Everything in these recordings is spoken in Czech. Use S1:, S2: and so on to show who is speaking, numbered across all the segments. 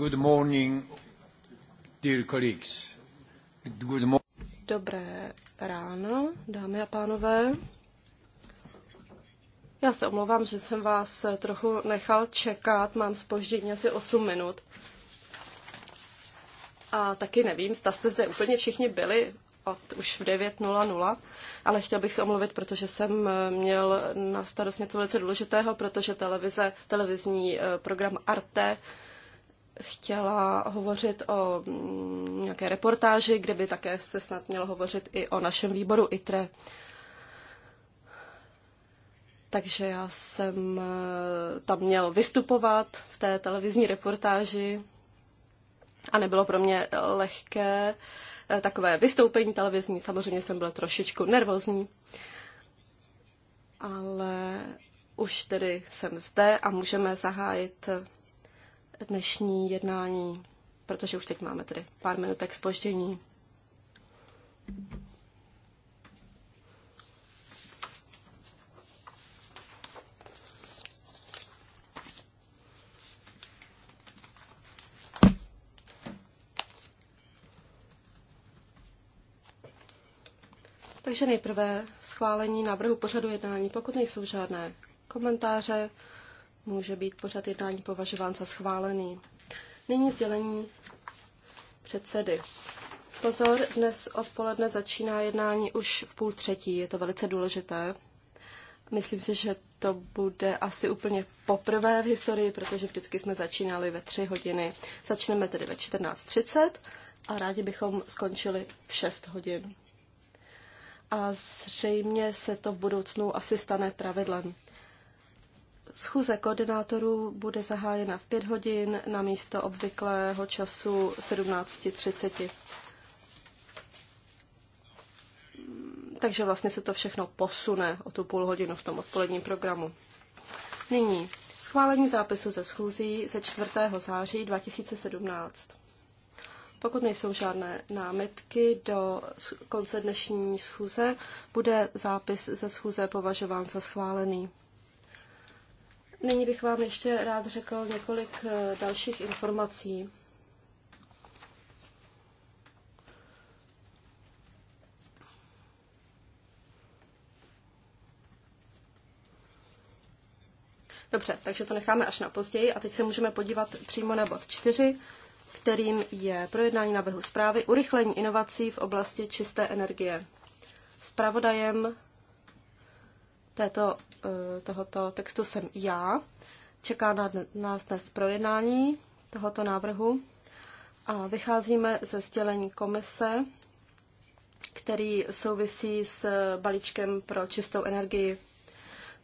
S1: Good morning, dear colleagues. Good mo-
S2: Dobré ráno, dámy a pánové. Já se omlouvám, že jsem vás trochu nechal čekat, mám spoždění asi 8 minut. A taky nevím, zda jste zde úplně všichni byli od už v 9.00, ale chtěl bych se omluvit, protože jsem měl na starost něco velice důležitého, protože televize, televizní eh, program Arte chtěla hovořit o mm, nějaké reportáži, kde by také se snad mělo hovořit i o našem výboru ITRE. Takže já jsem eh, tam měl vystupovat v té televizní reportáži a nebylo pro mě lehké eh, takové vystoupení televizní. Samozřejmě jsem byla trošičku nervózní, ale už tedy jsem zde a můžeme zahájit dnešní jednání, protože už teď máme tedy pár minutek spoždění. Takže nejprve schválení návrhu pořadu jednání. Pokud nejsou žádné komentáře, může být pořad jednání považován za schválený. Nyní sdělení předsedy. Pozor, dnes odpoledne začíná jednání už v půl třetí, je to velice důležité. Myslím si, že to bude asi úplně poprvé v historii, protože vždycky jsme začínali ve tři hodiny. Začneme tedy ve 14.30 a rádi bychom skončili v 6 hodin. A zřejmě se to v budoucnu asi stane pravidlem. Schůze koordinátorů bude zahájena v 5 hodin na místo obvyklého času 17.30. Takže vlastně se to všechno posune o tu půl hodinu v tom odpoledním programu. Nyní schválení zápisu ze schůzí ze 4. září 2017. Pokud nejsou žádné námitky do konce dnešní schůze, bude zápis ze schůze považován za schválený. Nyní bych vám ještě rád řekl několik eh, dalších informací. Dobře, takže to necháme až na později a teď se můžeme podívat přímo na bod 4, kterým je projednání návrhu zprávy urychlení inovací v oblasti čisté energie. Spravodajem této, eh, tohoto textu jsem já. Čeká na nás dnes projednání tohoto návrhu a vycházíme ze sdělení komise, který souvisí s balíčkem pro čistou energii.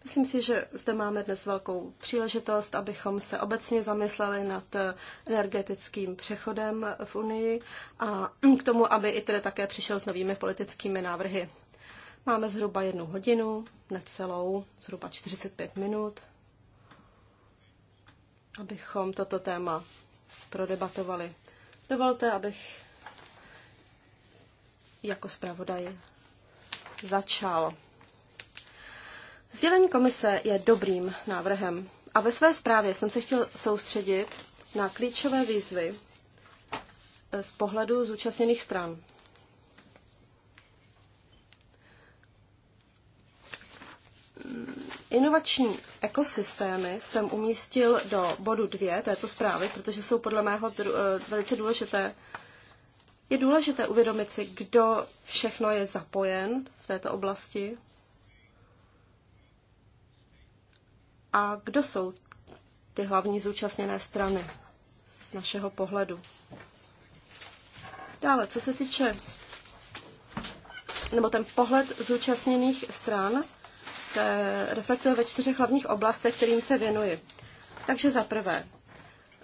S2: Myslím si, že zde máme dnes velkou příležitost, abychom se obecně zamysleli nad energetickým přechodem v Unii a k tomu, aby i tedy také přišel s novými politickými návrhy. Máme zhruba jednu hodinu, necelou, zhruba 45 minut, abychom toto téma prodebatovali. Dovolte, abych jako zpravodaj začal. Sdělení komise je dobrým návrhem a ve své zprávě jsem se chtěl soustředit na klíčové výzvy eh, z pohledu zúčastněných stran. Inovační ekosystémy jsem umístil do bodu 2 této zprávy, protože jsou podle mého eh, velice důležité. Je důležité uvědomit si, kdo všechno je zapojen v této oblasti a kdo jsou ty hlavní zúčastněné strany z našeho pohledu. Dále, co se týče, nebo ten pohled zúčastněných stran, Eh, reflektuje ve čtyřech hlavních oblastech, kterým se věnuji. Takže za prvé,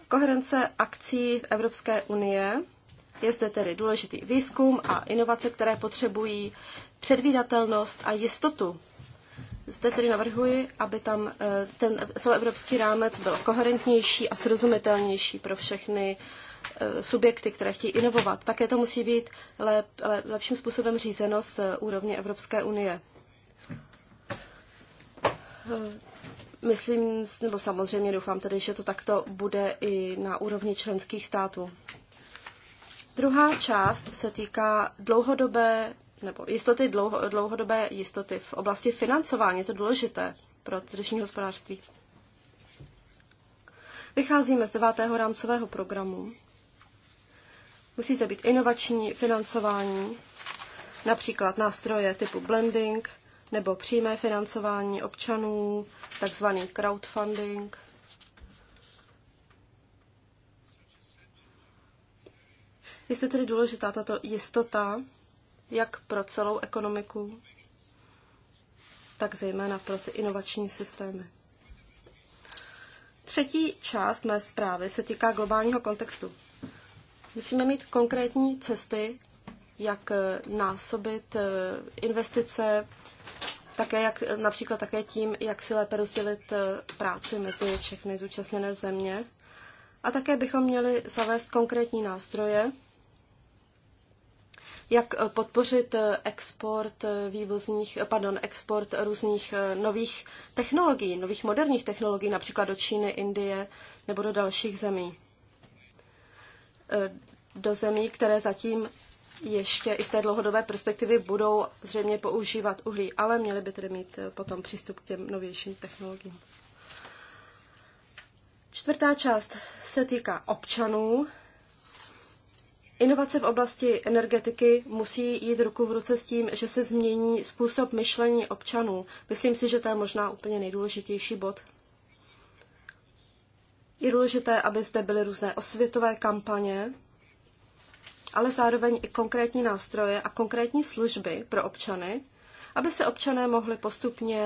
S2: koherence akcí v Evropské unie. Je zde tedy důležitý výzkum a inovace, které potřebují předvídatelnost a jistotu. Zde tedy navrhuji, aby tam eh, ten celoevropský rámec byl koherentnější a srozumitelnější pro všechny eh, subjekty, které chtějí inovovat. Také to musí být lep, lep, lepším způsobem řízeno z úrovně Evropské unie. Eh, myslím, nebo samozřejmě doufám tedy, že to takto bude i na úrovni členských států. Druhá část se týká dlouhodobé nebo jistoty, dlouho, dlouhodobé jistoty v oblasti financování. Je to důležité pro tržní hospodářství. Vycházíme z devátého rámcového programu. Musí být inovační financování, například nástroje typu blending – nebo přímé financování občanů, takzvaný crowdfunding. Je se tedy důležitá tato jistota, jak pro celou ekonomiku, tak zejména pro ty inovační systémy. Třetí část mé zprávy se týká globálního kontextu. Musíme mít konkrétní cesty, jak násobit eh, investice také jak, například také tím, jak si lépe rozdělit eh, práci mezi všechny zúčastněné země. A také bychom měli zavést konkrétní nástroje, jak eh, podpořit eh, export vývozních, pardon, export různých nových technologií, nových moderních technologií, například do Číny, Indie nebo do dalších zemí. Do zemí, které zatím ještě i z té dlouhodobé perspektivy budou zřejmě používat uhlí, ale měli by tedy mít eh, potom přístup k těm novějším technologiím. Čtvrtá část se týká občanů. Inovace v oblasti energetiky musí jít ruku v ruce s tím, že se změní způsob myšlení občanů. Myslím si, že to je možná úplně nejdůležitější bod. Je důležité, aby zde byly různé osvětové kampaně, ale zároveň i konkrétní nástroje a konkrétní služby pro občany, aby se občané mohli postupně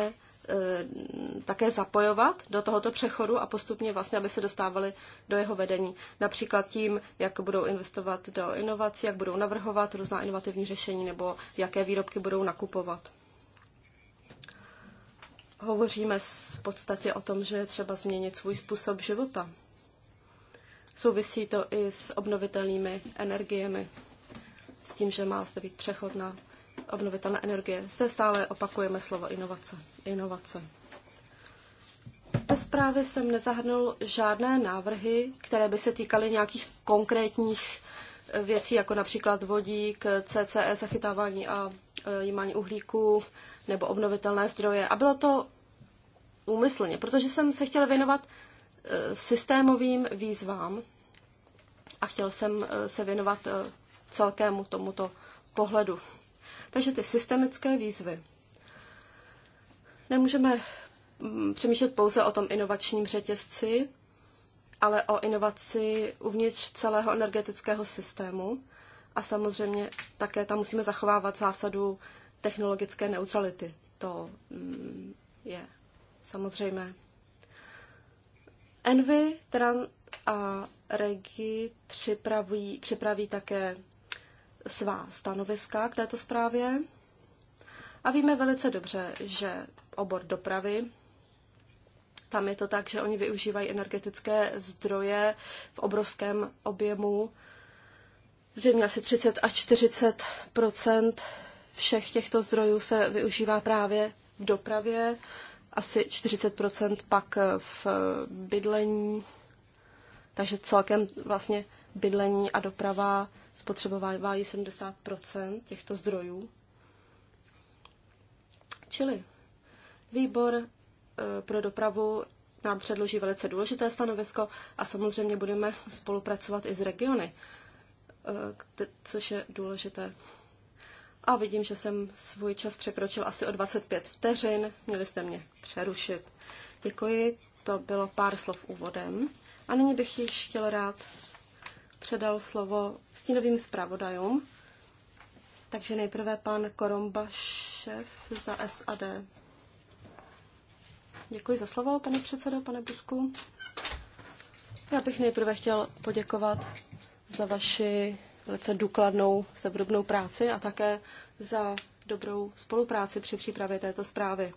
S2: e, také zapojovat do tohoto přechodu a postupně vlastně, aby se dostávali do jeho vedení. Například tím, jak budou investovat do inovací, jak budou navrhovat různá inovativní řešení nebo jaké výrobky budou nakupovat. Hovoříme v podstatě o tom, že je třeba změnit svůj způsob života. Souvisí to i s obnovitelnými energiemi, s tím, že má zde být přechod na obnovitelné energie. Zde stále opakujeme slovo inovace. inovace. Do zprávy jsem nezahrnul žádné návrhy, které by se týkaly nějakých konkrétních eh, věcí, jako například vodík, CCE zachytávání a eh, jímání uhlíku nebo obnovitelné zdroje. A bylo to úmyslně, protože jsem se chtěla věnovat Eh, systémovým výzvám a chtěl jsem eh, se věnovat eh, celkému tomuto pohledu. Takže ty systemické výzvy. Nemůžeme mm, přemýšlet pouze o tom inovačním řetězci, ale o inovaci uvnitř celého energetického systému. A samozřejmě také tam musíme zachovávat zásadu technologické neutrality. To mm, je samozřejmé. Envy, Tran a Regi připravují, připraví také svá stanoviska k této zprávě. A víme velice dobře, že obor dopravy, tam je to tak, že oni využívají energetické zdroje v obrovském objemu, zřejmě asi 30 až 40 všech těchto zdrojů se využívá právě v dopravě asi 40 pak eh, v eh, bydlení, takže celkem vlastně bydlení a doprava spotřebovávají 70 těchto zdrojů. Čili výbor eh, pro dopravu nám předloží velice důležité stanovisko a samozřejmě budeme spolupracovat i s regiony, což je důležité. A vidím, že jsem svůj čas překročil asi o 25 vteřin. Měli jste mě přerušit. Děkuji, to bylo pár slov úvodem. A nyní bych již chtěl rád předal slovo stínovým zpravodajům. Takže nejprve pan Koromba, šéf za SAD. Děkuji za slovo, pane předsedo, pane Busku. Já bych nejprve chtěl poděkovat za vaši velice důkladnou zevrubnou práci a také za dobrou spolupráci při přípravě této zprávy.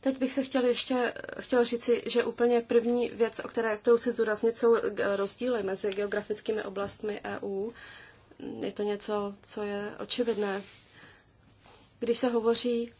S2: Teď bych se chtěl ještě chtěl říci, že úplně první věc, o které, kterou chci zdůraznit, jsou rozdíly mezi geografickými oblastmi EU. Je to něco, co je očividné. Když se hovoří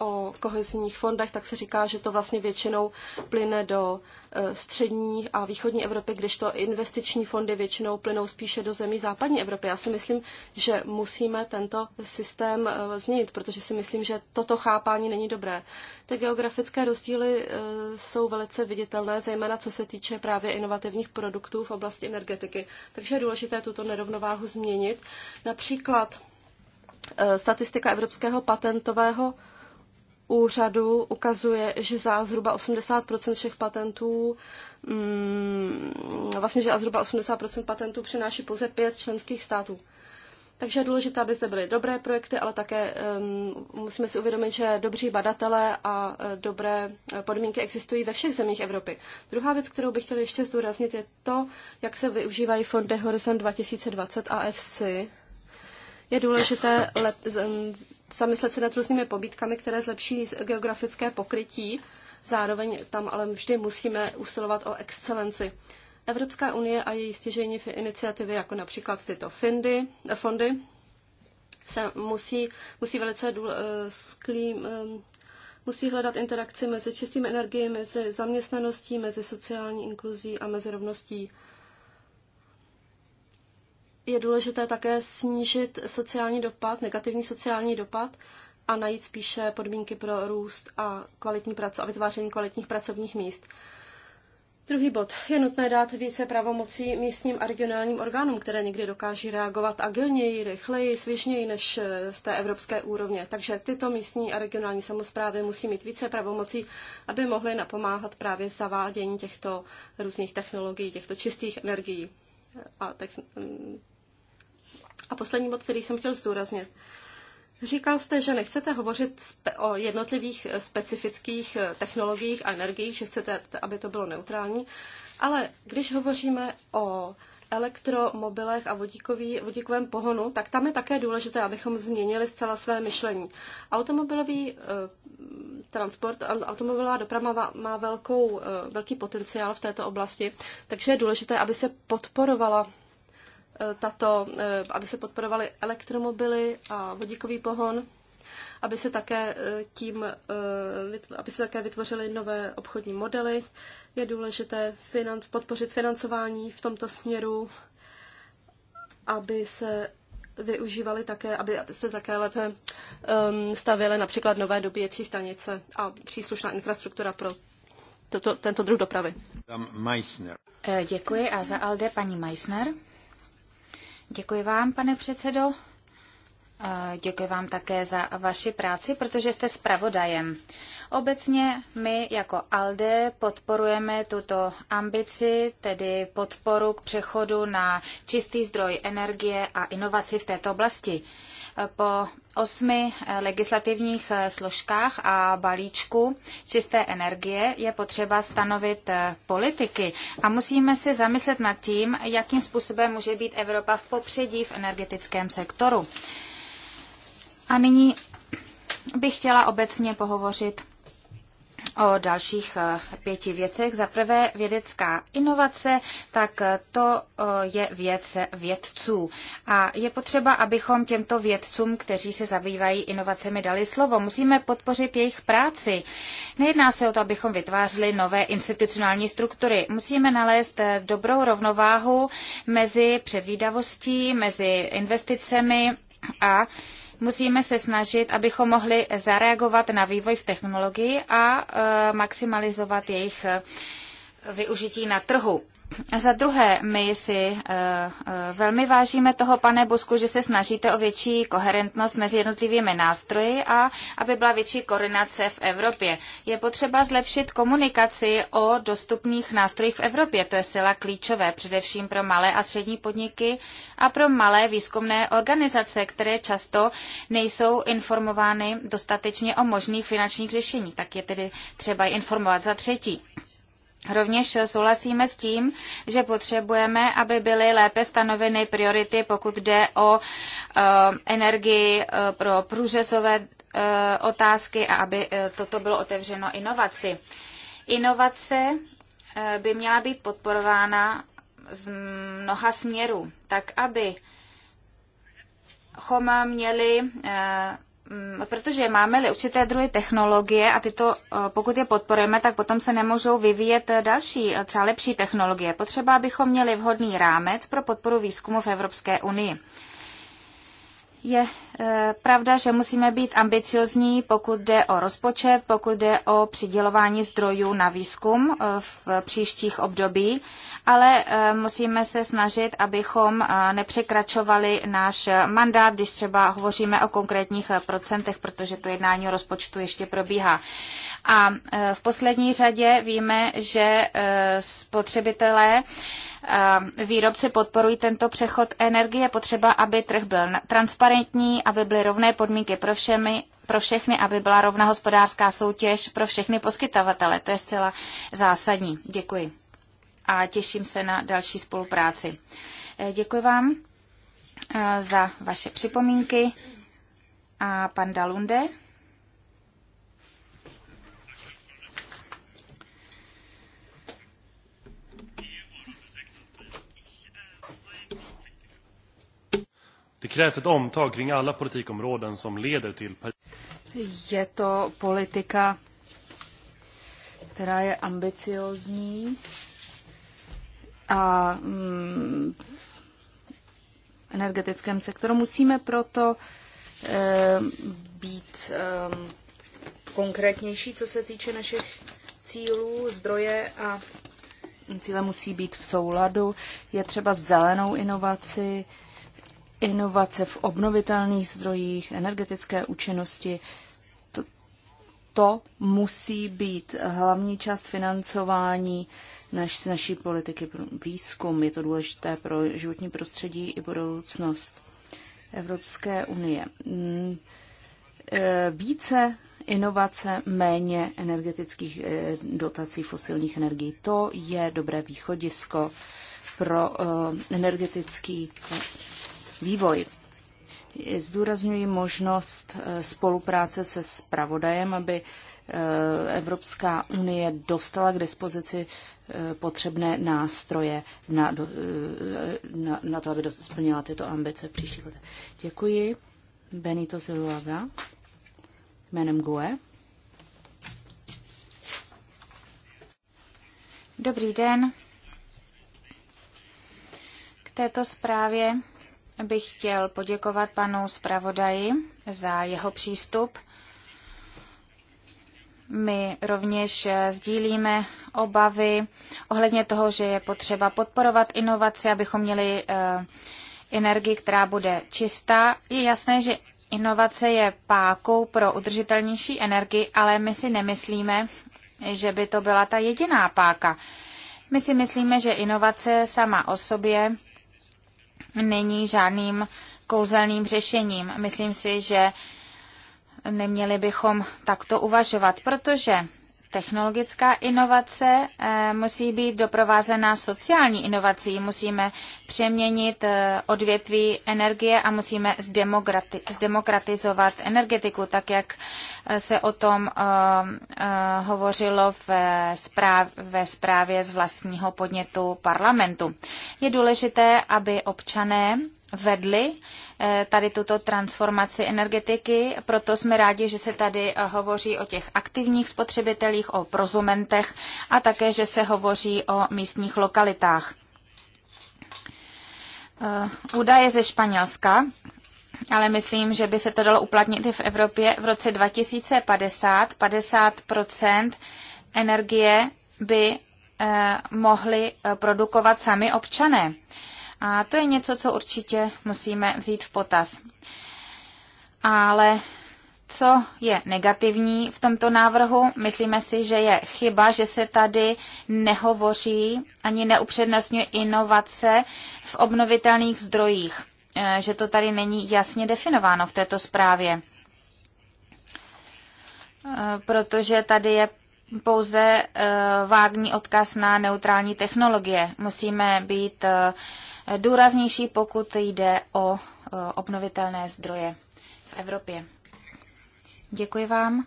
S2: o kohezních fondech, tak se říká, že to vlastně většinou plyne do e, střední a východní Evropy, když to investiční fondy většinou plynou spíše do zemí západní Evropy. Já si myslím, že musíme tento systém e, změnit, protože si myslím, že toto chápání není dobré. Ty geografické rozdíly e, jsou velice viditelné, zejména co se týče právě inovativních produktů v oblasti energetiky. Takže je důležité tuto nerovnováhu změnit. Například statistika Evropského patentového úřadu ukazuje, že za zhruba 80 všech patentů, mm, vlastně, že a zhruba 80 patentů přináší pouze pět členských států. Takže je důležité, aby zde byly dobré projekty, ale také um, musíme si uvědomit, že dobří badatelé a uh, dobré eh, podmínky existují ve všech zemích Evropy. Druhá věc, kterou bych chtěla ještě zdůraznit, je to, jak se využívají fondy Horizon 2020 a FC. Je důležité lep, um, zamyslet se nad různými pobídkami, které zlepší geografické pokrytí. Zároveň tam ale vždy musíme usilovat o excelenci. Evropská unie a její v iniciativy, jako například tyto findy, eh, fondy, se musí, musí velice důl, eh, sklím, ehm, musí hledat interakci mezi čistými energiemi, mezi zaměstnaností, mezi sociální inkluzí a mezi rovností je důležité také snížit sociální dopad, negativní sociální dopad a najít spíše podmínky pro růst a kvalitní pracu a vytváření kvalitních pracovních míst. Druhý bod. Je nutné dát více pravomocí místním a regionálním orgánům, které někdy dokáží reagovat agilněji, rychleji, svižněji než eh, z té evropské úrovně. Takže tyto místní a regionální samozprávy musí mít více pravomocí, aby mohly napomáhat právě zavádění těchto různých technologií, těchto čistých energií a mm, a poslední bod, který jsem chtěl zdůraznit. Říkal jste, že nechcete hovořit o jednotlivých eh, specifických eh, technologiích a energiích, že chcete, aby to bylo neutrální, ale když hovoříme o elektromobilech a vodíkový, vodíkovém pohonu, tak tam je také důležité, abychom změnili zcela své myšlení. Automobilový eh, transport, automobilová doprava má, má velkou, eh, velký potenciál v této oblasti, takže je důležité, aby se podporovala tato, eh, aby se podporovaly elektromobily a vodíkový pohon, aby se také eh, tím, eh, aby se také vytvořily nové obchodní modely. Je důležité financ, podpořit financování v tomto směru, aby se využívali také, aby se také lépe um, stavěly například nové dobíjecí stanice a příslušná infrastruktura pro toto, tento druh dopravy. Děkuji a za Alde
S3: paní Meissner. Děkuji vám, pane předsedo. Děkuji vám také za vaši práci, protože jste zpravodajem. Obecně my jako ALDE podporujeme tuto ambici, tedy podporu k přechodu na čistý zdroj energie a inovaci v této oblasti po osmi legislativních eh, složkách a balíčku čisté energie je potřeba stanovit eh, politiky a musíme se zamyslet nad tím, jakým způsobem může být Evropa v popředí v energetickém sektoru. A nyní bych chtěla obecně pohovořit o dalších eh, pěti věcech. Za prvé vědecká inovace, tak eh, to eh, je věc vědců. A je potřeba, abychom těmto vědcům, kteří se zabývají inovacemi, dali slovo. Musíme podpořit jejich práci. Nejedná se o to, abychom vytvářeli nové institucionální struktury. Musíme nalézt dobrou rovnováhu mezi předvídavostí, mezi investicemi a Musíme se snažit, abychom mohli zareagovat na vývoj v technologii a e, maximalizovat jejich e, využití na trhu. Za druhé, my si eh, eh, velmi vážíme toho, pane Busku, že se snažíte o větší koherentnost mezi jednotlivými nástroji a aby byla větší koordinace v Evropě. Je potřeba zlepšit komunikaci o dostupných nástrojích v Evropě. To je sila klíčové, především pro malé a střední podniky a pro malé výzkumné organizace, které často nejsou informovány dostatečně o možných finančních řešeních. Tak je tedy třeba informovat za třetí. Rovněž souhlasíme s tím, že potřebujeme, aby byly lépe stanoveny priority, pokud jde o eh, energii eh, pro průřezové eh, otázky a aby toto bylo otevřeno inovaci. Inovace by měla být podporována z mnoha směrů, tak aby chom měli Mm, protože máme-li určité druhy technologie a tyto, eh, pokud je podporujeme, tak potom se nemůžou vyvíjet eh, další, eh, třeba lepší technologie. Potřeba, abychom měli vhodný rámec pro podporu výzkumu v Evropské unii. Je e, pravda, že musíme být ambiciozní, pokud jde o rozpočet, pokud jde o přidělování zdrojů na výzkum v příštích období ale eh, musíme se snažit, abychom eh, nepřekračovali náš mandát, když třeba hovoříme o konkrétních eh, procentech, protože to jednání o rozpočtu ještě probíhá. A v poslední řadě víme, že spotřebitelé výrobci podporují tento přechod energie. Potřeba, aby trh byl transparentní, aby byly rovné podmínky pro, všemi, pro všechny, aby byla rovná hospodářská soutěž pro všechny poskytovatele. To je zcela zásadní. Děkuji a těším se na další spolupráci. Eh, děkuji vám eh, za vaše připomínky a pan Dalunde.
S4: Je to politika, která je ambiciozní a mm, energetickém sektoru. Musíme proto e, být e, konkrétnější, co se týče našich cílů, zdroje a cíle musí být v souladu. Je třeba zelenou inovaci, inovace v obnovitelných zdrojích, energetické účinnosti. To, to musí být hlavní část financování naš, z naší politiky pro výzkum. Je to důležité pro životní prostředí i budoucnost Evropské unie. Mm, e, více inovace, méně energetických e, dotací fosilních energií. To je dobré východisko pro e, energetický vývoj. Zdůrazňuji možnost spolupráce se spravodajem, aby Evropská unie dostala k dispozici potřebné nástroje na, eh, na, na to, aby splnila tyto ambice v příštích letech. Děkuji. Benito Siluaga jménem GUE. Dobrý den.
S3: K této zprávě bych chtěl poděkovat panu zpravodaji za jeho přístup my rovněž eh, sdílíme obavy ohledně toho, že je potřeba podporovat inovace, abychom měli eh, energii, která bude čistá. Je jasné, že inovace je pákou pro udržitelnější energii, ale my si nemyslíme, že by to byla ta jediná páka. My si myslíme, že inovace sama o sobě není žádným kouzelným řešením. Myslím si, že neměli bychom takto uvažovat, protože technologická inovace eh, musí být doprovázená sociální inovací. Musíme přeměnit eh, odvětví energie a musíme zdemokratizovat energetiku, tak jak eh, se o tom hovořilo ve, zprávě z vlastního podnětu parlamentu. Je důležité, aby občané vedli eh, tady tuto transformaci energetiky. Proto jsme rádi, že se tady eh, hovoří o těch aktivních spotřebitelích, o prozumentech a také, že se hovoří o místních lokalitách. Eh, údaje ze Španělska, ale myslím, že by se to dalo uplatnit i v Evropě. V roce 2050 50 energie by mohli produkovat sami občané. A to je něco, co určitě musíme vzít v potaz. Ale co je negativní v tomto návrhu. Myslíme si, že je chyba, že se tady nehovoří ani neupřednostňuje inovace v obnovitelných zdrojích, eh, že to tady není jasně definováno v této zprávě. Eh, protože tady je pouze eh, vágní odkaz na neutrální technologie. Musíme být důraznější, pokud jde o e, obnovitelné zdroje v Evropě. Děkuji vám,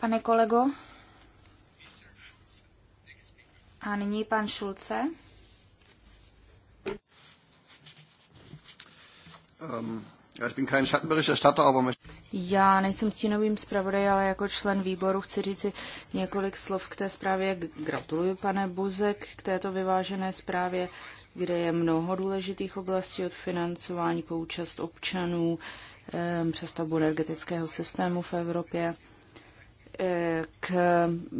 S3: pane kolego. A nyní pan Šulce.
S2: Um,
S4: já nejsem stínovým zpravodaj, ale jako člen výboru chci říci několik slov k té zprávě. Gratuluji, pane Buzek, k této vyvážené zprávě kde je mnoho důležitých oblastí od financování po účast občanů, eh, tabu energetického systému v Evropě, eh, k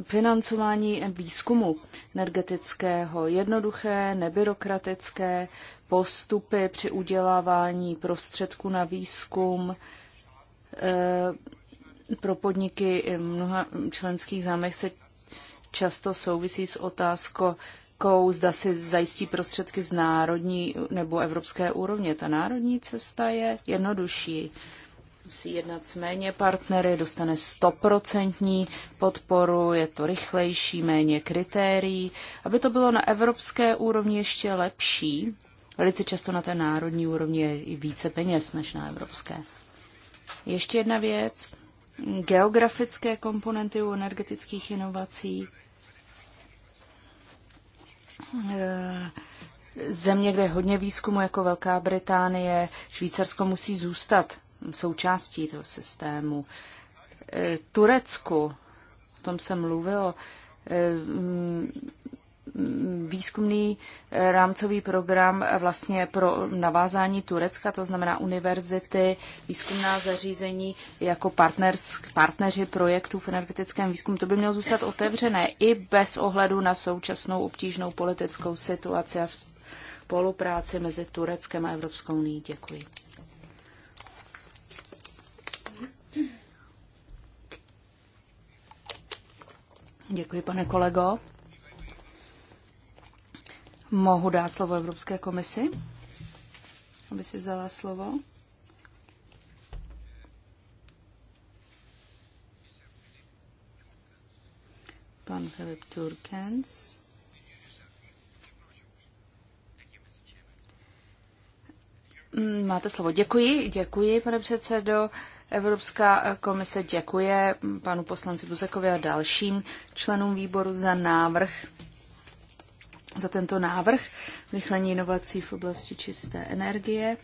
S4: financování výzkumu energetického, jednoduché, nebyrokratické postupy při udělávání prostředků na výzkum eh, pro podniky mnoha členských zámech se často souvisí s otázkou otázkou, zda si zajistí prostředky z národní nebo evropské úrovně. Ta národní cesta je jednodušší. Musí jednat s méně partnery, dostane stoprocentní podporu, je to rychlejší, méně kritérií. Aby to bylo na evropské úrovni ještě lepší, velice často na té národní úrovni je i více peněz než na evropské. Ještě jedna věc. Geografické komponenty u energetických inovací Eh, země, kde je hodně výzkumu, jako Velká Británie, Švýcarsko musí zůstat součástí toho systému. Eh, Turecku, o tom se mluvilo, eh, výzkumný eh, rámcový program eh, vlastně pro navázání Turecka, to znamená univerzity, výzkumná zařízení jako partners, partneři projektů v energetickém výzkumu. To by mělo zůstat otevřené i bez ohledu na současnou obtížnou politickou situaci a spolupráci mezi Tureckem a Evropskou unii. Děkuji. Děkuji, pane kolego. Mohu dát slovo Evropské komisi, aby si vzala slovo. Pan Filip Turkens. Mm, máte slovo. Děkuji, děkuji, pane předsedo. Evropská komise děkuje panu poslanci Buzekovi a dalším členům výboru za návrh za tento návrh rychlení inovací v oblasti čisté energie.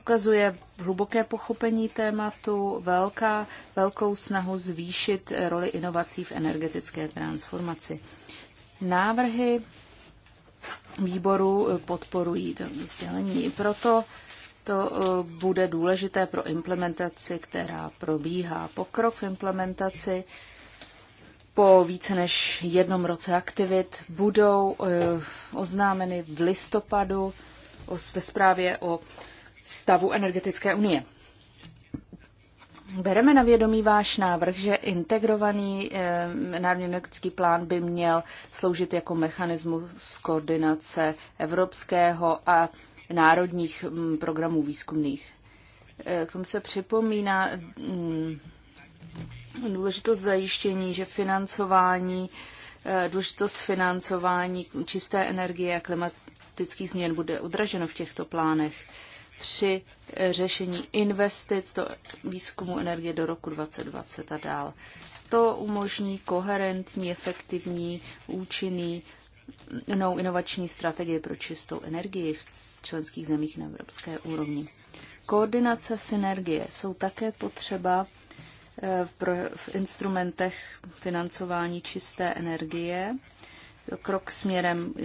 S4: Ukazuje hluboké pochopení tématu, velká, velkou snahu zvýšit roli inovací v energetické transformaci. Návrhy výboru podporují to sdělení. Proto to eh, bude důležité pro implementaci, která probíhá. Pokrok v implementaci po více než jednom roce aktivit budou eh, oznámeny v listopadu ve zprávě o stavu energetické unie. Bereme na vědomí váš návrh, že integrovaný e, národní energetický plán by měl sloužit jako mechanismus koordinace evropského a národních m, mm, programů výzkumných. E, k tomu se připomíná m, mm, důležitost zajištění, že financování, eh, důležitost financování čisté energie a klimatických změn bude odraženo v těchto plánech při eh, řešení investic do výzkumu energie do roku 2020 a dál. To umožní koherentní, efektivní, účinný no, inovační strategie pro čistou energii v členských zemích na evropské úrovni. Koordinace synergie jsou také potřeba Eh, v instrumentech financování čisté energie, krok směrem eh,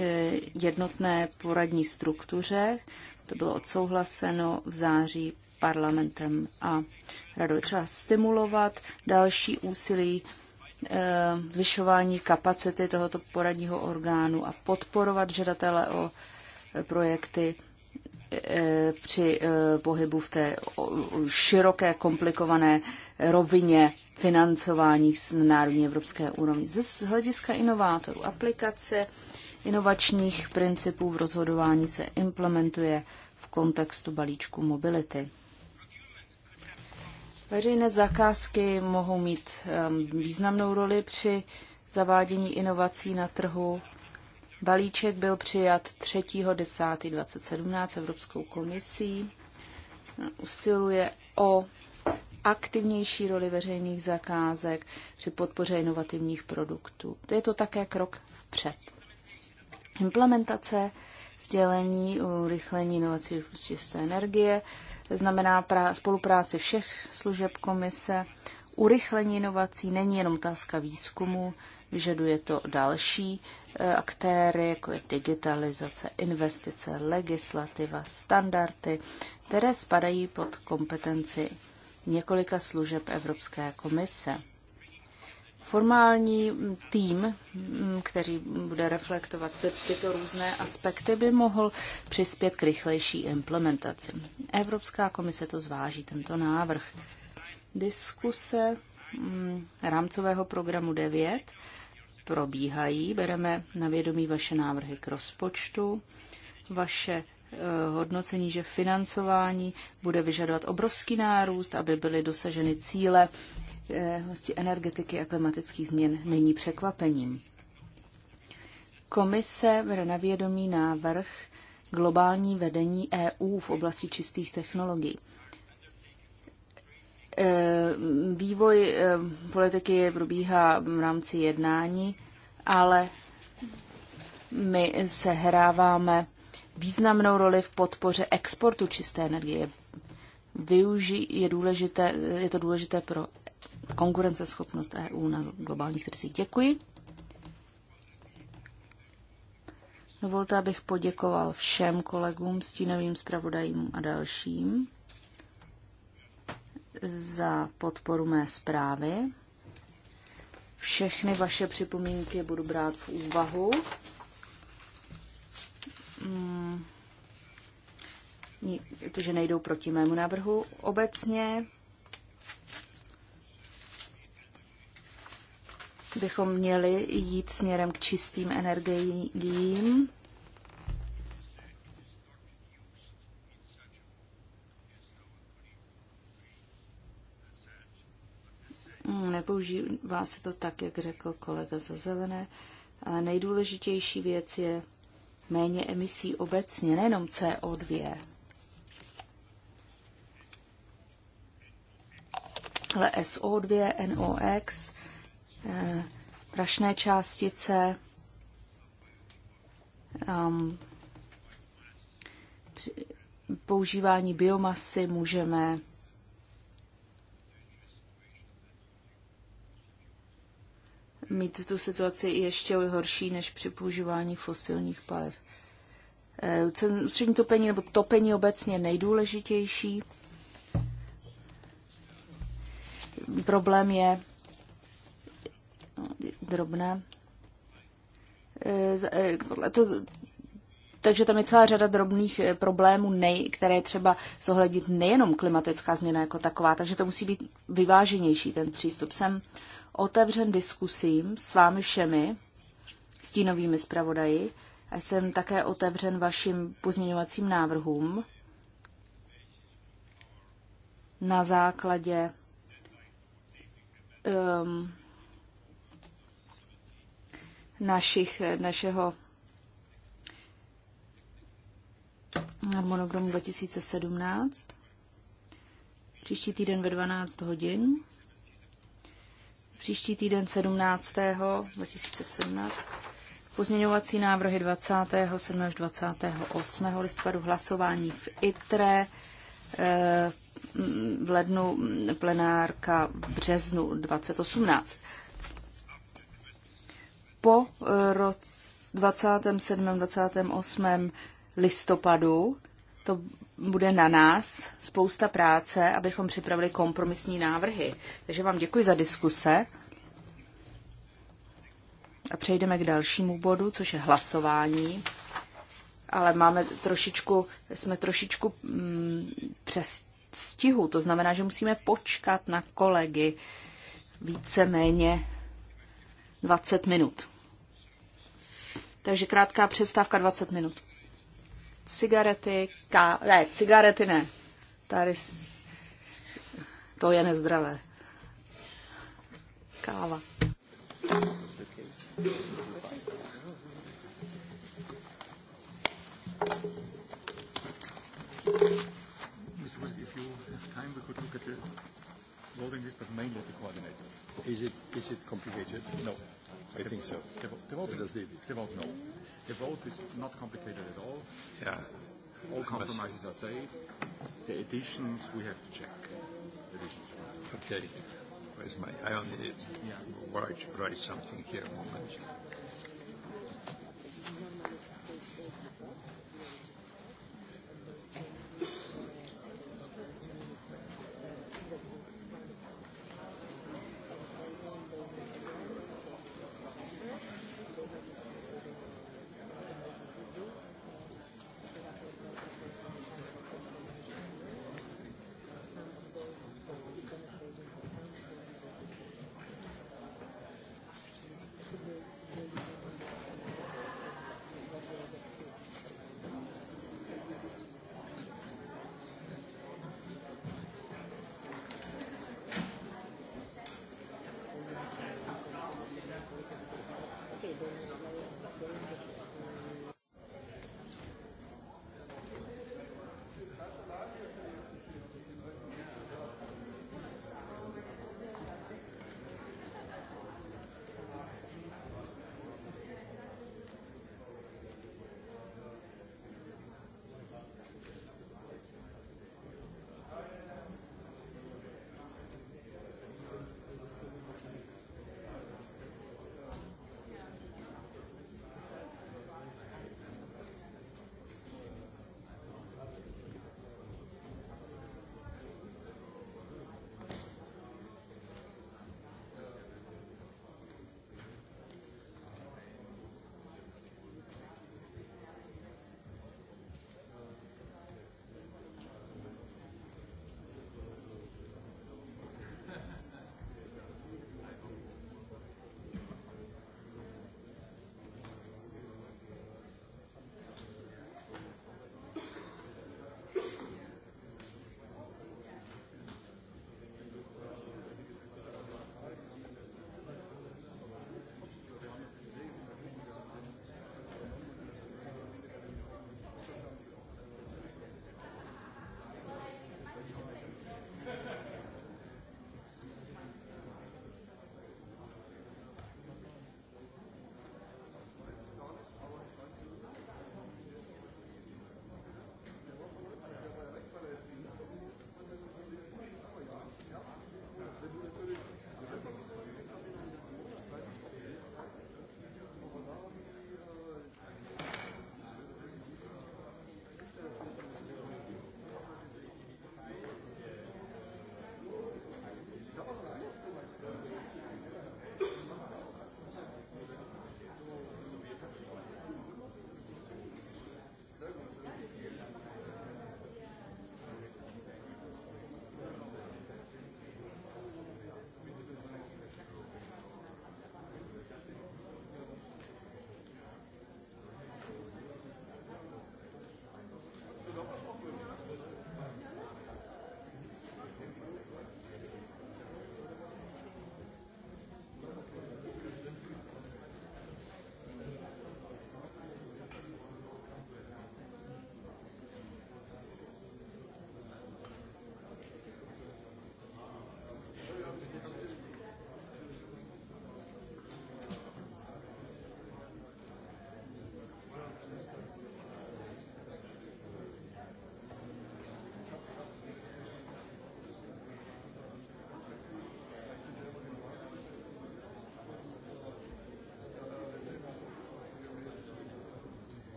S4: jednotné poradní struktuře. To bylo odsouhlaseno v září parlamentem a radou. Třeba stimulovat další úsilí eh, zvyšování kapacity tohoto poradního orgánu a podporovat žadatele o projekty Eh, při eh, pohybu v té široké, komplikované rovině financování na národní evropské úrovni. Ze hlediska inovátorů aplikace inovačních principů v rozhodování se implementuje v kontextu balíčku mobility. Veřejné zakázky mohou mít eh, významnou roli při zavádění inovací na trhu Balíček byl přijat 3.10.2017 Evropskou komisí. Usiluje o aktivnější roli veřejných zakázek při podpoře inovativních produktů. To je to také krok vpřed. Implementace sdělení urychlení inovací v čisté energie znamená spolupráci všech služeb komise. Urychlení inovací není jenom otázka výzkumu, vyžaduje to další E, aktéry, jako je digitalizace, investice, legislativa, standardy, které spadají pod kompetenci několika služeb Evropské komise. Formální tým, který bude reflektovat tyto různé aspekty, by mohl přispět k rychlejší implementaci. Evropská komise to zváží, tento návrh. Diskuse rámcového programu 9 probíhají. Bereme na vědomí vaše návrhy k rozpočtu, vaše eh, hodnocení, že financování bude vyžadovat obrovský nárůst, aby byly dosaženy cíle eh, hosti energetiky a klimatických změn není překvapením. Komise bere na vědomí návrh globální vedení EU v oblasti čistých technologií. Eh, vývoj eh, politiky probíhá v rámci jednání, ale my sehráváme významnou roli v podpoře exportu čisté energie. Využí, je, důležité, je to důležité pro konkurenceschopnost EU na globálních trzích. Děkuji. Dovolte, abych poděkoval všem kolegům, stínovým zpravodajům a dalším za podporu mé zprávy. Všechny vaše připomínky budu brát v úvahu. Hmm. Protože nejdou proti mému návrhu obecně. bychom měli jít směrem k čistým energiím Mm, Nepoužívá se to tak, jak řekl kolega za zelené, ale nejdůležitější věc je méně emisí obecně, nejenom CO2. Ale SO2, NOx, eh, prašné částice, um, používání biomasy můžeme mít tu situaci ještě horší než při používání fosilních paliv. Eh, střední topení nebo topení obecně nejdůležitější. Problém je eh, drobné. Eh, to, takže tam je celá řada drobných problémů, nej, které je třeba zohlednit nejenom klimatická změna jako taková, takže to musí být vyváženější ten přístup. Jsem otevřen diskusím s vámi všemi, stínovými zpravodaji, a jsem také otevřen vašim pozměňovacím návrhům na základě um, našich, našeho monogramu 2017. Příští týden ve 12 hodin příští týden 17. 2017. Pozměňovací návrhy 27. až 28. listopadu hlasování v ITRE, eh, v lednu plenárka v březnu 2018. Po roce 27. 28. listopadu to bude na nás spousta práce, abychom připravili kompromisní návrhy. Takže vám děkuji za diskuse. A přejdeme k dalšímu bodu, což je hlasování. Ale máme trošičku, jsme trošičku mm, přes stihu, to znamená, že musíme počkat na kolegy víceméně 20 minut. Takže krátká přestávka 20 minut cigarety, ka- ne, cigarety ne. Tady to je nezdravé. Káva.
S1: Is it, is it complicated? No, I think so. The, the voting no. The vote is not complicated at all. Yeah. All compromises
S4: are safe. The additions we have to check. Additions. Okay. Where's my? I only need. Yeah. Write, write something here. A moment.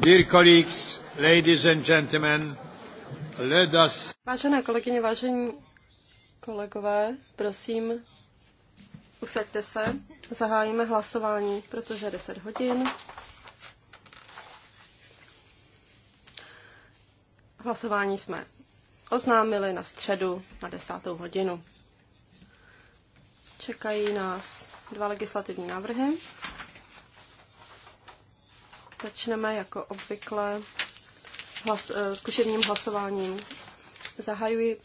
S1: Dear colleagues, Ladies and gentlemen, let us...
S2: Vážené kolegyně, vážení kolegové, prosím, usaďte se, zahájíme hlasování, protože je 10 hodin. Hlasování jsme oznámili na středu na desátou hodinu. Čekají nás dva legislativní návrhy. Začneme jako obvykle hlas, eh, zkušebním hlasováním. Zahajuji,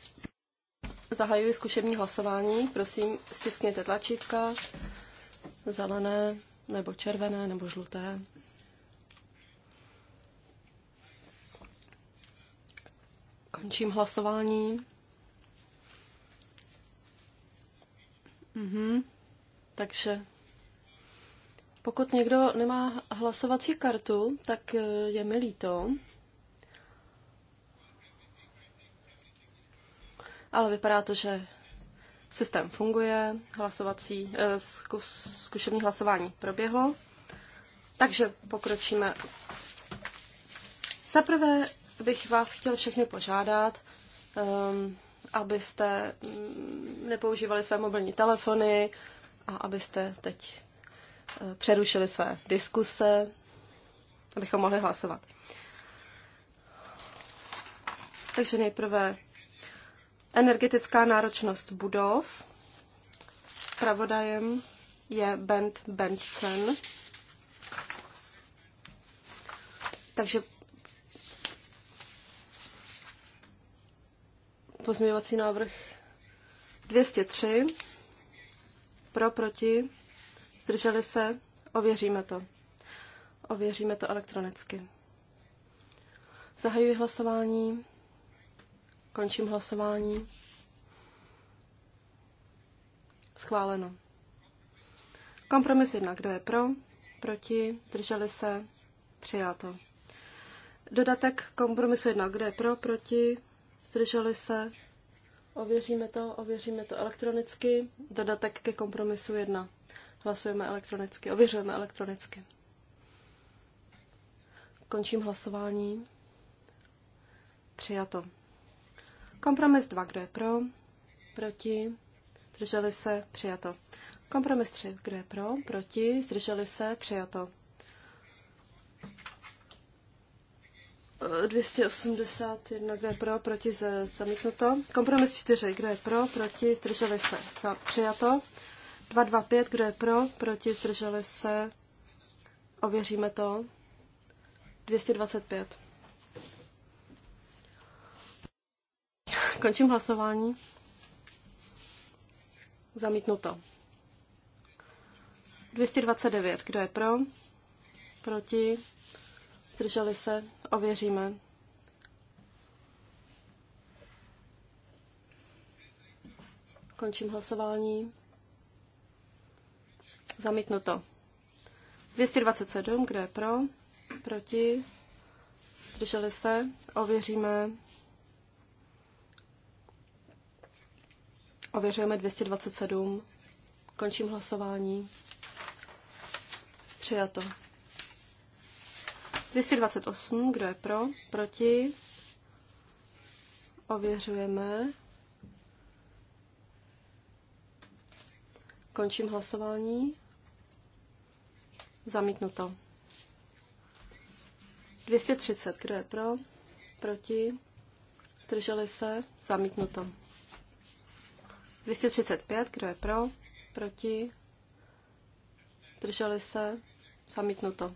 S2: zahajuji zkušební hlasování. Prosím, stiskněte tlačítka zelené nebo červené nebo žluté. Končím hlasování. Mhm. Takže pokud někdo nemá hlasovací kartu, tak eh, je mi líto. ale vypadá to, že systém funguje, hlasovací, eh, zkus, zkušební hlasování proběhlo, takže pokročíme. Zaprvé bych vás chtěl všechny požádat, ehm, abyste mm, nepoužívali své mobilní telefony a abyste teď eh, přerušili své diskuse, abychom mohli hlasovat. Takže nejprve energetická náročnost budov. Spravodajem je Bent Bentsen. Takže pozměňovací návrh 203. Pro, proti, zdrželi se, ověříme to. Ověříme to elektronicky. Zahajuji hlasování. Končím hlasování. Schváleno. Kompromis jedna. Kdo je pro? Proti? Drželi se? Přijato. Dodatek kompromisu jedna. Kdo je pro? Proti? Zdrželi se? Ověříme to, ověříme to elektronicky. Dodatek ke kompromisu jedna. Hlasujeme elektronicky, ověřujeme elektronicky. Končím hlasování. Přijato. Kompromis 2, kdo je pro? Proti? Zdrželi se? Přijato. Kompromis 3, kdo je pro? Proti? Zdrželi se? Přijato. 281, eh, kdo je pro, proti, zamítnuto. Kompromis 4, kdo je pro, proti, zdrželi se, za, přijato. 225, kdo je pro, proti, zdrželi se, ověříme to. 225. Končím hlasování. Zamítnuto. 229. Kdo je pro? Proti? Zdrželi se? Ověříme. Končím hlasování. Zamítnuto. 227. Kdo je pro? Proti? Zdrželi se? Ověříme. Ověřujeme 227. Končím hlasování. Přijato. 228, kdo je pro? Proti? Ověřujeme. Končím hlasování. Zamítnuto. 230, kdo je pro? Proti? Drželi se? Zamítnuto. 235, kdo je pro? Proti? Drželi se? Zamítnuto.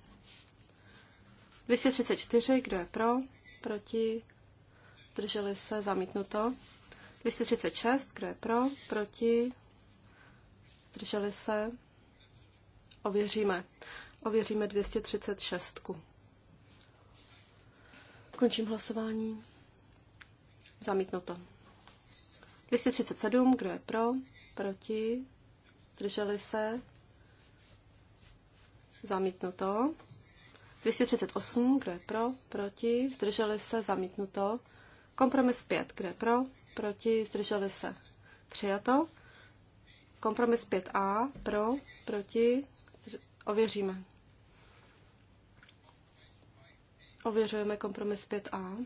S2: 234, kdo je pro? Proti? Drželi se? Zamítnuto. 236, kdo je pro? Proti? Drželi se? Ověříme. Ověříme 236. Končím hlasování. Zamítnuto. 237, kdo je pro? Proti? Drželi se? Zamítnuto. 238, kdo je pro? Proti? Zdrželi se? Zamítnuto. Kompromis 5, kdo je pro? Proti? Zdrželi se? Přijato. Kompromis 5a, pro? Proti? Ověříme. Ověřujeme kompromis 5a.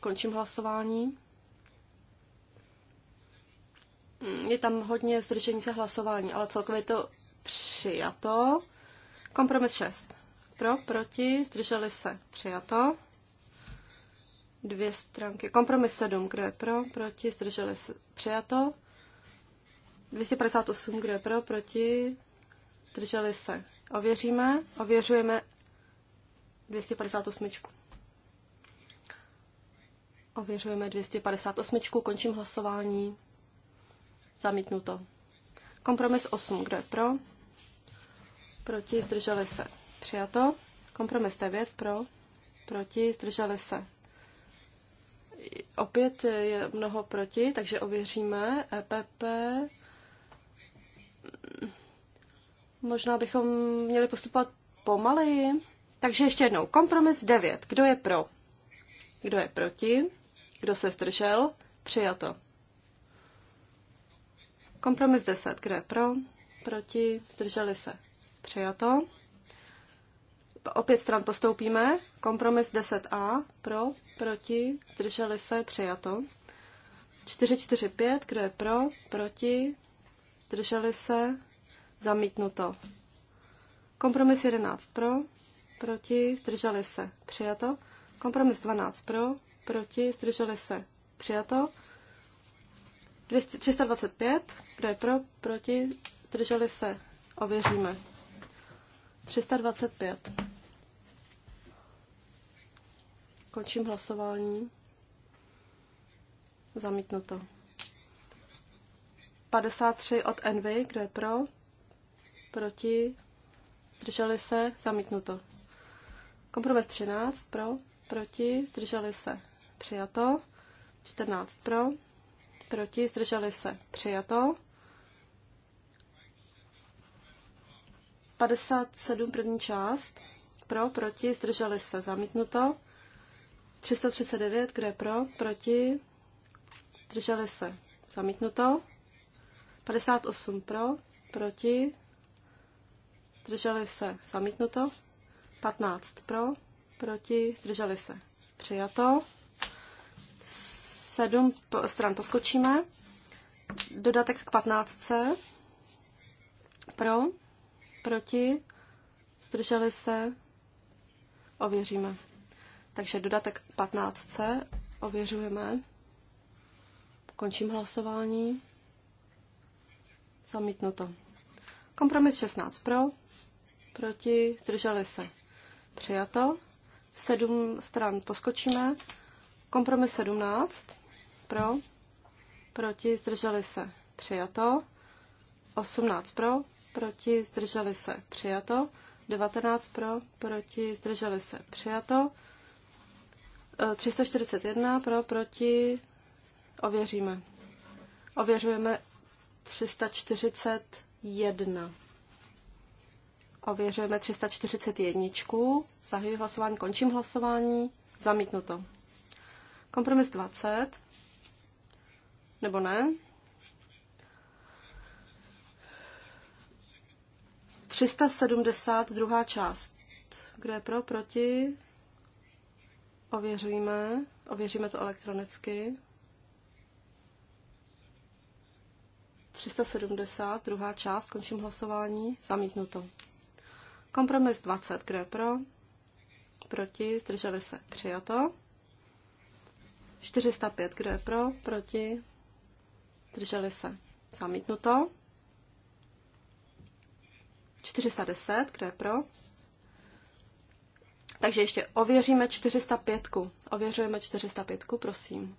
S2: Končím hlasování. Mm, je tam hodně zdržení se hlasování, ale celkově to přijato. Kompromis 6. Pro, proti, zdrželi se, přijato. Dvě stránky. Kompromis 7, kdo je pro, proti, zdrželi se, přijato. 258, kdo je pro, proti, zdrželi se. Ověříme, ověřujeme 258. Ověřujeme 258, končím hlasování. Zamítnuto. Kompromis 8. Kdo je pro? Proti zdrželi se. Přijato. Kompromis 9. Pro? Proti zdrželi se. Opět je mnoho proti, takže ověříme. EPP. Možná bychom měli postupovat pomaleji. Takže ještě jednou. Kompromis 9. Kdo je pro? Kdo je proti? Kdo se zdržel? Přijato. Kompromis 10. Kdo je pro? Proti? Zdrželi se? Přijato. Opět stran postoupíme. Kompromis 10a. Pro? Proti? Zdrželi se? Přijato. 445. Kdo je pro? Proti? Zdrželi se? Zamítnuto. Kompromis 11 pro, proti, zdrželi se, přijato. Kompromis 12 pro, proti, zdrželi se, přijato. 325, kdo je pro, proti, drželi se, ověříme. 325. Končím hlasování. Zamítnuto. 53 od Envy, kdo je pro, proti, zdrželi se, zamítnuto. Kompromis 13 pro, proti, zdrželi se, přijato. 14 pro, proti, zdrželi se, přijato. 57 první část, pro, proti, zdrželi se, zamítnuto. 339, kde pro, proti, zdrželi se, zamítnuto. 58 pro, proti, zdrželi se, zamítnuto. 15 pro, proti, zdrželi se, přijato. Sedm stran poskočíme. Dodatek k 15. Pro, proti, zdrželi se, ověříme. Takže dodatek k 15. ověřujeme. Končím hlasování. Zamítnuto. Kompromis 16 pro, proti, zdrželi se. Přijato. Sedm stran poskočíme. Kompromis 17 pro, proti, zdrželi se, přijato. 18 pro, proti, zdrželi se, přijato. 19 pro, proti, zdrželi se, přijato. 341 e, pro, proti, ověříme. Ověřujeme 341. Ověřujeme 341. Zahajuji hlasování, končím hlasování. Zamítnuto. Kompromis 20. Nebo ne? 370, druhá část. Kdo je pro, proti? Ověříme. Ověříme to elektronicky. 370, druhá část, končím hlasování, zamítnuto. Kompromis 20, kdo je pro? Proti, zdrželi se, přijato. 405, kdo je pro? Proti, zdrželi se. Zamítnuto. 410, kdo je pro? Takže ještě ověříme 405. Ověřujeme 405, prosím.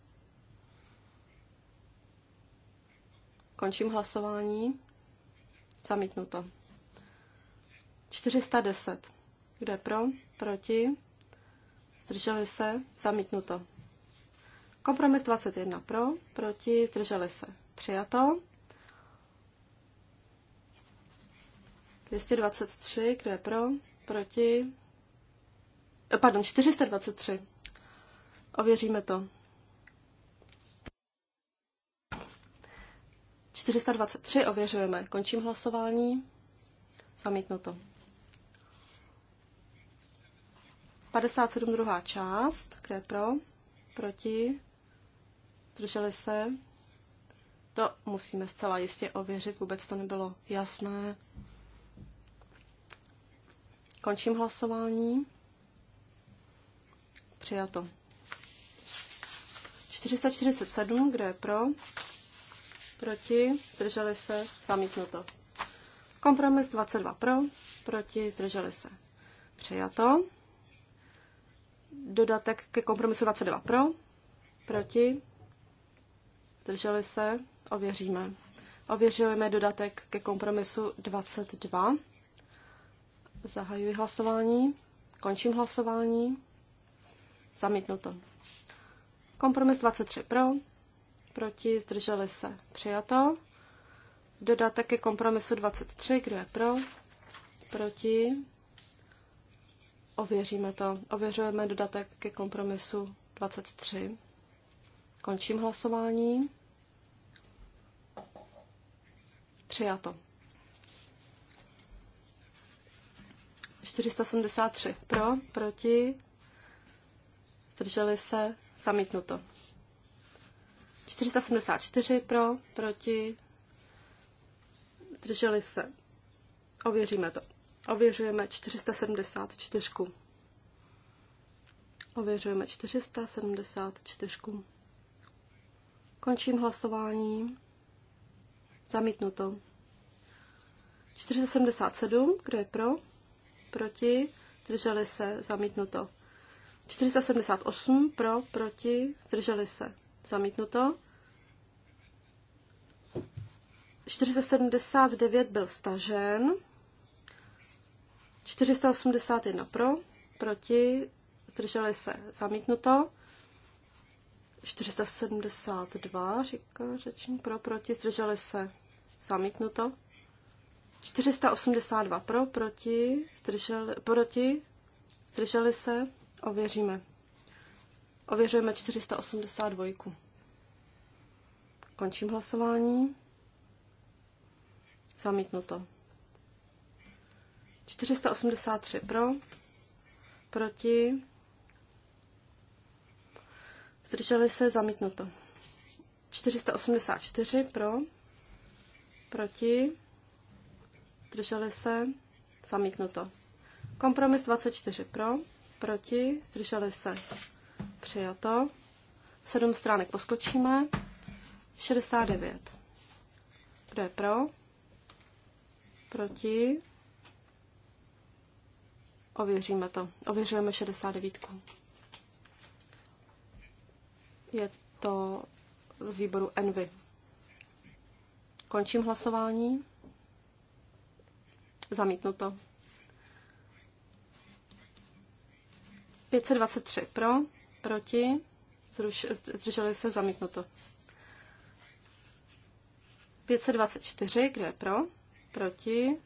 S2: Končím hlasování. Zamítnuto. 410. Kdo je pro? Proti? Zdrželi se? Zamítnuto. Kompromis 21 pro, proti, zdrželi se. Přijato. 223, kdo je pro? Proti? Eh, pardon, 423. Ověříme to. 423 ověřujeme. Končím hlasování. Zamítnuto. 57 druhá část. Kde pro? Proti? Drželi se? To musíme zcela jistě ověřit, vůbec to nebylo jasné. Končím hlasování. Přijato. 447, kdo je pro? Proti, zdrželi se, zamítnuto. Kompromis 22 pro, proti, zdrželi se. Přijato. Dodatek ke kompromisu 22 pro, proti, zdrželi se, ověříme. Ověřujeme dodatek ke kompromisu 22. Zahajuji hlasování. Končím hlasování. Zamítnuto. Kompromis 23 pro, proti, zdrželi se, přijato. Dodatek ke kompromisu 23, kdo je pro, proti, ověříme to. Ověřujeme dodatek ke kompromisu 23. Končím hlasování. Přijato. 473 pro, proti, zdrželi se, zamítnuto. 474 pro, proti, zdrželi se. Ověříme to. Ověřujeme 474. Ověřujeme 474. Končím hlasování. Zamítnuto. 477, kdo je pro? Proti? Zdrželi se? Zamítnuto. 478 pro, proti, zdrželi se. Zamítnuto. 479 byl stažen. 481 pro, proti, zdrželi se. Zamítnuto. 472, říká řečník pro, proti, zdrželi se. Zamítnuto. 482 pro, proti, zdrželi, proti, zdrželi se, ověříme. Ověřujeme 482. Končím hlasování. Zamítnuto. 483 pro, proti, Zdrželi se zamítnuto. 484 pro, proti, zdrželi se zamítnuto. Kompromis 24 pro, proti, zdrželi se přijato. Sedm stránek poskočíme. 69. Kdo je pro? Proti? Ověříme to. Ověřujeme 69. Je to z výboru Envy. Končím hlasování. Zamítnuto. 523 pro, proti, zdrželi se, zamítnuto. 524, kde je pro, proti,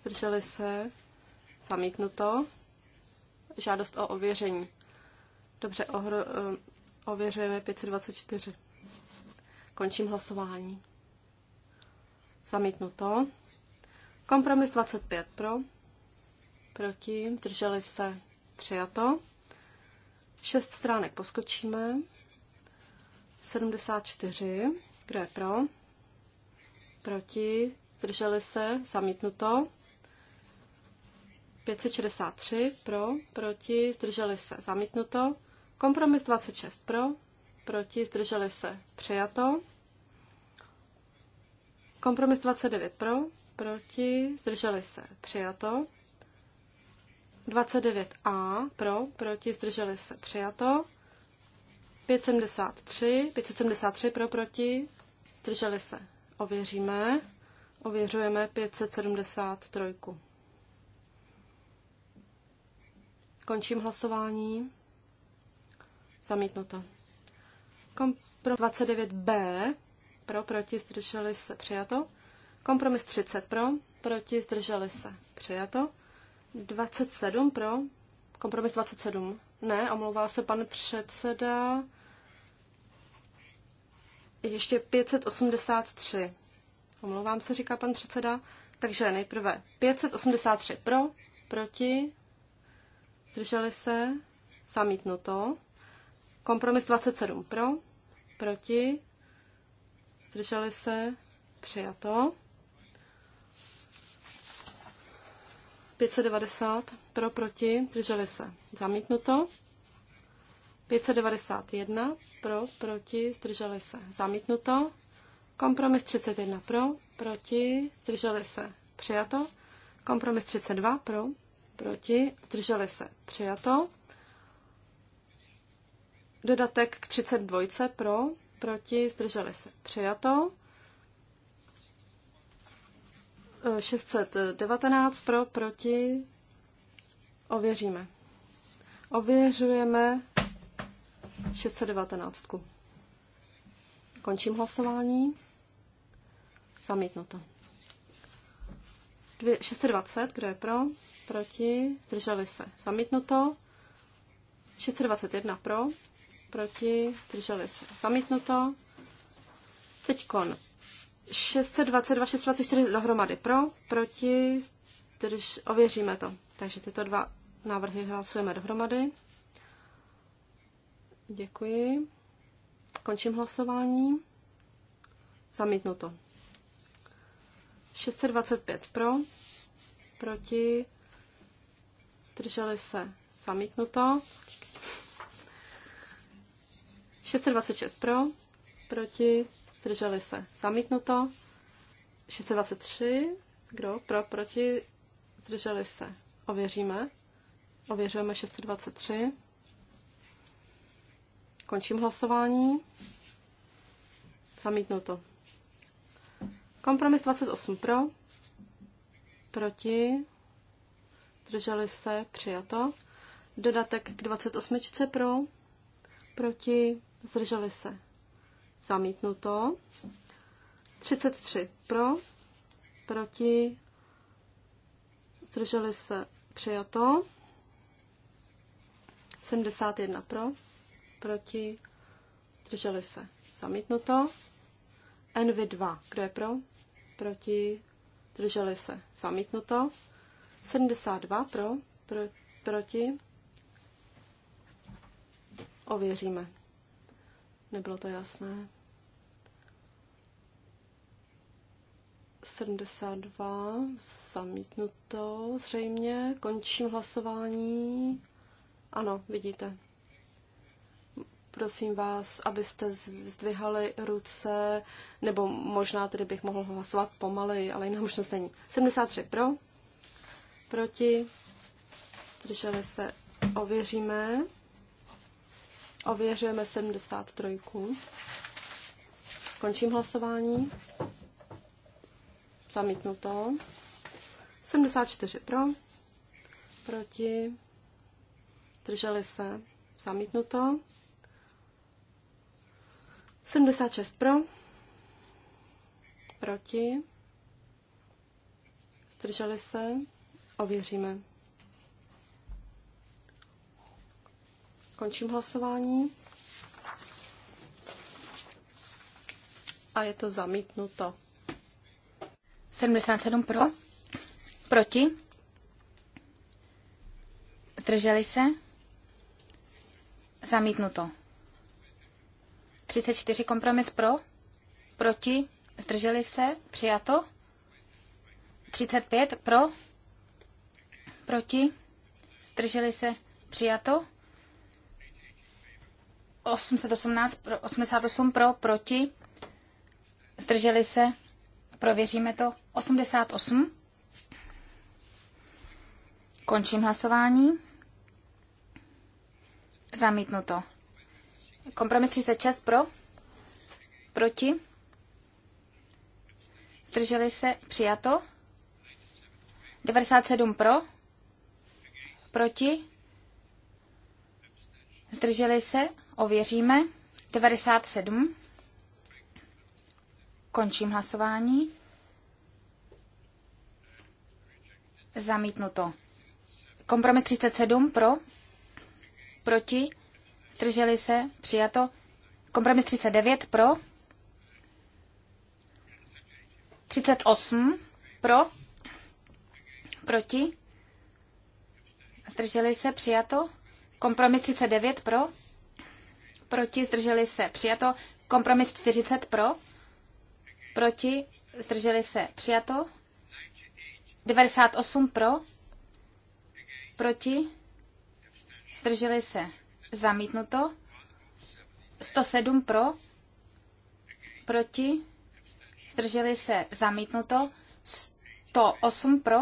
S2: zdrželi se, zamítnuto. Žádost o ověření. Dobře, ohro, Ověřujeme 524. Končím hlasování. Zamítnuto. Kompromis 25 pro. Proti. Drželi se. Přijato. Šest stránek poskočíme. 74. Kdo je pro? Proti. Zdrželi se. Zamítnuto. 563 pro, proti, zdrželi se, zamítnuto. Kompromis 26 pro, proti, zdrželi se, přijato. Kompromis 29 pro, proti, zdrželi se, přijato. 29a pro, proti, zdrželi se, přijato. 573, 573 pro, proti, zdrželi se, ověříme. Ověřujeme 573. Končím hlasování. Zamítnuto. Kompro 29b. Pro, proti, zdrželi se. Přijato. Kompromis 30 pro, proti, zdrželi se. Přijato. 27 pro, kompromis 27. Ne, omlouvá se pan předseda. Ještě 583. Omlouvám se, říká pan předseda. Takže nejprve 583 pro, proti, zdrželi se, zamítnuto. Kompromis 27 pro, proti, zdrželi se, přijato. 590 pro, proti, zdrželi se, zamítnuto. 591 pro, proti, zdrželi se, zamítnuto. Kompromis 31 pro, proti, zdrželi se, přijato. Kompromis 32 pro, proti, zdrželi se, přijato. Dodatek k 32 pro, proti, zdrželi se přijato. 619 e, pro, proti, ověříme. Ověřujeme 619. Končím hlasování. Zamítnuto. 620, kdo je pro? Proti, zdrželi se. Zamítnuto. 621 pro, proti, drželi se, zamítnuto. Teď kon 622, 624 dohromady pro, proti, drž, ověříme to. Takže tyto dva návrhy hlasujeme dohromady. Děkuji. Končím hlasování. Zamítnuto. 625 pro, proti, drželi se zamítnuto. 626 pro, proti, zdrželi se. Zamítnuto. 623, kdo pro, proti, zdrželi se. Ověříme. Ověřujeme 623. Končím hlasování. Zamítnuto. Kompromis 28 pro, proti, zdrželi se, přijato. Dodatek k 28 pro, proti, zdrželi se. Zamítnuto. 33 pro, proti, zdrželi se. Přijato. 71 pro, proti, zdrželi se. Zamítnuto. NV2, kdo je pro, proti, zdrželi se. Zamítnuto. 72 pro, pro proti, ověříme nebylo to jasné. 72, zamítnuto zřejmě, končím hlasování. Ano, vidíte. Prosím vás, abyste zdvihali ruce, nebo možná tedy bych mohl hlasovat pomaleji, ale jiná možnost není. 73 pro, proti, zdrželi se, ověříme. Ověřujeme 73. Končím hlasování. Zamítnuto. 74 pro. Proti. Drželi se. Zamítnuto. 76 pro. Proti. Zdrželi se. Ověříme. Končím hlasování. A je to zamítnuto. 77 pro? Proti?
S3: Zdrželi se? Zamítnuto. 34 kompromis pro? Proti? Zdrželi se? Přijato? 35 pro? Proti? Zdrželi se? Přijato? 818, 88 pro, proti, zdrželi se, prověříme to, 88. Končím hlasování. Zamítnuto. Kompromis 36 pro, proti, zdrželi se, přijato. 97 pro, proti, zdrželi se, Ověříme. 97. Končím hlasování. Zamítnuto. Kompromis 37 pro, proti, zdrželi se, přijato. Kompromis 39 pro, 38 pro, proti, zdrželi se, přijato. Kompromis 39 pro, proti, zdrželi se, přijato. Kompromis 40 pro, proti, zdrželi se, přijato. 98 pro, proti, zdrželi se, zamítnuto. 107 pro, proti, zdrželi se, zamítnuto. 108 pro,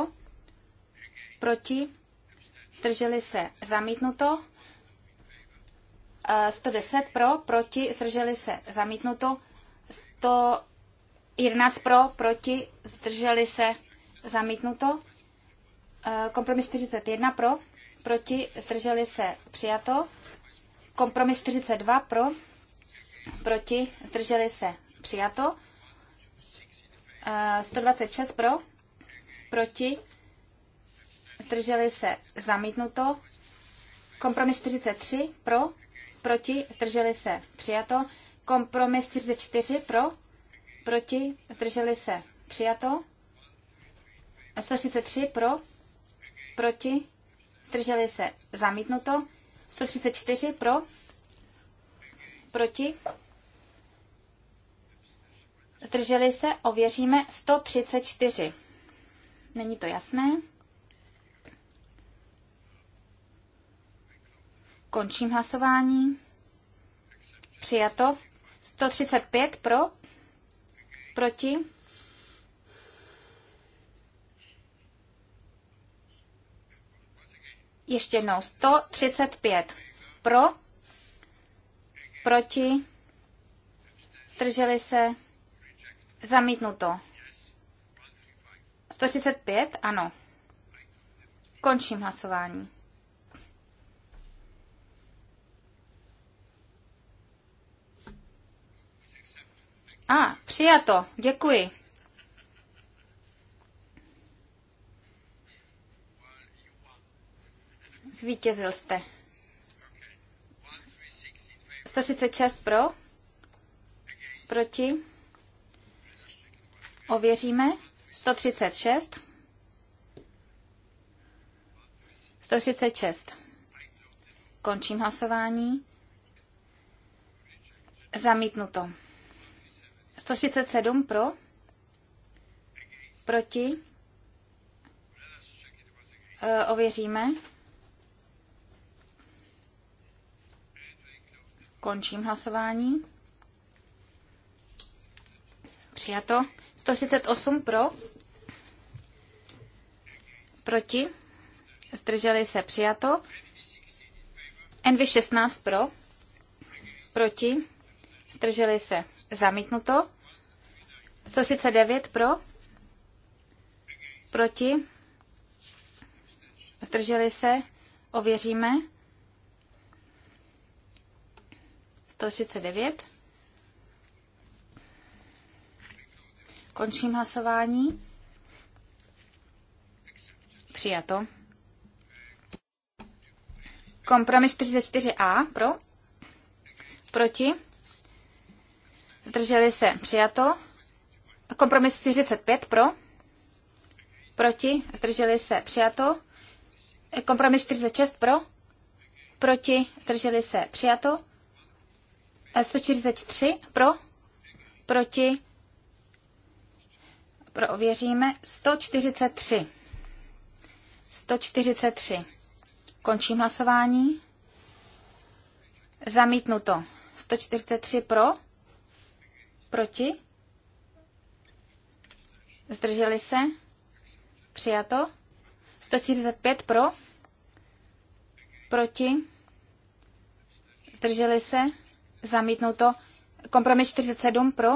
S3: proti, zdrželi se, zamítnuto. 110 pro, proti, zdrželi se, zamítnuto. 111 eh, eh, pro, proti, zdrželi se, zamítnuto. Kompromis 41 pro, proti, zdrželi se, přijato. Kompromis 42 pro, proti, zdrželi se, přijato. 126 pro, proti, zdrželi se, zamítnuto. Kompromis 43 pro, proti, zdrželi se, přijato. Kompromis 44 pro, proti, zdrželi se, přijato. 133 pro, proti, zdrželi se, zamítnuto. 134 pro, proti, zdrželi se, ověříme 134. Není to jasné. Končím hlasování. Přijato. 135 pro. Proti. Ještě jednou. 135 pro. Proti. Strželi se. Zamítnuto. 135, ano. Končím hlasování. A, přijato, děkuji. Zvítězil jste. 136 pro, proti, ověříme, 136, 136. Končím hlasování. Zamítnuto. 137 pro, proti, eh, ověříme. Končím hlasování. Přijato. 138 pro. Proti. Zdrželi se. Přijato. NV16 pro. Proti. Zdrželi se. Zamítnuto. 139 pro. Proti. Zdrželi se. Ověříme. 139. Končím hlasování. Přijato. Kompromis 34 a pro. Proti. Zdrželi se přijato. Kompromis 45 pro. Proti. Zdrželi se přijato. Kompromis 46 pro. Proti. Zdrželi se přijato. 143 pro. Proti. Pro ověříme. 143. 143. Končím hlasování. Zamítnuto. 143 pro. Proti? Zdrželi se? Přijato. 145 pro? Proti? Zdrželi se? Zamítnuto. Kompromis 47 pro?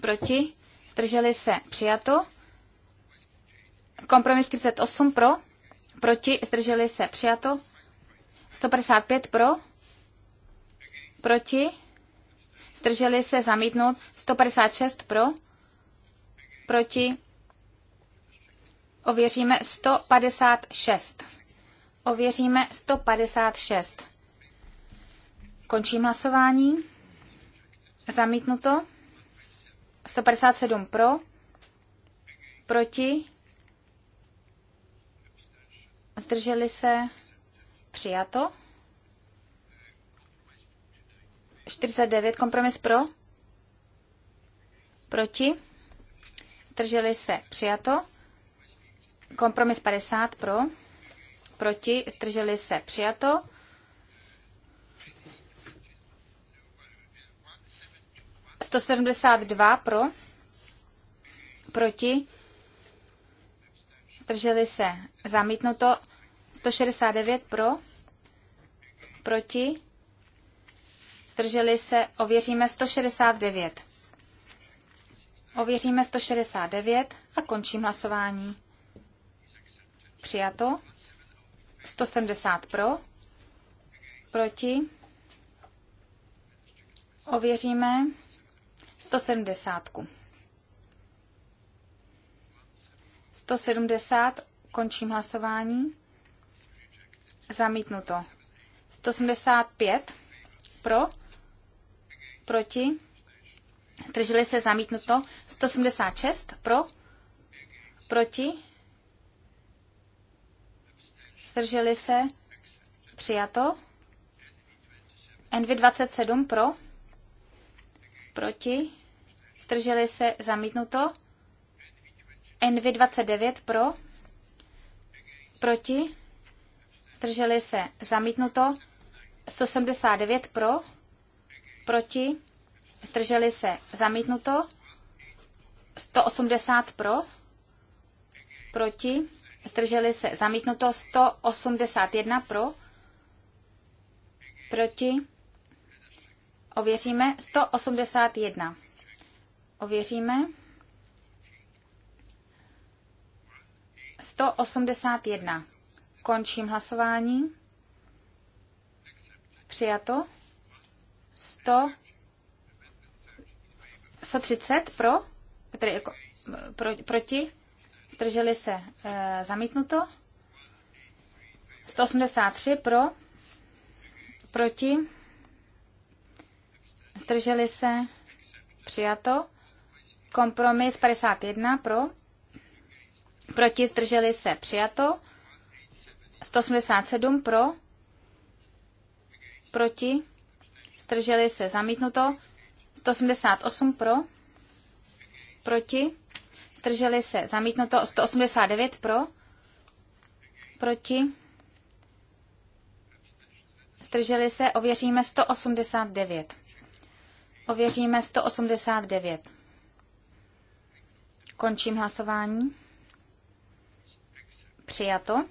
S3: Proti? Zdrželi se? Přijato. Kompromis 48 pro? Proti? Zdrželi se? Přijato. 155 pro? Proti? zdrželi se zamítnout 156 pro, proti, ověříme 156. Ověříme 156. Končím hlasování. Zamítnuto. 157 pro, proti, zdrželi se, přijato. 49, kompromis pro? Proti? Zdrželi se, přijato. Kompromis 50 pro? Proti? Zdrželi se, přijato. 172 pro, proti, zdrželi se, zamítnuto, 169 pro, proti, zdrželi se, ověříme 169. Ověříme 169 a končím hlasování. Přijato. 170 pro, proti. Ověříme 170. 170, končím hlasování. Zamítnuto. 175 pro, proti, drželi se zamítnuto, 176 pro, proti, zdrželi se, přijato, NV27 pro, proti, zdrželi se, zamítnuto, NV29 pro, proti, zdrželi se, zamítnuto, 179 pro, proti, zdrželi se zamítnuto, 180 pro, proti, zdrželi se zamítnuto, 181 pro, proti, ověříme, 181. Ověříme. 181. Končím hlasování. Přijato. 100, 130 pro, tedy jako pro, proti, strželi se e, zamítnuto, 183 pro, proti, strželi se přijato, kompromis 51 pro, proti, strželi se přijato, 187 pro, proti, Zdrželi se zamítnuto. 188 pro. Proti. Zdrželi se zamítnuto. 189 pro. Proti. Zdrželi se. Ověříme 189. Ověříme 189. Končím hlasování. Přijato.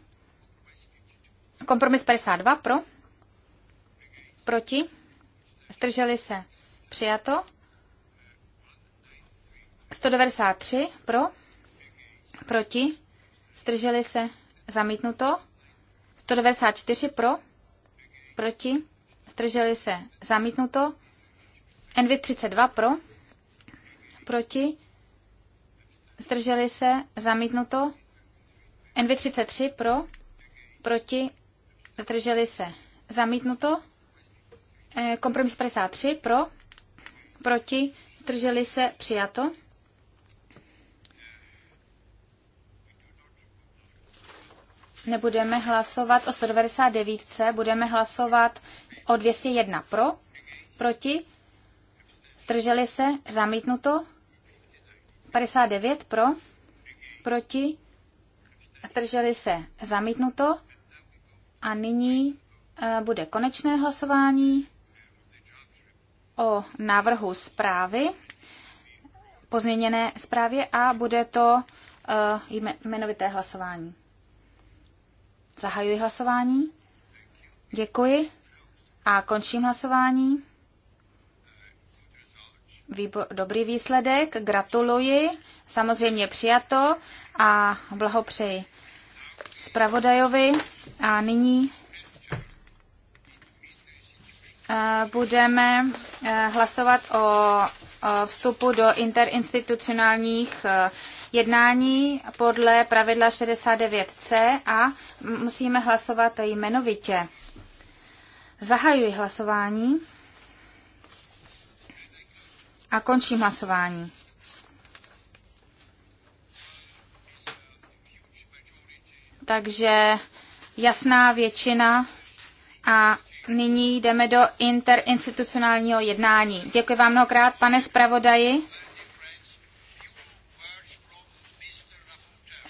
S3: Kompromis 52 pro. Proti. Zdrželi se. Přijato. 193 pro. Proti. Zdrželi se. Zamítnuto. 194 pro. Proti. Zdrželi se. Zamítnuto. NV32 pro. Proti. Zdrželi se. Zamítnuto. NV33 pro. Proti. Zdrželi se. Zamítnuto. Eh, kompromis 53 pro, proti, zdrželi se, přijato. Nebudeme hlasovat o 199, budeme hlasovat o 201 pro, proti, zdrželi se, zamítnuto. 59 pro, proti, zdrželi se, zamítnuto. A nyní eh, bude konečné hlasování o návrhu zprávy, pozměněné zprávě a bude to eh, jmenovité hlasování. Zahajuji hlasování. Děkuji. A končím hlasování. Výbo- dobrý výsledek, gratuluji, samozřejmě přijato a blahopřeji zpravodajovi. A nyní budeme eh, hlasovat o vstupu do interinstitucionálních eh, jednání podle pravidla 69c a musíme hlasovat jmenovitě. Zahajuji hlasování a končím hlasování. Takže jasná většina a nyní jdeme do interinstitucionálního jednání. Děkuji vám mnohokrát, pane zpravodaji.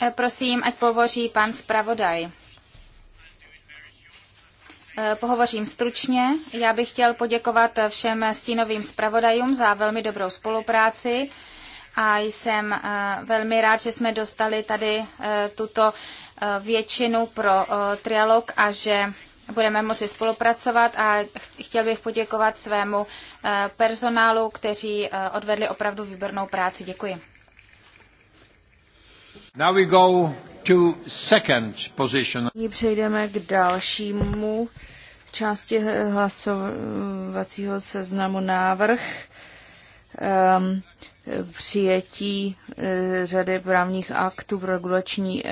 S3: Eh, prosím, ať pohovoří pan zpravodaj. Eh, pohovořím stručně. Já bych chtěl poděkovat všem stínovým zpravodajům za velmi dobrou spolupráci a jsem eh, velmi rád, že jsme dostali tady tuto většinu pro trialog a že budeme moci spolupracovat a chtěl bych poděkovat svému eh, personálu, kteří eh, odvedli opravdu výbornou práci. Děkuji.
S1: Now we go to second position.
S4: Nyní přejdeme k dalšímu části hlasovacího seznamu návrh um, přijetí uh, řady právních aktů pro regulační uh,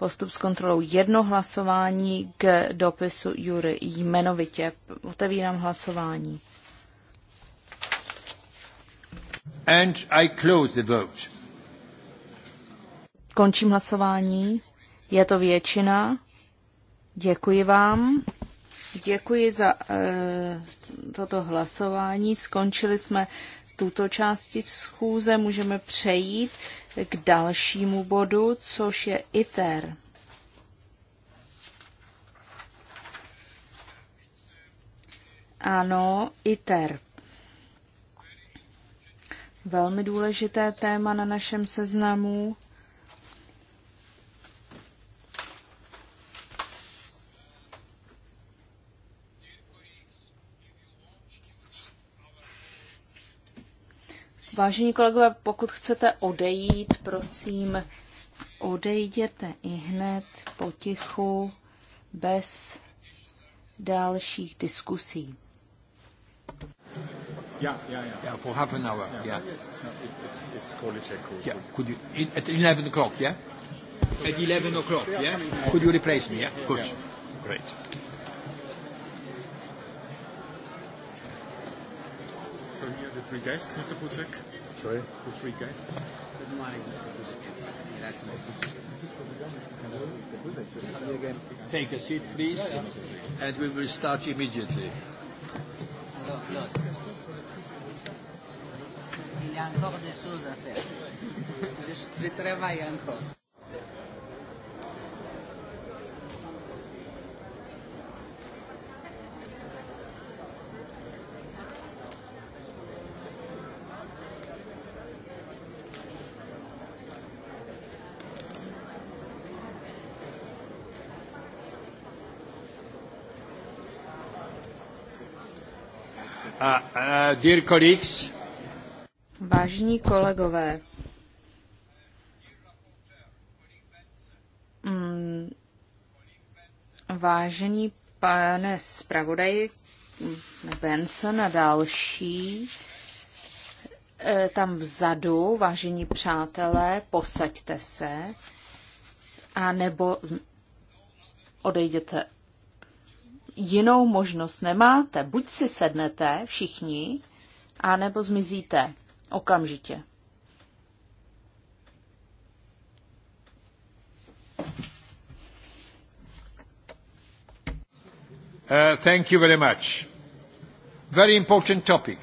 S4: postup s kontrolou jedno hlasování k dopisu Jury jmenovitě. Otevírám hlasování.
S1: And I close the vote.
S4: Končím hlasování. Je to většina. Děkuji vám. Děkuji za uh, toto hlasování. Skončili jsme tuto části schůze můžeme přejít k dalšímu bodu, což je ITER. Ano, ITER. Velmi důležité téma na našem seznamu. Vážení kolegové, pokud chcete odejít, prosím, odejděte i hned potichu, bez dalších diskusí.
S1: Yeah, yeah, yeah. Yeah, for half an hour. Yeah. yeah. it's it, it's, it's Kolicek. Yeah. Could you at 11 o'clock? Yeah. At 11 o'clock. Yeah. Could you replace me? Yeah. Good. Yeah. Great. So here the three guests, Mr. Pusek. Sorry? The three guests. Take a seat, please, and we will start immediately.
S4: Il y a encore des choses à faire. je travaille encore. Vážení kolegové, vážení mm, vážený pane zpravodaji Benson a další, eh, tam vzadu, vážení přátelé, posaďte se a nebo odejděte jinou možnost nemáte. Buď si sednete všichni, anebo zmizíte okamžitě.
S1: Uh, thank you very much. Very important topic.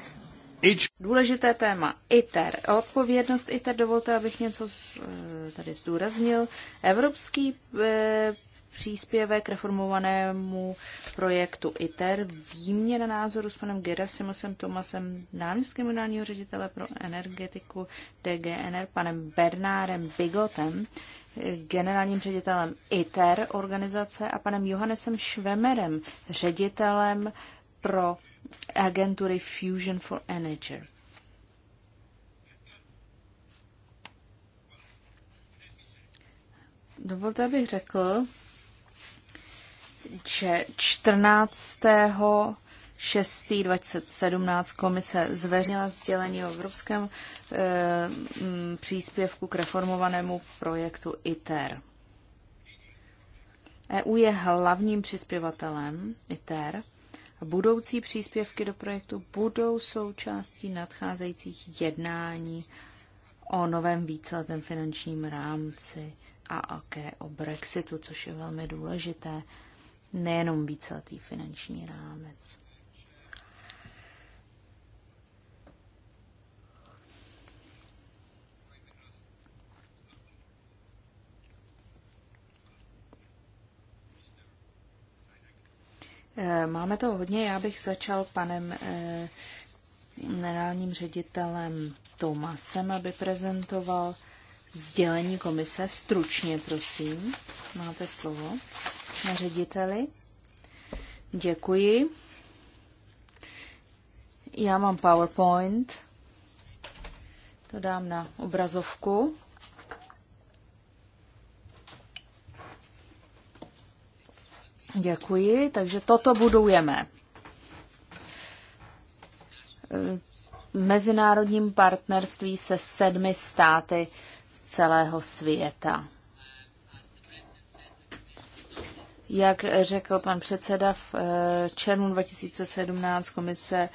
S1: Each...
S4: Důležité téma ITER. Odpovědnost ITER, dovolte, abych něco z, eh, tady zdůraznil. Evropský e, příspěvek reformovanému projektu ITER, výměna názoru s panem Gerasimusem Tomasem, náměstkem generálního ředitele pro energetiku DGNR, panem Bernárem Bigotem, generálním ředitelem ITER organizace a panem Johannesem Švemerem, ředitelem pro agentury Fusion for Energy. Dovolte, abych řekl, že 14. 6. 2017 komise zveřejnila sdělení o evropském e, m, příspěvku k reformovanému projektu ITER. EU je hlavním přispěvatelem ITER a budoucí příspěvky do projektu budou součástí nadcházejících jednání o novém víceletém finančním rámci a také o Brexitu, což je velmi důležité nejenom víceletý finanční rámec. Eh, máme to hodně. Já bych začal panem eh, generálním ředitelem Tomasem, aby prezentoval sdělení komise. Stručně, prosím, máte slovo na řediteli. Děkuji. Já mám PowerPoint. To dám na obrazovku. Děkuji, takže toto budujeme. Mezinárodním partnerství se sedmi státy celého světa. Jak řekl pan předseda, v eh, červnu 2017 komise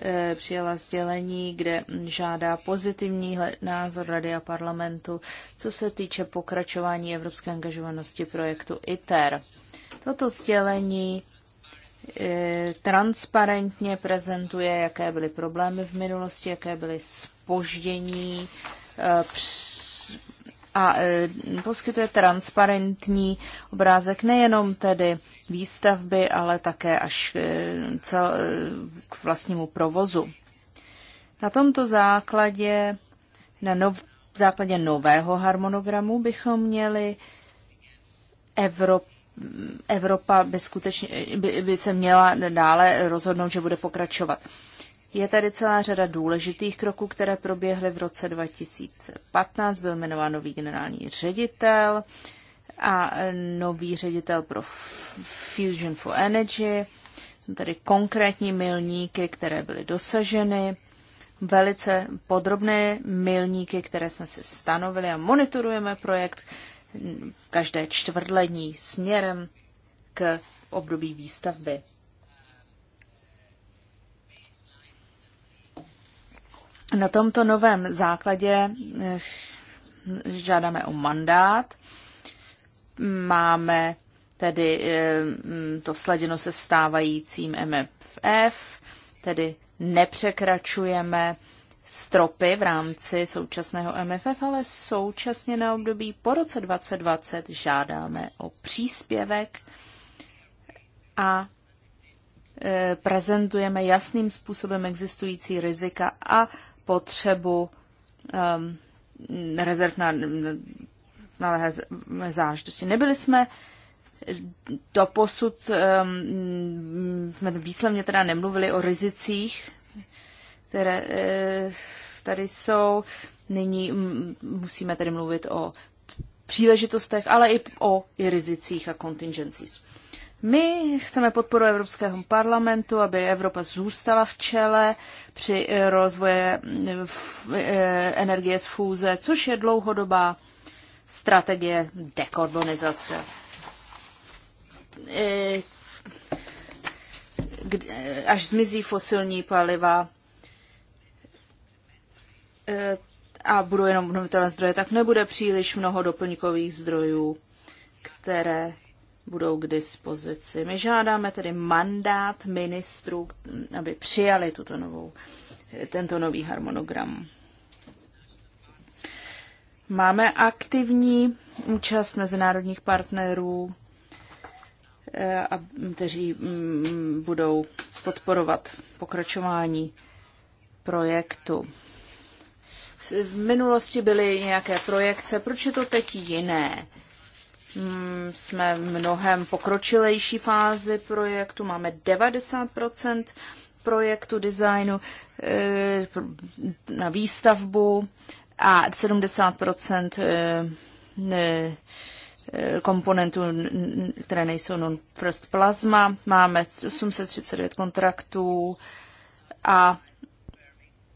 S4: eh, přijala sdělení, kde žádá pozitivní názor Rady a parlamentu, co se týče pokračování evropské angažovanosti projektu ITER. Toto sdělení eh, transparentně prezentuje, jaké byly problémy v minulosti, jaké byly spoždění a e, poskytuje transparentní obrázek nejenom tedy výstavby, ale také až e, cel, e, k vlastnímu
S1: provozu.
S4: Na tomto základě, na nov, základě nového harmonogramu bychom měli Evropu. Evropa by, skutečně, by, by se měla dále rozhodnout, že bude pokračovat. Je tady celá řada důležitých kroků, které proběhly v roce 2015. Byl jmenován nový generální ředitel a e, nový ředitel pro Fusion for Energy. Tady konkrétní milníky, které byly dosaženy, velice podrobné milníky, které jsme si stanovili a monitorujeme projekt každé čtvrtletní směrem k období výstavby. Na tomto novém základě eh, žádáme o mandát. Máme tedy eh, mm, to sladěno se stávajícím MFF, tedy nepřekračujeme stropy v rámci současného MFF, ale současně na období po roce 2020 žádáme o příspěvek a eh, prezentujeme jasným způsobem existující rizika a potřebu um, rezerv na, na záležitosti. Prostě nebyli jsme do posud, um, jsme výslovně teda nemluvili o rizicích, které uh, tady jsou. Nyní mm, musíme tedy mluvit o příležitostech, ale i o i rizicích a contingencies. My chceme podporu Evropského parlamentu, aby Evropa zůstala v čele při eh, rozvoje eh, eh, energie z fůze, což je dlouhodobá strategie dekarbonizace. Až zmizí fosilní paliva a budou jenom obnovitelné zdroje, tak nebude příliš mnoho doplňkových zdrojů, které budou k dispozici. My žádáme tedy mandát ministrů, aby přijali tuto novou, tento nový harmonogram. Máme aktivní účast mezinárodních partnerů, eh, kteří mm, budou podporovat pokračování projektu. V minulosti byly nějaké projekce, proč je to teď jiné? Mm, jsme v mnohem pokročilejší fázi projektu, máme 90 projektu designu eh, na výstavbu a 70 eh, eh, komponentů, které nejsou non-first plasma. Máme 839 kontraktů a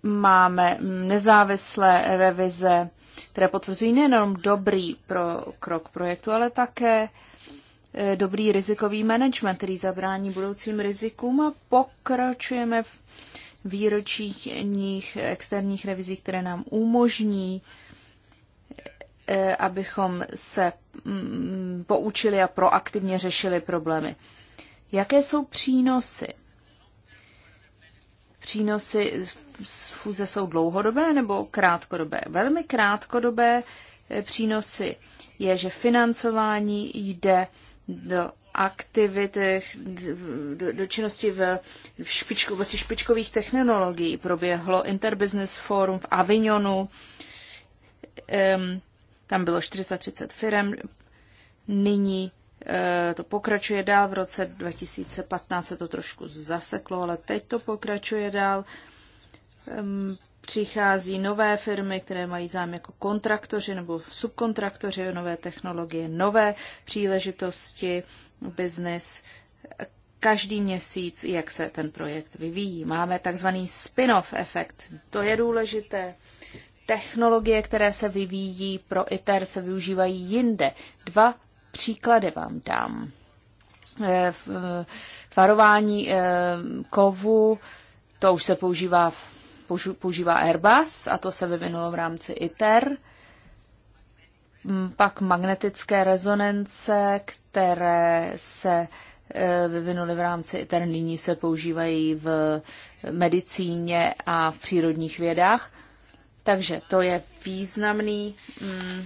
S4: máme nezávislé revize které potvrzují nejenom dobrý pro krok projektu, ale také eh, dobrý rizikový management, který zabrání budoucím rizikům a pokračujeme v výročních eh, externích revizí, které nám umožní, eh, abychom se mm, poučili a proaktivně řešili problémy. Jaké jsou přínosy? Přínosy fuze jsou dlouhodobé nebo krátkodobé? Velmi krátkodobé eh, přínosy je, že financování jde do aktivit, eh, do, do činnosti v, špičko, vlastně špičkových technologií. Proběhlo Interbusiness Forum v Avignonu, um, tam bylo 430 firm, nyní eh, to pokračuje dál, v roce 2015 se to trošku zaseklo, ale teď to pokračuje dál přichází nové firmy, které mají zájem jako kontraktoři nebo subkontraktoři o nové technologie, nové příležitosti, biznis. Každý měsíc, jak se ten projekt vyvíjí. Máme takzvaný spin-off efekt. To je důležité. Technologie, které se vyvíjí pro ITER, se využívají jinde. Dva příklady vám dám. Eh, eh, Varování eh, kovu, to už se používá v používá Airbus a to se vyvinulo v rámci ITER. Mm, pak magnetické rezonance, které se e, vyvinuly v rámci ITER, nyní se používají v medicíně a v přírodních vědách. Takže to je významný mm,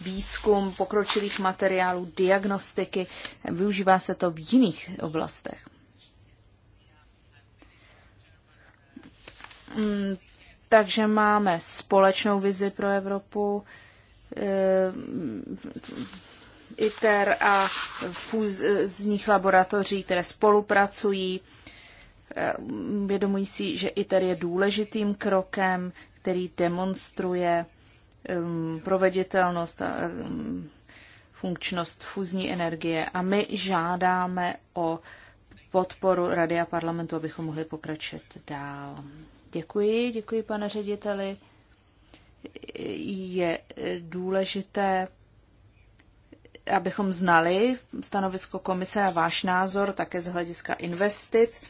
S4: výzkum pokročilých materiálů, diagnostiky. Využívá se to v jiných oblastech. Mm, takže máme společnou vizi pro Evropu, eh, ITER a fúzních eh, laboratoří, které spolupracují. Eh, Vědomují si, že ITER je důležitým krokem, který demonstruje proveditelnost a funkčnost fúzní energie. A my žádáme o podporu Rady a parlamentu, abychom mohli pokračovat dál. Děkuji, děkuji pane řediteli. Je důležité, abychom znali stanovisko komise a váš názor také z hlediska investic.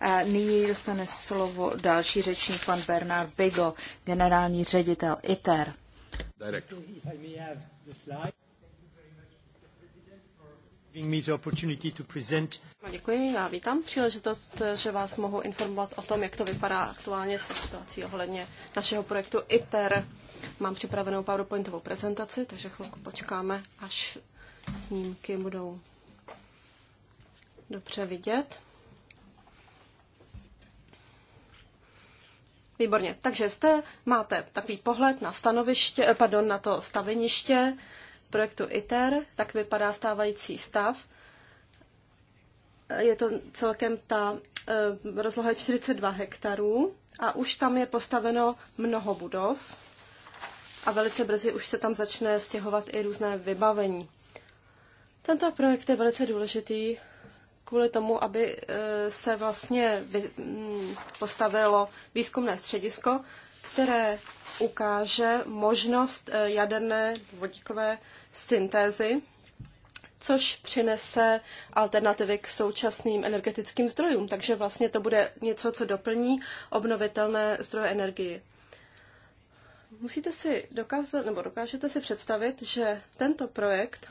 S4: A nyní dostane slovo další řečník, pan Bernard Bigo, generální ředitel ITER.
S1: Direct. No,
S2: děkuji, já vítám příležitost, že vás mohu informovat o tom, jak to vypadá aktuálně se situací ohledně našeho projektu ITER. Mám připravenou PowerPointovou prezentaci, takže chvilku počkáme, až snímky budou dobře vidět. Výborně, takže zde máte takový pohled na stanoviště, eh, pardon, na to staveniště, projektu ITER, tak vypadá stávající stav. Je to celkem ta eh, rozloha 42 hektarů a už tam je postaveno mnoho budov a velice brzy už se tam začne stěhovat i různé vybavení. Tento projekt je velice důležitý kvůli tomu, aby eh, se vlastně mm, postavilo výzkumné středisko, které ukáže možnost eh, jaderné vodíkové syntézy, což přinese alternativy k současným energetickým zdrojům. Takže vlastně to bude něco, co doplní obnovitelné zdroje energii. Musíte si dokázat, nebo dokážete si představit, že tento projekt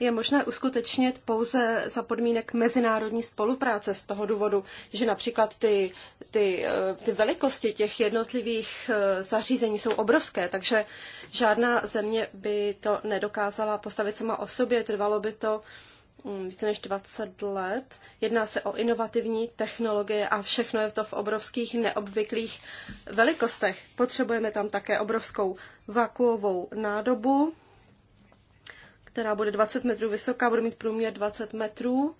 S2: je možné uskutečnit pouze za podmínek mezinárodní spolupráce z toho důvodu, že například ty, ty, eh, ty velikosti těch jednotlivých eh, zařízení jsou obrovské, takže žádná země by to nedokázala postavit sama o sobě, trvalo by to mm, více než 20 let. Jedná se o inovativní technologie a všechno je to v obrovských neobvyklých velikostech. Potřebujeme tam také obrovskou vakuovou nádobu, která bude 20 metrů vysoká, bude mít průměr 20 metrů.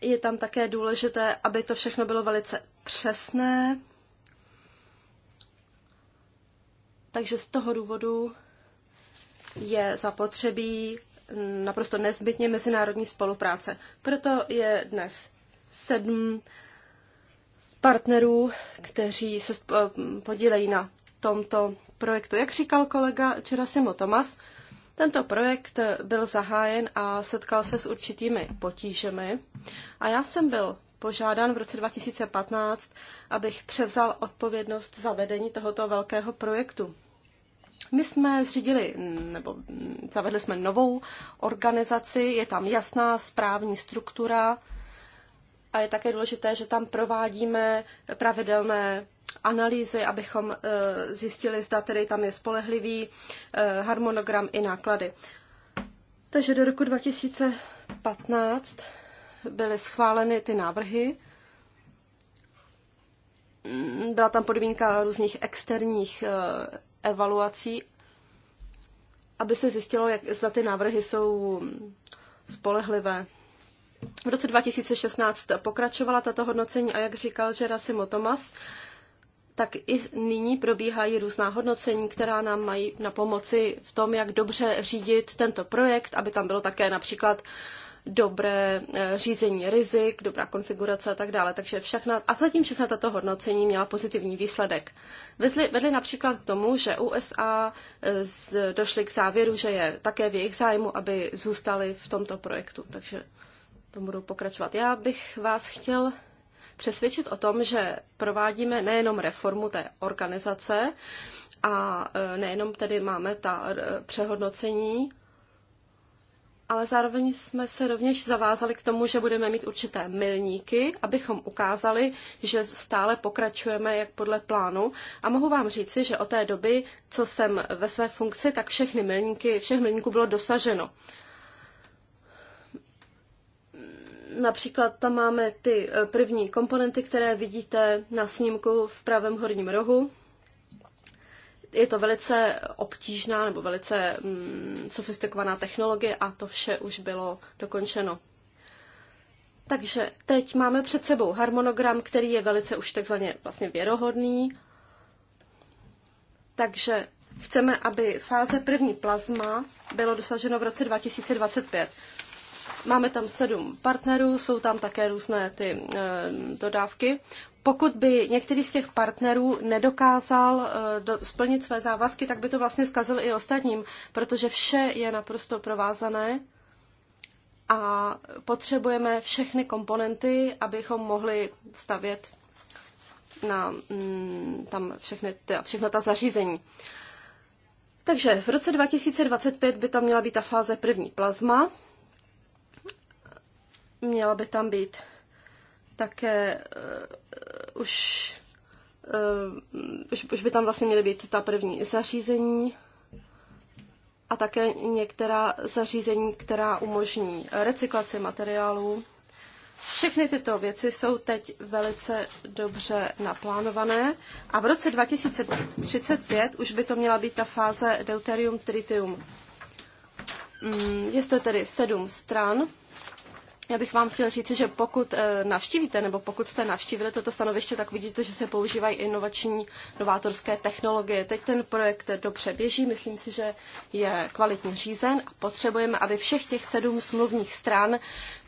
S2: Je tam také důležité, aby to všechno bylo velice přesné. Takže z toho důvodu je zapotřebí naprosto nezbytně mezinárodní spolupráce. Proto je dnes sedm partnerů, kteří se podílejí na tomto projektu. Jak říkal kolega Čerasimo Tomas, tento projekt byl zahájen a setkal se s určitými potížemi a já jsem byl požádán v roce 2015, abych převzal odpovědnost za vedení tohoto velkého projektu. My jsme zřídili, nebo zavedli jsme novou organizaci, je tam jasná správní struktura a je také důležité, že tam provádíme pravidelné analýzy, abychom eh, zjistili, zda tedy tam je spolehlivý eh, harmonogram i náklady. Takže do roku 2015 byly schváleny ty návrhy. Mm, byla tam podmínka různých externích eh, evaluací, aby se zjistilo, jak, zda ty návrhy jsou spolehlivé. V roce 2016 pokračovala tato hodnocení a jak říkal Gerasimo Tomas, tak i nyní probíhají různá hodnocení, která nám mají na pomoci v tom, jak dobře řídit tento projekt, aby tam bylo také například dobré eh, řízení rizik, dobrá konfigurace a tak dále. Takže všechna, a zatím všechna tato hodnocení měla pozitivní výsledek. Vedli, vedli například k tomu, že USA eh, z, k závěru, že je také v jejich zájmu, aby zůstali v tomto projektu. Takže to budou pokračovat. Já bych vás chtěl přesvědčit o tom, že provádíme nejenom reformu té organizace a e, nejenom tedy máme ta e, přehodnocení, ale zároveň jsme se rovněž zavázali k tomu, že budeme mít určité milníky, abychom ukázali, že stále pokračujeme jak podle plánu. A mohu vám říci, že od té doby, co jsem ve své funkci, tak všechny milníky, všech milníků bylo dosaženo. Například tam máme ty eh, první komponenty, které vidíte na snímku v pravém horním rohu. Je to velice obtížná nebo velice mm, sofistikovaná technologie a to vše už bylo dokončeno. Takže teď máme před sebou harmonogram, který je velice už takzvaně vlastně věrohodný. Takže chceme, aby fáze první plazma bylo dosaženo v roce 2025. Máme tam sedm partnerů, jsou tam také různé ty eh, dodávky. Pokud by některý z těch partnerů nedokázal eh, splnit své závazky, tak by to vlastně zkazil i ostatním, protože vše je naprosto provázané a potřebujeme všechny komponenty, abychom mohli stavět na mm, tam všechny, všechna ta zařízení. Takže v roce 2025 by tam měla být ta fáze první plazma, Měla by tam být také uh, už, uh, už, už by tam vlastně měly být ta první zařízení a také některá zařízení, která umožní recyklaci materiálů. Všechny tyto věci jsou teď velice dobře naplánované a v roce 2035 už by to měla být ta fáze deuterium tritium. Mm, je to tedy sedm stran já bych vám chtěl říct, že pokud eh, navštívíte nebo pokud jste navštívili toto stanoviště, tak vidíte, že se používají inovační, novátorské technologie. Teď ten projekt dobře běží, myslím si, že je kvalitně řízen a potřebujeme, aby všech těch sedm smluvních stran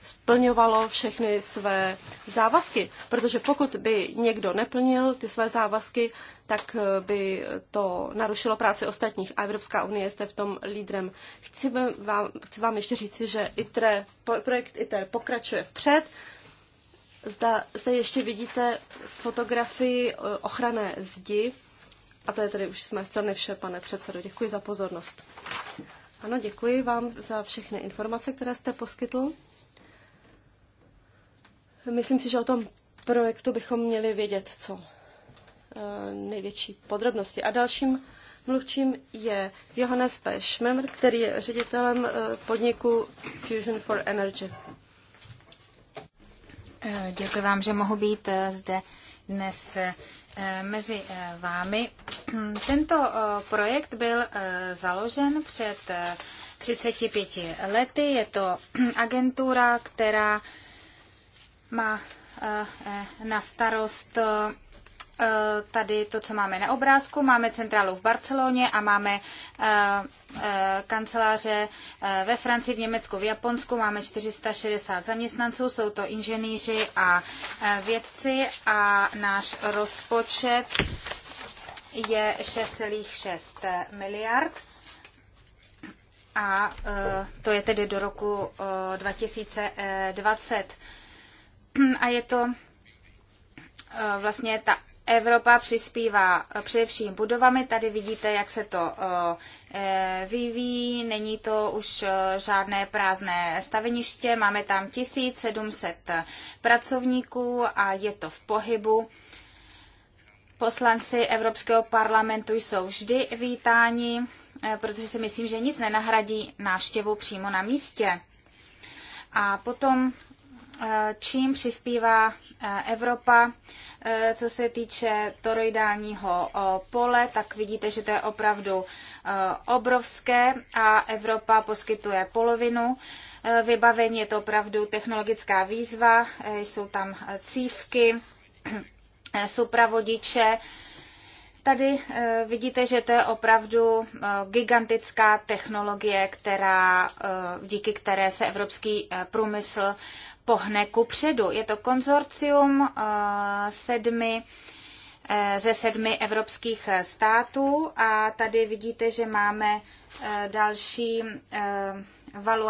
S2: splňovalo všechny své závazky. Protože pokud by někdo neplnil ty své závazky, tak eh, by to narušilo práci ostatních a Evropská unie jste v tom lídrem. Chci vám, chci vám ještě říct, že ITRE, projekt ITER pokračuje vpřed. Zda se ještě vidíte fotografii eh, ochranné zdi. A to je tedy už z mé strany vše, pane předsedo. Děkuji za pozornost. Ano, děkuji vám za všechny informace, které jste poskytl. Myslím si, že o tom projektu bychom měli vědět co eh, největší podrobnosti. A dalším mluvčím je Johannes P. Schmemr, který je ředitelem eh, podniku Fusion for Energy.
S3: Eh, děkuji vám, že mohu být zde dnes mezi vámi. Tento projekt byl založen před 35 lety. Je to agentura, která má eh, eh, na starost eh, tady to, co máme na obrázku. Máme centrálu v Barceloně a máme kanceláře ve Francii, v Německu, v Japonsku. Máme 460 zaměstnanců, jsou to inženýři a vědci a náš rozpočet je 6,6 miliard. A to je tedy do roku 2020 a je to eh, vlastně ta Evropa přispívá eh, především budovami. Tady vidíte, jak se to eh, vyvíjí. Není to už žádné prázdné staveniště. Máme tam 1700 pracovníků a je to v pohybu. Poslanci Evropského parlamentu jsou vždy vítáni, protože si myslím, že nic nenahradí návštěvu přímo na místě. A potom čím přispívá eh, Evropa, eh, co se týče toroidálního eh, pole, tak vidíte, že to je opravdu obrovské a Evropa poskytuje polovinu vybavení, je to opravdu technologická výzva, jsou tam cívky, supravodiče, Tady vidíte, že to je opravdu gigantická technologie, která, díky které se evropský průmysl pohne ku předu. Je to konzorcium eh, sedmi eh, ze sedmi evropských států a tady vidíte, že máme eh, další valu,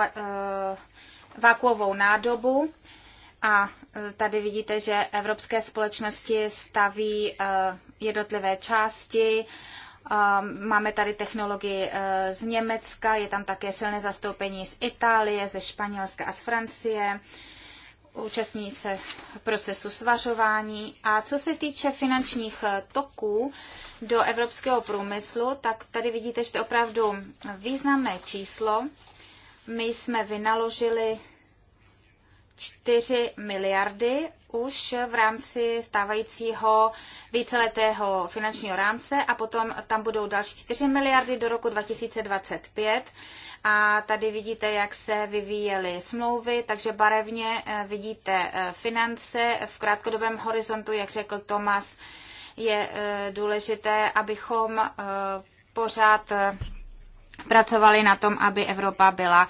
S3: vakuovou nádobu a tady vidíte, že evropské společnosti staví jednotlivé části. Máme tady technologii z Německa, je tam také silné zastoupení z Itálie, ze Španělska a z Francie účastní se procesu svařování. A co se týče finančních eh, toků do evropského průmyslu, tak tady vidíte, že to je opravdu významné číslo. My jsme vynaložili 4 miliardy už v rámci stávajícího víceletého finančního rámce a potom tam budou další 4 miliardy do roku 2025. A tady vidíte, jak se vyvíjely smlouvy, takže barevně eh, vidíte eh, finance v krátkodobém horizontu, jak řekl Tomas, je eh, důležité, abychom pořád pracovali na tom, aby Evropa byla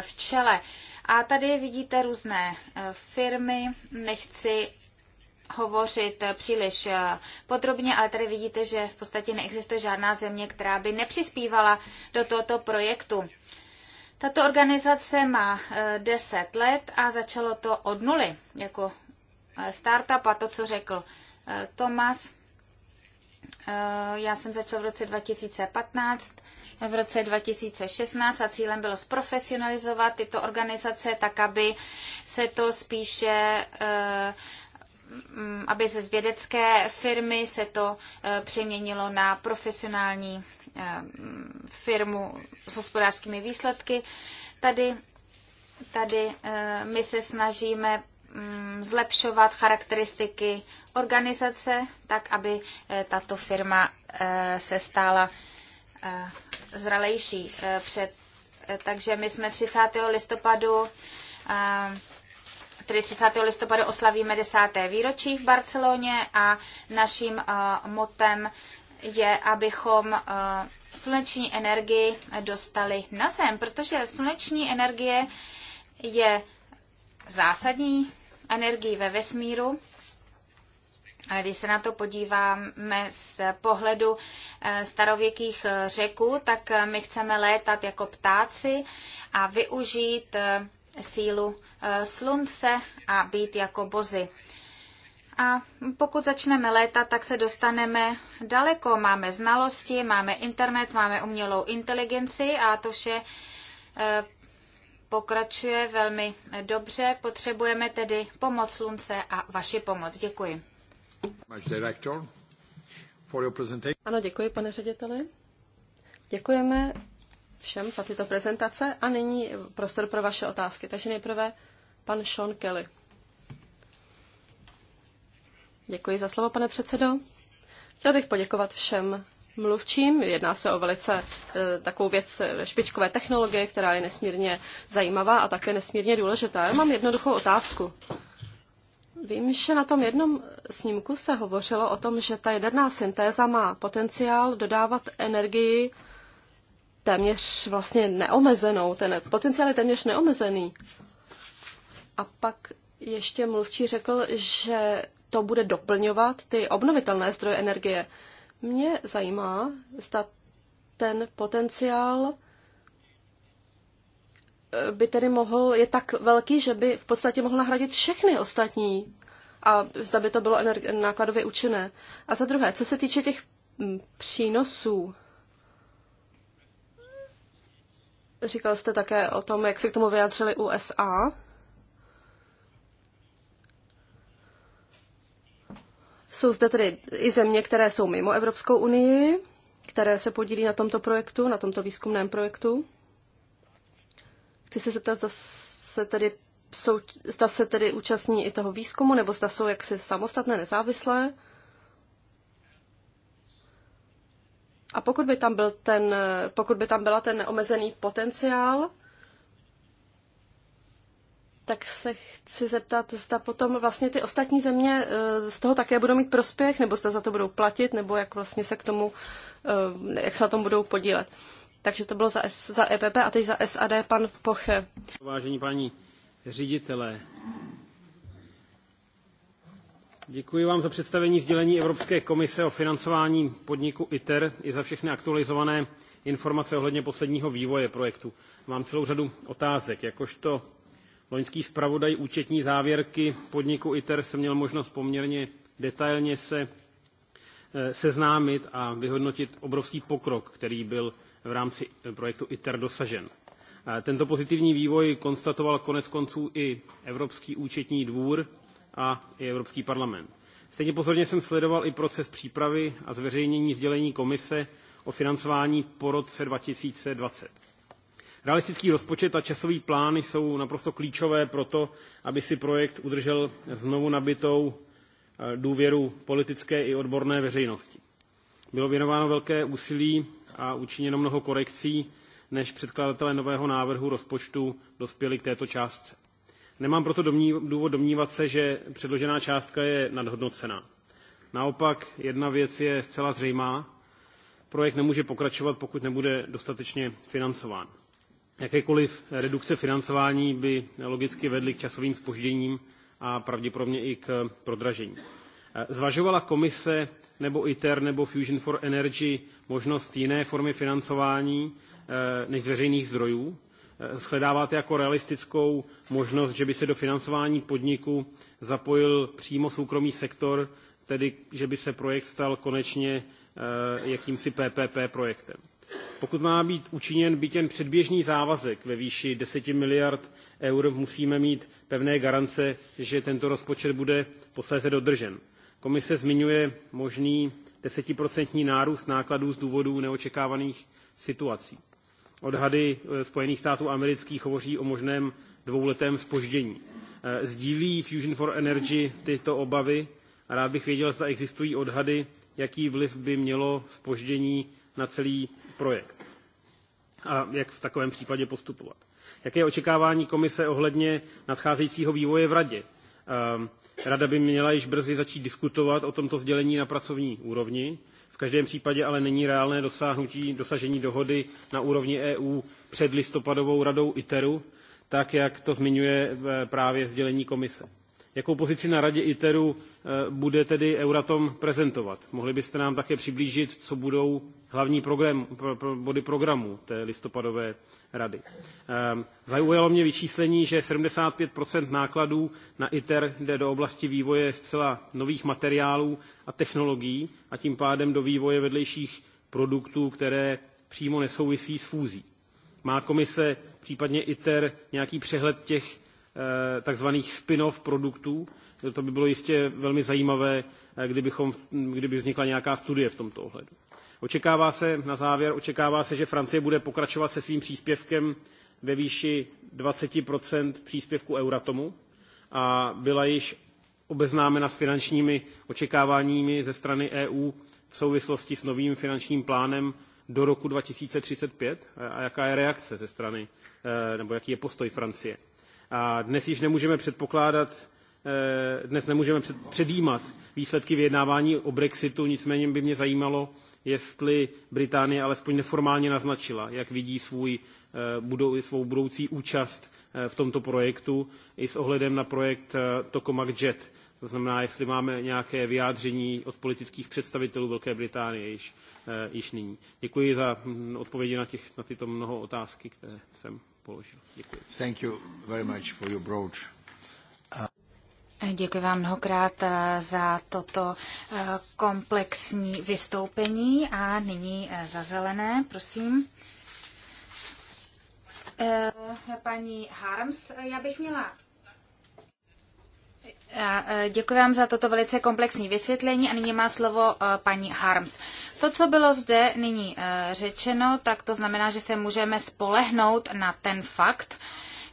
S3: v čele. A tady vidíte různé eh, firmy, nechci hovořit eh, příliš eh, podrobně, ale tady vidíte, že v podstatě neexistuje žádná země, která by nepřispívala do tohoto projektu. Tato organizace má 10 let a začalo to od nuly, jako startup a to, co řekl Tomas. Já jsem začal v roce 2015 v roce 2016 a cílem bylo zprofesionalizovat tyto organizace tak, aby se to spíše eh, mm, aby ze vědecké firmy se to eh, přeměnilo na profesionální eh, mm, firmu s hospodářskými výsledky. Tady, tady my se snažíme mm, zlepšovat charakteristiky organizace, tak aby tato firma se stala Eh, zralejší. Eh, před, eh, takže my jsme 30. listopadu tedy 30. listopadu oslavíme 10. výročí v Barceloně a naším motem je, abychom sluneční energii dostali na zem, protože sluneční energie je zásadní energii ve vesmíru ale když se na to podíváme z pohledu eh, starověkých eh, řeků, tak eh, my chceme létat jako ptáci a využít sílu slunce a být jako bozy. A pokud začneme létat, tak se dostaneme daleko. Máme znalosti, máme internet, máme umělou inteligenci a to vše pokračuje velmi dobře. Potřebujeme tedy pomoc slunce a vaši pomoc.
S2: Děkuji. Ano, děkuji, pane řediteli. Děkujeme všem za tyto prezentace a nyní prostor pro vaše otázky. Takže nejprve pan Sean Kelly. Děkuji za slovo, pane předsedo. Chtěl bych poděkovat všem mluvčím. Jedná se o velice e, takovou věc e, špičkové technologie, která je nesmírně zajímavá a také nesmírně důležitá. Já mám jednoduchou otázku. Vím, že na tom jednom snímku se hovořilo o tom, že ta jaderná syntéza má potenciál dodávat energii téměř vlastně neomezenou. Ten potenciál je téměř neomezený. A pak ještě mluvčí řekl, že to bude doplňovat ty obnovitelné zdroje energie. Mě zajímá, zda ten potenciál by tedy mohl, je tak velký, že by v podstatě mohl nahradit všechny ostatní a zda by to bylo nákladově účinné. A za druhé, co se týče těch mm, přínosů, říkal jste také o tom, jak se k tomu vyjádřili USA. Jsou zde tedy i země, které jsou mimo Evropskou unii, které se podílí na tomto projektu, na tomto výzkumném projektu. Chci se zeptat, zda se tedy, jsou, zda se tedy účastní i toho výzkumu, nebo zda jsou jaksi samostatné, nezávislé. A pokud by tam, byl ten, pokud by tam byla ten neomezený potenciál, tak se chci zeptat, zda potom vlastně ty ostatní země eh, z toho také budou mít prospěch, nebo zda za to budou platit, nebo jak vlastně se k tomu, eh, jak se na tom budou podílet. Takže to bylo za, S, za EPP a teď za SAD pan Poche.
S1: Vážení paní ředitelé, Děkuji vám za představení sdělení Evropské komise o financování podniku ITER i za všechny aktualizované informace ohledně posledního vývoje projektu. Mám celou řadu otázek. Jakožto loňský zpravodaj účetní závěrky podniku ITER se měl možnost poměrně detailně se eh, seznámit a vyhodnotit obrovský pokrok, který byl v rámci eh, projektu ITER dosažen. Eh, tento pozitivní vývoj konstatoval konec konců i Evropský účetní dvůr a i Evropský parlament. Stejně pozorně jsem sledoval i proces přípravy a zveřejnění sdělení komise o financování po roce 2020. Realistický rozpočet a časový plán jsou naprosto klíčové pro to, aby si projekt udržel znovu nabitou eh, důvěru politické i odborné veřejnosti. Bylo věnováno velké úsilí a učiněno mnoho korekcí, než předkladatelé nového návrhu rozpočtu dospěli k této částce. Nemám proto důvod domnívat se, že předložená částka je nadhodnocená. Naopak jedna věc je zcela zřejmá. Projekt nemůže pokračovat, pokud nebude dostatečně financován. Jakékoliv redukce financování by logicky vedly k časovým spožděním a pravděpodobně i k prodražení. Zvažovala komise nebo ITER nebo Fusion for Energy možnost jiné formy financování eh, než z veřejných zdrojů. Eh, Shledáváte jako realistickou možnost, že by se do financování podniku zapojil přímo soukromý sektor, tedy že by se projekt stal konečně eh, jakýmsi PPP projektem. Pokud má být učiněn byt jen předběžný závazek ve výši 10 miliard eur, musíme mít pevné garance, že tento rozpočet bude posléze dodržen. Komise zmiňuje možný desetiprocentní nárůst nákladů z důvodu neočekávaných situací. Odhady eh, Spojených států amerických hovoří o možném dvouletém spoždění. Eh, sdílí Fusion for Energy tyto obavy a rád bych věděl, zda existují odhady, jaký vliv by mělo spoždění na celý projekt a jak v takovém případě postupovat. Jaké je očekávání komise ohledně nadcházejícího vývoje v radě? Ehm, rada by měla již brzy začít diskutovat o tomto sdělení na pracovní úrovni. V každém případě ale není reálné dosáhnutí, dosažení dohody na úrovni EU před listopadovou radou ITERu, tak jak to zmiňuje eh, právě sdělení komise. Jakou pozici na radě ITERu eh, bude tedy Euratom prezentovat? Mohli byste nám také přiblížit, co budou hlavní program, body programu té listopadové rady. Ehm, zaujalo mě vyčíslení, že 75 nákladů na ITER jde do oblasti vývoje zcela nových materiálů a technologií a tím pádem do vývoje vedlejších produktů, které přímo nesouvisí s fúzí. Má komise případně ITER nějaký přehled těch eh, takzvaných spin-off produktů? To by bylo jistě velmi zajímavé, eh, kdybychom, kdyby vznikla nějaká studie v tomto ohledu. Očekává se, na závěr, očekává se, že Francie bude pokračovat se svým příspěvkem ve výši 20 příspěvku Euratomu a byla již obeznámena s finančními očekáváními ze strany EU v souvislosti s novým finančním plánem do roku 2035 a jaká je reakce ze strany, e, nebo jaký je postoj Francie. A dnes již nemůžeme předpokládat, e, dnes nemůžeme předjímat výsledky vyjednávání o Brexitu, nicméně by mě zajímalo, jestli Británie alespoň neformálně naznačila, jak vidí svůj, eh, budou, svou budoucí účast eh, v tomto projektu i s ohledem na projekt eh, Tokamak Jet. To znamená, jestli máme nějaké vyjádření od politických představitelů Velké Británie již, již nyní. Děkuji za hm, odpovědi na, těch, na tyto mnoho otázky, které jsem položil. Děkuji. Thank you very much for your broad
S3: Děkuji vám mnohokrát eh, za toto eh, komplexní vystoupení a nyní eh, za zelené, prosím. Paní Harms, já bych měla Děkuji vám za toto velice komplexní vysvětlení a nyní má slovo paní Harms. To, co bylo zde nyní řečeno, tak to znamená, že se můžeme spolehnout na ten fakt,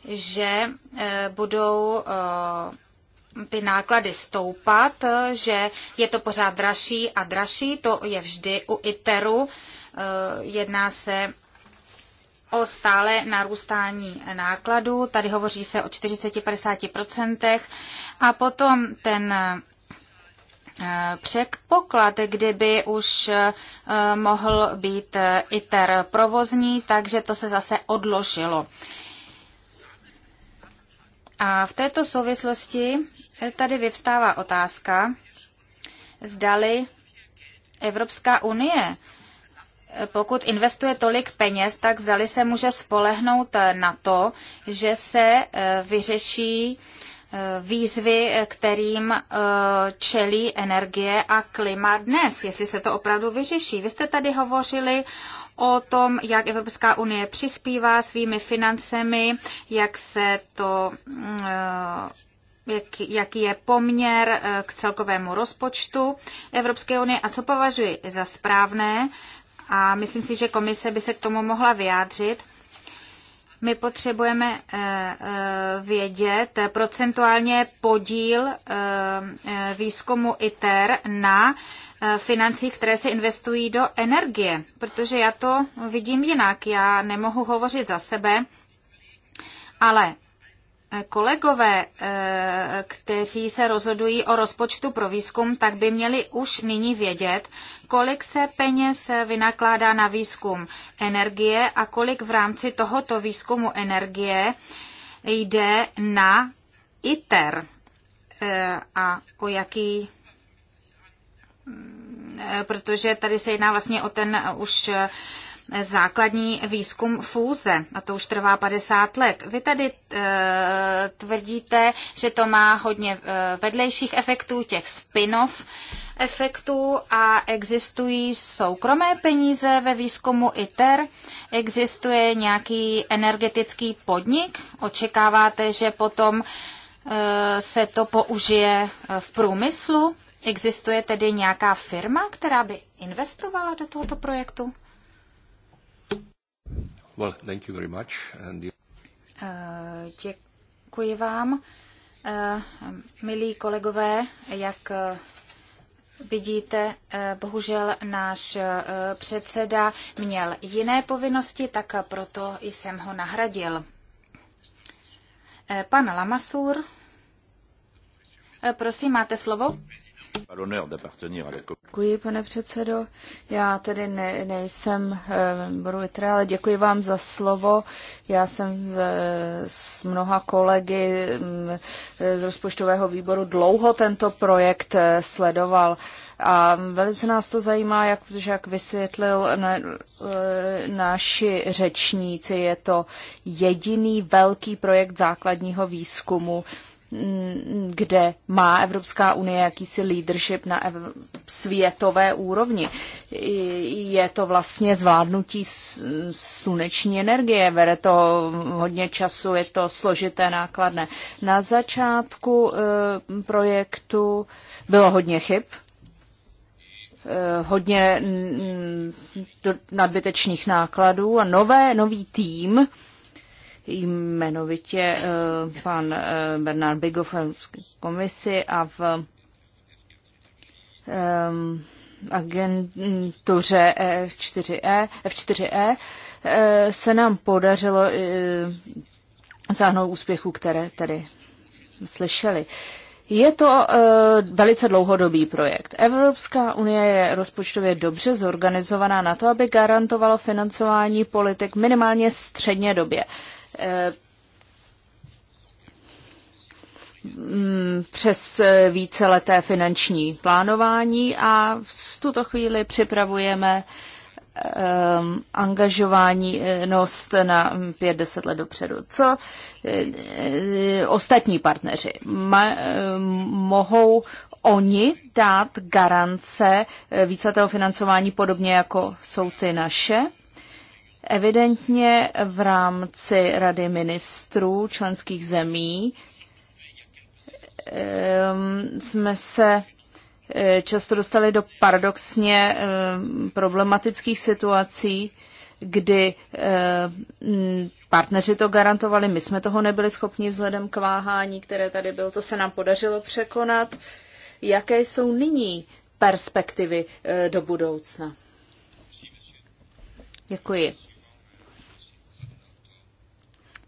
S3: že budou ty náklady stoupat, eh, že je to pořád dražší a dražší, to je vždy u ITERu. Eh, Jedná se o stále narůstání nákladů, tady hovoří se o 40-50% a potom ten eh, předpoklad, kdyby už mohl být ITER provozní, takže to se zase odložilo. A v této souvislosti tady vyvstává otázka, zdali Evropská unie, pokud investuje tolik peněz, tak zdali se může spolehnout eh, na to, že se eh, vyřeší eh, výzvy, kterým čelí energie a klima dnes, jestli se to opravdu vyřeší. Vy jste tady hovořili o tom, jak Evropská unie přispívá svými financemi, jak se to mm, jak, jaký je poměr eh, k celkovému rozpočtu Evropské unie a co považuji za správné. A myslím si, že komise by se k tomu mohla vyjádřit. My potřebujeme eh, eh, vědět procentuálně podíl výzkumu ITER na financí, které se investují do energie, protože já to vidím jinak. Já nemohu hovořit za sebe, ale Kolegové, eh, kteří se rozhodují o rozpočtu pro výzkum, tak by měli už nyní vědět, kolik se peněz vynakládá na výzkum energie a kolik v rámci tohoto výzkumu energie jde na ITER eh, a o jaký mm, eh, protože tady se jedná vlastně o ten už základní výzkum fúze a to už trvá 50 let. Vy tady eh, tvrdíte, že to má hodně eh, vedlejších efektů, těch spin-off efektů a existují soukromé peníze ve výzkumu ITER? Existuje nějaký energetický podnik? Očekáváte, že potom eh, se to použije v průmyslu? Existuje tedy nějaká firma, která by investovala do tohoto projektu?
S2: Well, thank you very much. And...
S3: Eh, děkuji vám. Eh, milí kolegové, jak eh, vidíte, bohužel náš předseda měl jiné povinnosti, tak proto jsem ho nahradil. Pan Lamasur, prosím, máte slovo?
S4: Děkuji, pane předsedo. Já tedy ne, nejsem výboru eh, e, ale děkuji vám za slovo. Já jsem z, s mnoha kolegy mm, z rozpočtového výboru dlouho tento projekt eh, sledoval. A velice nás to zajímá, jak, protože jak vysvětlil na, eh, naši řečníci, je to jediný velký projekt základního výzkumu, Mm, kde má Evropská unie jakýsi leadership na ev- světové úrovni. Je to vlastně zvládnutí sluneční energie, vede to hodně času, je to složité, nákladné. Na začátku eh, projektu bylo hodně chyb, eh, hodně mm, nadbytečných nákladů a nové, nový tým jmenovitě eh, pan eh, Bernard Bigov v komisi a v eh, agentuře F4E, F4E e, se nám podařilo sáhnout úspěchu, které tedy slyšeli. Je to uh, velice dlouhodobý projekt. Evropská unie je rozpočtově dobře zorganizovaná na to, aby garantovala financování politik minimálně středně době. Uh, Eh, mm, přes víceleté finanční plánování a v tuto chvíli připravujeme eh, angažování eh, nost na 5-10 let dopředu. Co ostatní partneři ma, mohou oni dát garance víceletého financování podobně jako jsou ty naše? Evidentně v rámci Rady ministrů členských zemí jsme se eh, často dostali do paradoxně problematických situací, kdy eh, partneři to garantovali, my jsme toho nebyli schopni vzhledem k váhání, které tady bylo, to se nám podařilo překonat. Jaké jsou nyní perspektivy eh, do budoucna? Děkuji.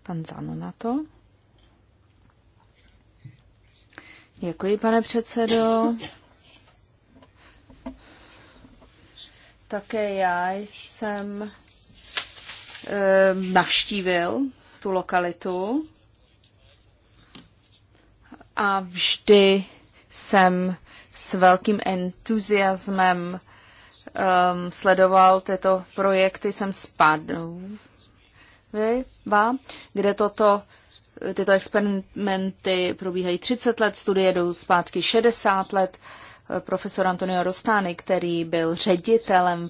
S4: Pan Zanu na to. Děkuji, pane předsedo. Také já jsem e, navštívil tu lokalitu a vždy jsem s velkým entuziasmem um, sledoval tyto projekty, jsem spadl kde toto, tyto experimenty probíhají 30 let, studie jdou zpátky 60 let. Profesor Antonio Rostány, který byl ředitelem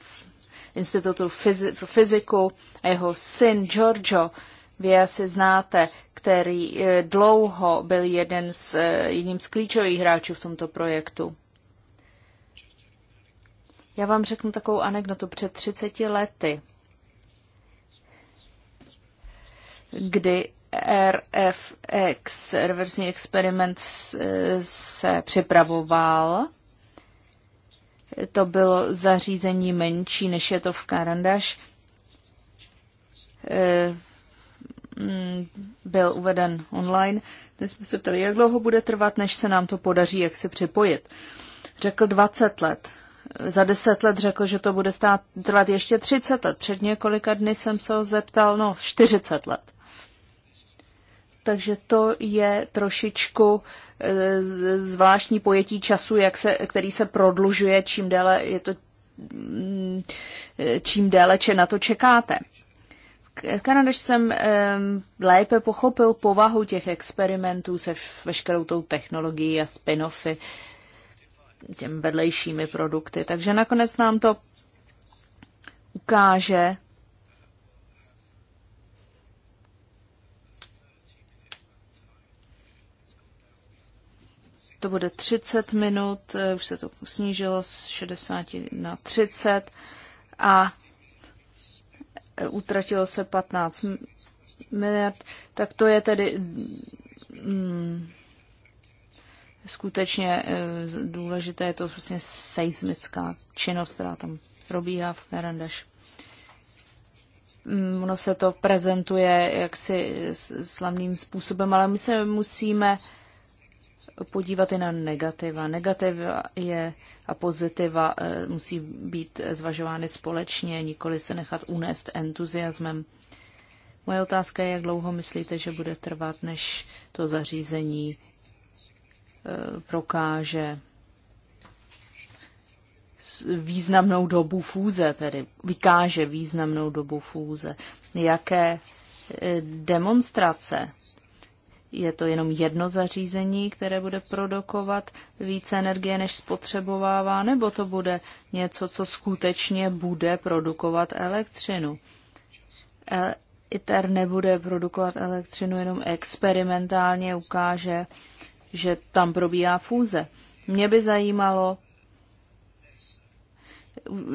S4: Institutu pro fyziku a jeho syn Giorgio, vy asi znáte, který eh, dlouho byl jeden z, eh, jedním z klíčových hráčů v tomto projektu. Já vám řeknu takovou anekdotu před 30 lety. kdy RFX, reverzní experiment, se připravoval. To bylo zařízení menší, než je to v Karandaš. Eh, mm, byl uveden online. Dnes jsme se ptali, jak dlouho bude trvat, než se nám to podaří, jak se připojit. Řekl 20 let. Za 10 let řekl, že to bude stát, trvat ještě 30 let. Před několika dny jsem se ho zeptal, no 40 let takže to je trošičku eh, zvláštní pojetí času, jak se, který se prodlužuje, čím déle, je to, mm, čím déle če na to čekáte. V Kanadě jsem lépe pochopil povahu těch experimentů se veškerou tou technologií a spin-offy, těm vedlejšími produkty. Takže nakonec nám to ukáže, to bude 30 minut, eh, už se to snížilo z 60 na 30 a eh, utratilo se 15 miliard, tak to je tedy mm, skutečně eh, důležité, je to vlastně seismická činnost, která tam probíhá v Merandeš. Mm, ono se to prezentuje jaksi slavným způsobem, ale my se musíme uh, podívat i na negativa. Negativa je a pozitiva eh, musí být zvažovány společně, nikoli se nechat unést entuziasmem. Moje otázka je, jak dlouho myslíte, že bude trvat, než to zařízení eh, prokáže významnou dobu fůze, tedy vykáže významnou dobu fůze. Jaké eh, demonstrace je to jenom jedno zařízení, které bude produkovat více energie, než spotřebovává, nebo to bude něco, co skutečně bude produkovat elektřinu. E, ITER nebude produkovat elektřinu, jenom experimentálně ukáže, že tam probíhá fúze. Mě by zajímalo,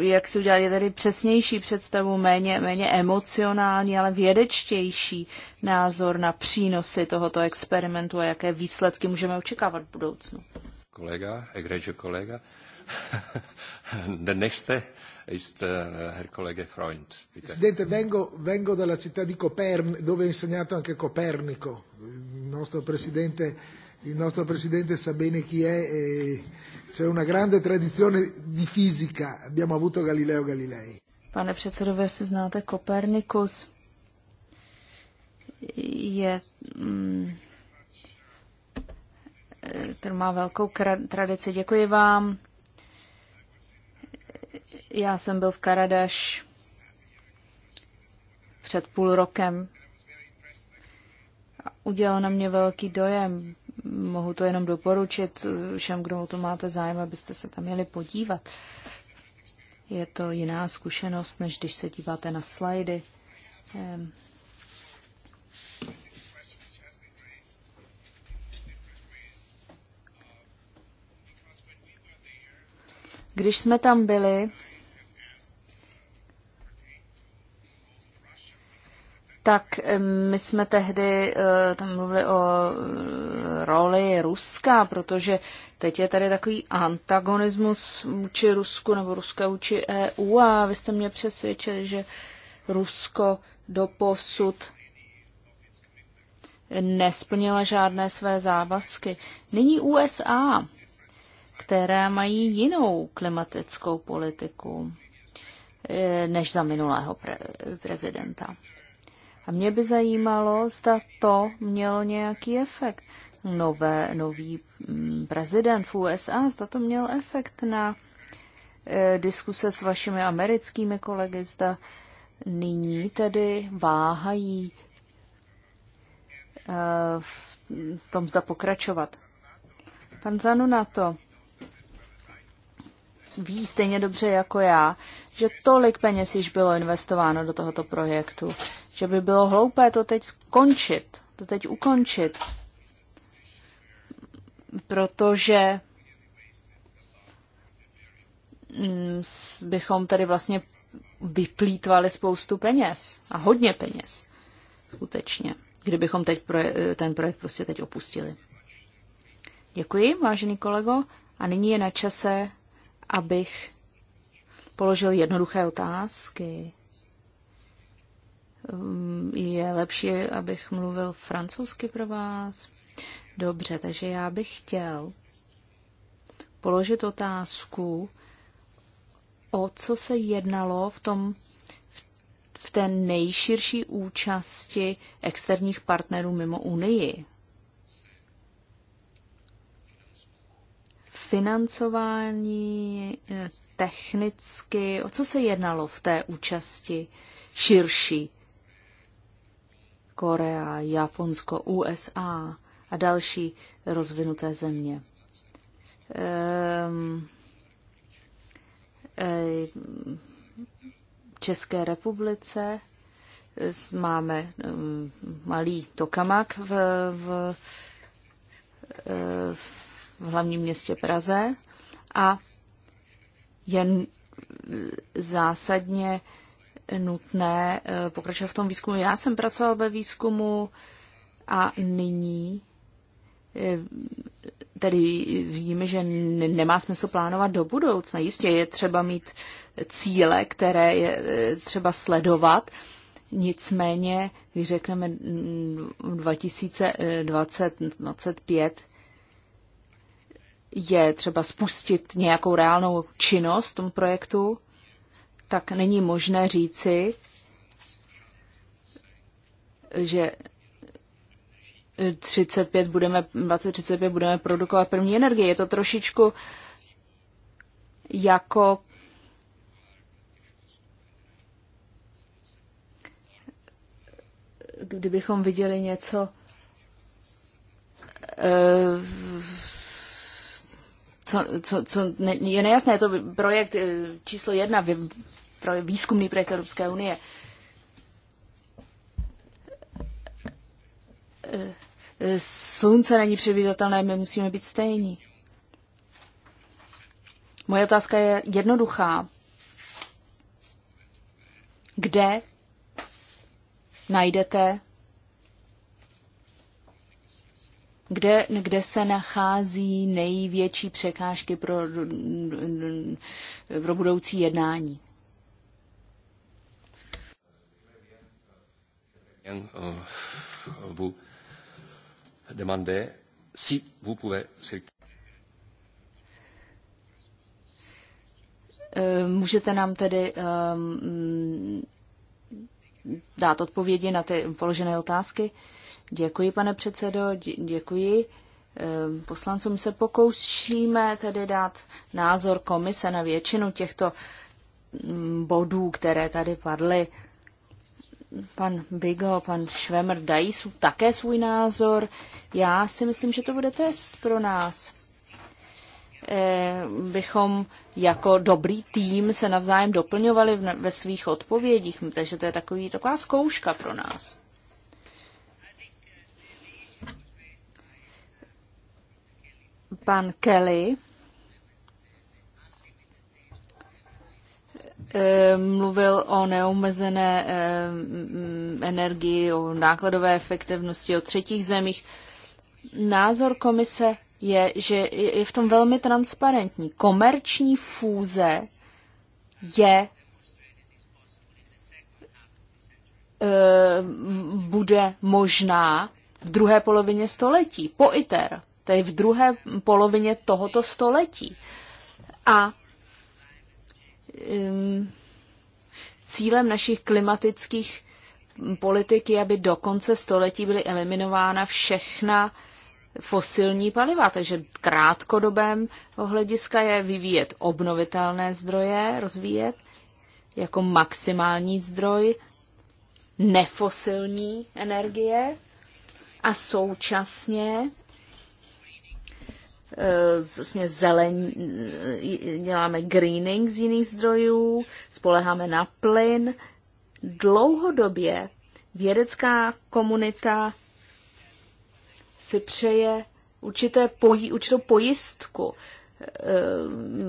S4: jak si udělali tedy přesnější představu, méně, méně emocionální, ale vědečtější názor na přínosy tohoto experimentu a jaké výsledky můžeme očekávat v budoucnu.
S2: Kolega, egregio kolega, dnes jste is the, eh, her collega Freund.
S1: Presidente, vengo, vengo dalla città di Copernico, dove ha insegnato anche Copernico. Il nostro presidente, il nostro presidente sa bene chi è e C'è una grande tradizione di fisica. Abbiamo avuto Galileo Galilei. Pane předsedo, vy se
S4: znáte Kopernikus. Je, mm, ten má velkou tradici. Děkuji vám. Já jsem byl v Karadaš před půl rokem. Udělal na mě velký dojem mohu to jenom doporučit všem, kdo o to máte zájem, abyste se tam měli podívat. Je to jiná zkušenost, než když se díváte na slajdy. Když jsme tam byli, tak my jsme tehdy eh, tam mluvili o eh, roli Ruska, protože teď je tady takový antagonismus vůči Rusku nebo Ruska vůči EU a vy jste mě přesvědčili, že Rusko do posud nesplnila žádné své závazky. Nyní USA, které mají jinou klimatickou politiku eh, než za minulého pre- prezidenta. A mě by zajímalo, zda to mělo nějaký efekt. Nové, nový mm, prezident v USA, zda to měl efekt na e, diskuse s vašimi americkými kolegy, zda nyní tedy váhají e, v tom, zda pokračovat. Pan Zanu na to ví stejně dobře jako já, že tolik peněz již bylo investováno do tohoto projektu že by bylo hloupé to teď skončit, to teď ukončit, protože mm, bychom tady vlastně vyplýtvali spoustu peněz a hodně peněz, skutečně, kdybychom teď proje- ten projekt prostě teď opustili. Děkuji, vážený kolego, a nyní je na čase, abych položil jednoduché otázky. Um, je lepší, abych mluvil francouzsky pro vás? Dobře, takže já bych chtěl položit otázku, o co se jednalo v tom v té nejširší účasti externích partnerů mimo Unii. Financování eh, technicky, o co se jednalo v té účasti širší? Korea, Japonsko, USA a další rozvinuté země. V ehm, eh, České republice máme ehm, malý tokamak v, v, eh, v hlavním městě Praze a jen zásadně nutné eh, pokračovat v tom výzkumu. Já jsem pracoval ve výzkumu a nyní eh, tedy víme, že nemá smysl plánovat do budoucna. Jistě je třeba mít cíle, které je eh, třeba sledovat, nicméně, když řekneme 2025, mm, je třeba spustit nějakou reálnou činnost tomu projektu, tak není možné říci, že 35 budeme, 2035 budeme produkovat první energii. Je to trošičku jako kdybychom viděli něco eh, co, co, co je nejasné, je to projekt eh, číslo jedna pro výzkumný projekt Evropské unie. Slunce není předvídatelné, my musíme být stejní. Moje otázka je jednoduchá. Kde najdete, kde, kde se nachází největší překážky pro, pro budoucí jednání?
S2: Eh, vous demander si vous pouvez.
S4: Eh, můžete nám tedy um, dát odpovědi na ty položené otázky? Děkuji, pane předsedo, děkuji poslancům se pokoušíme tedy dát názor komise na většinu těchto mm, bodů, které tady padly pan Bigo, pan Švemr dají také svůj názor. Já si myslím, že to bude test pro nás. E, bychom jako dobrý tým se navzájem doplňovali ve svých odpovědích, takže to je takový, taková zkouška pro nás. Pan Kelly Ehm, mluvil o neomezené ehm, energii, o nákladové efektivnosti, o třetích zemích. Názor komise je, že je v tom velmi transparentní. Komerční fúze je ehm, bude možná v druhé polovině století, po ITER, tedy v druhé polovině tohoto století. A cílem našich klimatických politik je, aby do konce století byly eliminována všechna fosilní paliva. Takže krátkodobém hlediska je vyvíjet obnovitelné zdroje, rozvíjet jako maximální zdroj nefosilní energie a současně vlastně zeleň, děláme greening z jiných zdrojů, spoleháme na plyn. Dlouhodobě vědecká komunita si přeje určité pojí, určitou pojistku. Eh,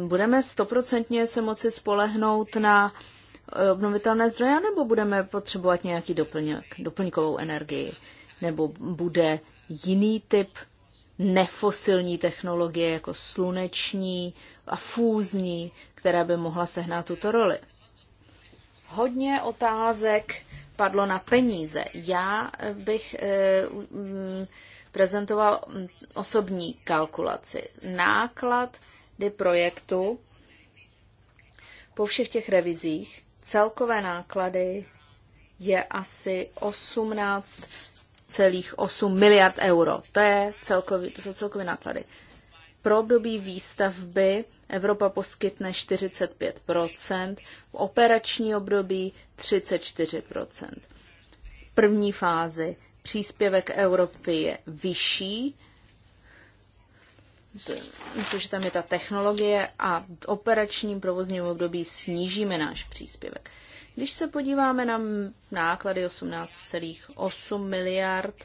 S4: budeme stoprocentně se moci spolehnout na eh, obnovitelné zdroje, nebo budeme potřebovat nějaký doplňk, doplňkovou energii, nebo bude jiný typ nefosilní technologie jako sluneční a fúzní, která by mohla sehnat tuto roli. Hodně otázek padlo na peníze. Já bych eh, mm, prezentoval osobní kalkulaci. Náklad projektu po všech těch revizích celkové náklady je asi 18 1,8 miliard euro. To, je celkový, to jsou celkové náklady. Pro období výstavby Evropa poskytne 45 v operační období 34 V první fázi příspěvek Evropy je vyšší, protože tam je ta technologie a v operačním provozním období snížíme náš příspěvek. Když se podíváme na náklady 18,8 miliard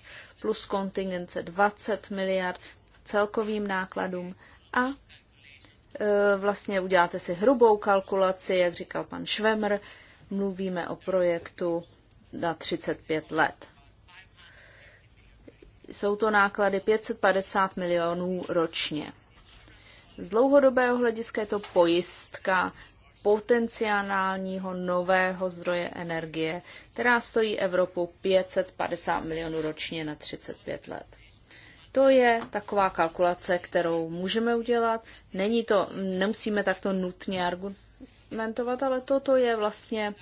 S4: plus kontingence 20 miliard celkovým nákladům a e, vlastně uděláte si hrubou kalkulaci, jak říkal pan Švemr, mluvíme o projektu na 35 let. Jsou to náklady 550 milionů ročně. Z dlouhodobého hlediska je to pojistka potenciálního nového zdroje energie, která stojí Evropu 550 milionů ročně na 35 let. To je taková kalkulace, kterou můžeme udělat. Není to, nemusíme takto nutně argumentovat, ale toto je vlastně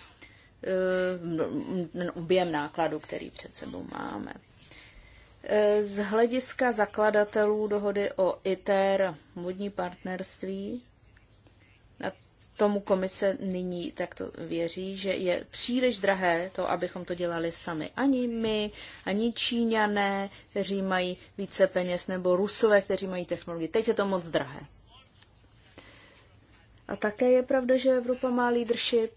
S4: eh, ten objem nákladu, který před sebou máme. Eh, z hlediska zakladatelů dohody o ITER vodní partnerství, tomu komise nyní takto věří, že je příliš drahé to, abychom to dělali sami. Ani my, ani Číňané, kteří mají více peněz, nebo Rusové, kteří mají technologii. Teď je to moc drahé. A také je pravda, že Evropa má leadership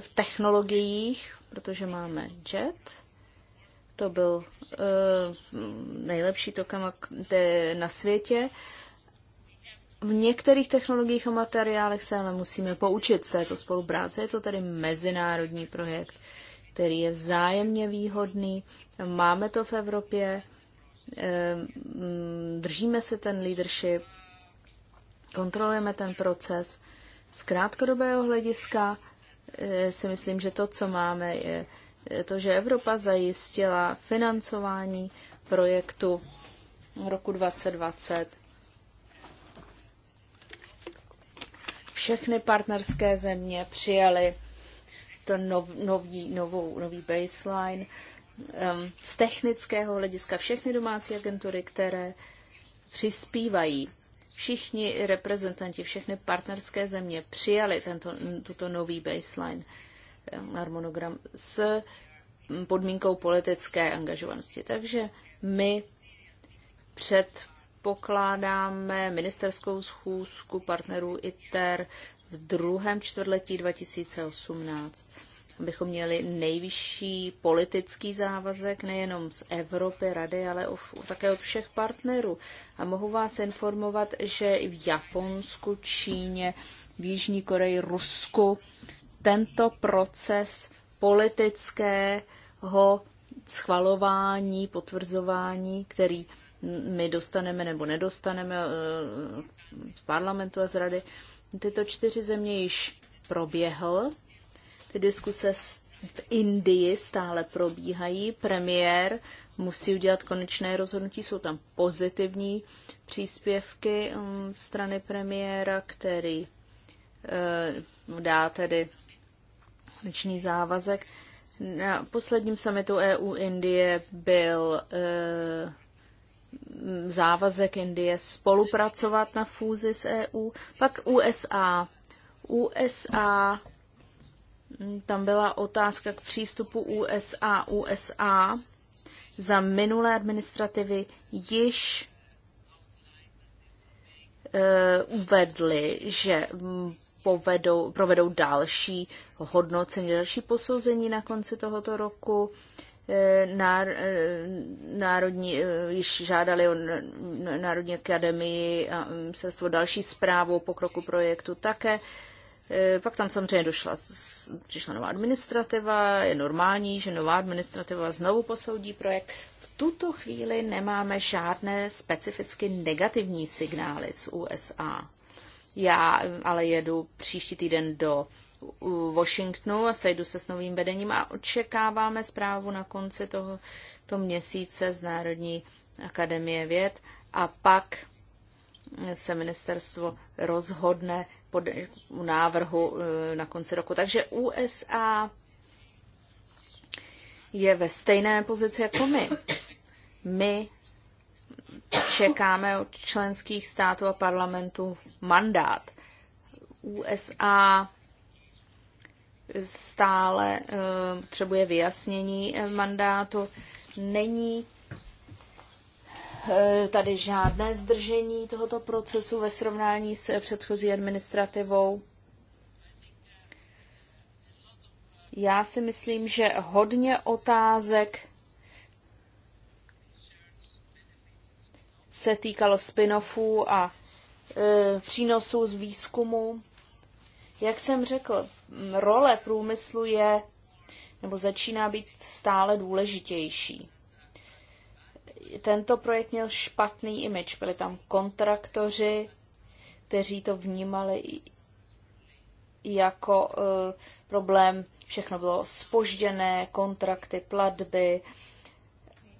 S4: v technologiích, protože máme JET. To byl uh, nejlepší tokamak eh, na světě. Uh, v některých technologiích a materiálech se ale musíme poučit z této spolupráce. Je to tedy mezinárodní projekt, který je vzájemně výhodný. Máme to v Evropě, ehm, mm, držíme se ten leadership, kontrolujeme ten proces. Z krátkodobého hlediska eh, si myslím, že to, co máme, je to, že Evropa zajistila financování projektu roku 2020 všechny partnerské země přijaly ten nov, nový, novou, nový baseline. Um, z technického hlediska všechny domácí agentury, které přispívají, všichni reprezentanti, všechny partnerské země přijali tento, tuto nový baseline um, harmonogram s podmínkou politické angažovanosti. Takže my před Předpokládáme ministerskou schůzku partnerů ITER v druhém čtvrtletí 2018, abychom měli nejvyšší politický závazek nejenom z Evropy, Rady, ale také od všech partnerů. A mohu vás informovat, že v Japonsku, Číně, v Jižní Koreji, Rusku tento proces politického schvalování, potvrzování, který my dostaneme nebo nedostaneme v eh, parlamentu a z rady. Tyto čtyři země již proběhl. Ty diskuse v Indii stále probíhají. Premiér musí udělat konečné rozhodnutí. Jsou tam pozitivní příspěvky mm, strany premiéra, který eh, dá tedy konečný závazek. Na posledním summitu EU Indie byl eh, závazek Indie spolupracovat na fúzi s EU. Pak USA. USA, tam byla otázka k přístupu USA. USA za minulé administrativy již e, uvedli, že povedou, provedou další hodnocení, další posouzení na konci tohoto roku národní, eh, již žádali o Národní akademii a mm, ministerstvo další zprávu o pokroku projektu také. Eh, pak tam samozřejmě došla, přišla nová administrativa, je normální, že nová administrativa znovu posoudí projekt. V tuto chvíli nemáme žádné specificky negativní signály z USA. Já eh, ale jedu příští týden do Washingtonu a sejdu se s novým vedením a očekáváme zprávu na konci toho to měsíce z Národní akademie věd a pak se ministerstvo rozhodne pod návrhu e, na konci roku. Takže USA je ve stejné pozici jako my. My čekáme od členských států a parlamentů mandát. USA stále eh, potřebuje vyjasnění eh, mandátu. Není eh, tady žádné zdržení tohoto procesu ve srovnání s předchozí administrativou. Já si myslím, že hodně otázek se týkalo spin-offů a e, přínosů z výzkumu. Jak jsem řekl, role průmyslu je nebo začíná být stále důležitější. Tento projekt měl špatný image. Byli tam kontraktoři, kteří to vnímali jako uh, problém. Všechno bylo spožděné, kontrakty, platby.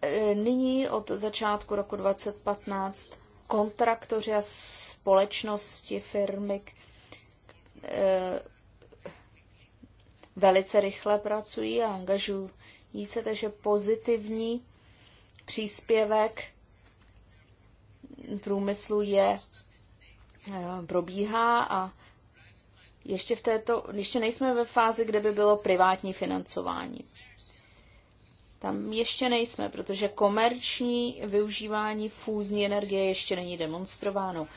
S4: E, nyní od začátku roku 2015 kontraktoři a společnosti, firmy, Eh, velice rychle pracují a angažují se, takže pozitivní příspěvek průmyslu je eh, probíhá a ještě, v této, ještě nejsme ve fázi, kde by bylo privátní financování. Tam ještě nejsme, protože komerční využívání fúzní energie ještě není demonstrováno.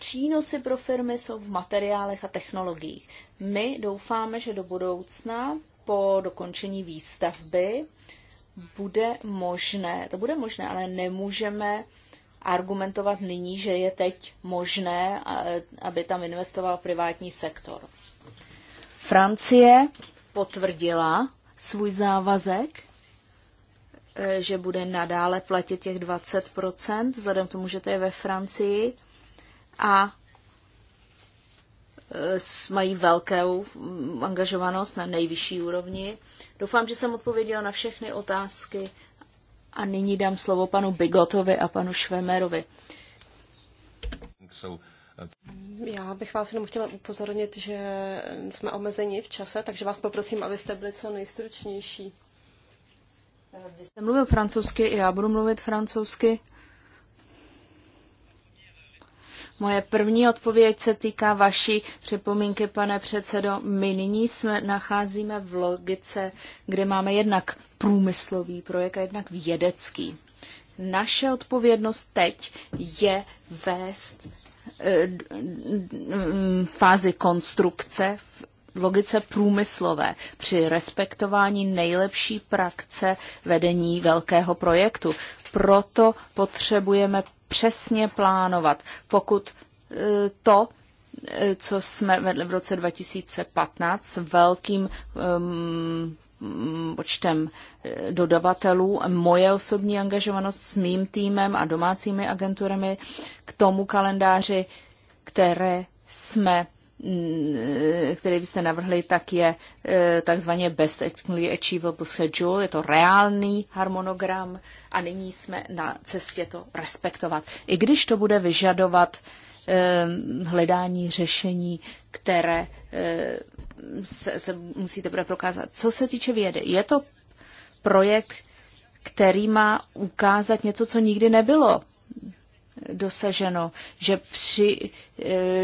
S4: Přínosy pro firmy jsou v materiálech a technologiích. My doufáme, že do budoucna po dokončení výstavby bude možné, to bude možné, ale nemůžeme argumentovat nyní, že je teď možné, aby tam investoval privátní sektor. Francie potvrdila svůj závazek, e, že bude nadále platit těch 20%, vzhledem k tomu, že to je ve Francii a e, mají velkou angažovanost na nejvyšší úrovni. Doufám, že jsem odpověděla na všechny otázky a nyní dám slovo panu Bigotovi a panu Švemerovi.
S2: Uh, já bych vás jenom chtěla upozornit, že jsme omezeni v čase, takže vás poprosím, abyste byli co nejstručnější. Vy
S4: jste mluvil francouzsky, já budu mluvit francouzsky. Moje první odpověď se týká vaší připomínky, pane předsedo. My nyní jsme nacházíme v logice, kde máme jednak průmyslový projekt a jednak vědecký. Naše odpovědnost teď je vést eh, mm, fázi konstrukce v logice průmyslové při respektování nejlepší praxe vedení velkého projektu. Proto potřebujeme přesně plánovat. Pokud e, to, e, co jsme vedli v roce 2015 s velkým počtem e, dodavatelů. Moje osobní angažovanost s mým týmem a domácími agenturami k tomu kalendáři, které jsme který byste navrhli, tak je e, takzvaně Best Actually Achievable Schedule, je to reálný harmonogram a nyní jsme na cestě to respektovat. I když to bude vyžadovat e, hledání řešení, které e, se, se musí teprve prokázat. Co se týče vědy, je to projekt, který má ukázat něco, co nikdy nebylo dosaženo, že při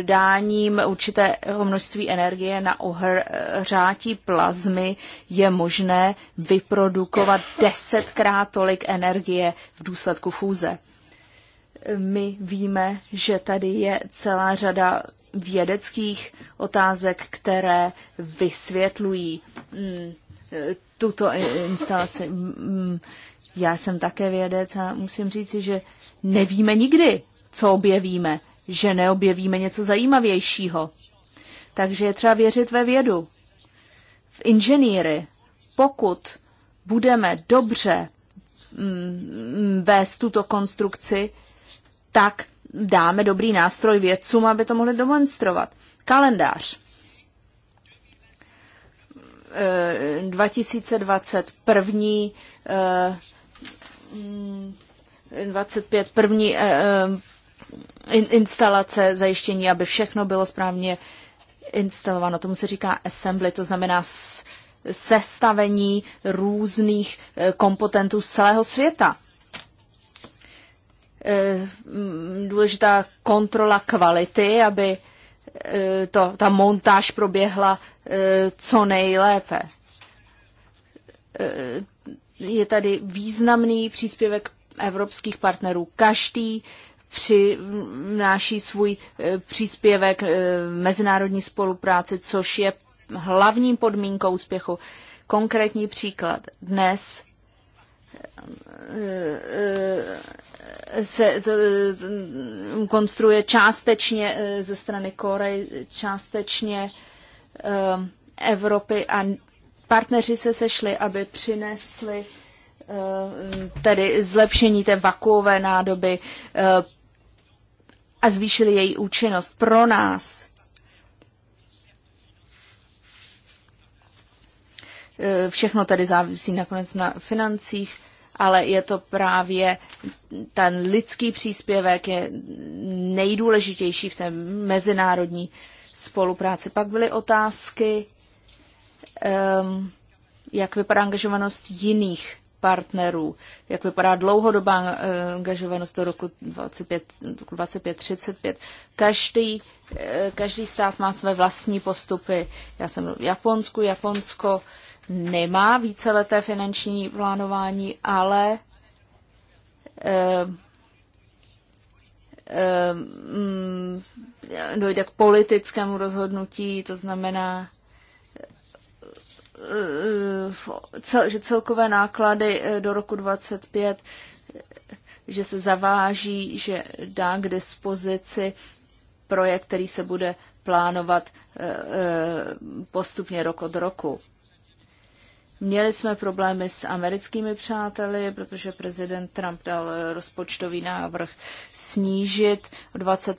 S4: dáním určitého množství energie na ohřátí plazmy je možné vyprodukovat desetkrát tolik energie v důsledku fúze. My víme, že tady je celá řada vědeckých otázek, které vysvětlují mm, tuto instalaci. Mm, já jsem také vědec a musím říci, že nevíme nikdy, co objevíme, že neobjevíme něco zajímavějšího. Takže je třeba věřit ve vědu, v inženýry. Pokud budeme dobře mm, mm vést tuto konstrukci, tak dáme dobrý nástroj vědcům, aby to mohli demonstrovat. Kalendář. E, 2021. E, 25. Mm, první eh, eh, instalace, zajištění, aby všechno bylo správně instalováno. Tomu se říká assembly, to znamená sestavení různých eh, kompetentů z celého světa. Mm, důležitá kontrola kvality, aby to, ta montáž proběhla co nejlépe je tady významný příspěvek evropských partnerů. Každý přináší svůj eh, příspěvek eh, mezinárodní spolupráci, což je hlavním podmínkou úspěchu. Konkrétní příklad. Dnes eh, se to, konstruuje částečně ze strany Koreje, částečně Evropy a Partneři se sešli, aby přinesli eh, tedy zlepšení té vakuové nádoby eh, a zvýšili její účinnost pro nás. Eh, všechno tady závisí nakonec na financích, ale je to právě ten lidský příspěvek je nejdůležitější v té mezinárodní spolupráci. Pak byly otázky Ehm, jak vypadá angažovanost jiných partnerů, jak vypadá dlouhodobá eh, angažovanost do roku 25-35. Každý, eh, každý stát má své vlastní postupy. Já jsem v Japonsku, Japonsko nemá víceleté finanční plánování, ale ehm, ehm, mm, dojde k politickému rozhodnutí, to znamená, že celkové náklady eh, do roku 25, eh, že se zaváží, že dá k dispozici projekt, který se bude plánovat eh, postupně rok od roku. Měli jsme problémy s americkými přáteli, protože prezident Trump dal rozpočtový návrh snížit o 20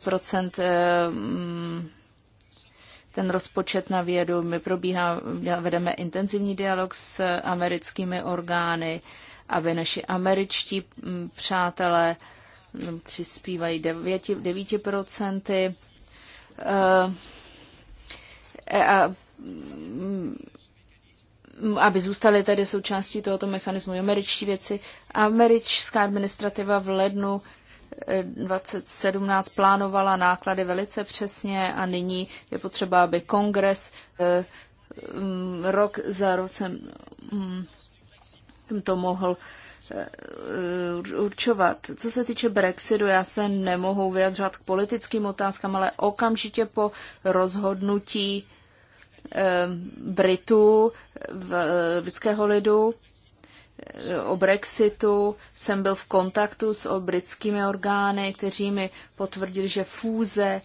S4: ten rozpočet na vědu. My probíhá, vedeme intenzivní dialog s americkými orgány, aby naši američtí mm, přátelé mm, přispívají 9, 9%. Eh, eh, a mm, aby zůstaly tedy součástí tohoto mechanismu američtí věci. Američská administrativa v lednu 2017 plánovala náklady velice přesně a nyní je potřeba, aby kongres eh, mm, rok za rokem mm, to mohl eh, určovat. Co se týče Brexitu, já se nemohu vyjadřovat k politickým otázkám, ale okamžitě po rozhodnutí eh, Britů, britského lidu, o Brexitu jsem byl v kontaktu s britskými orgány, kteří mi potvrdili, že fúze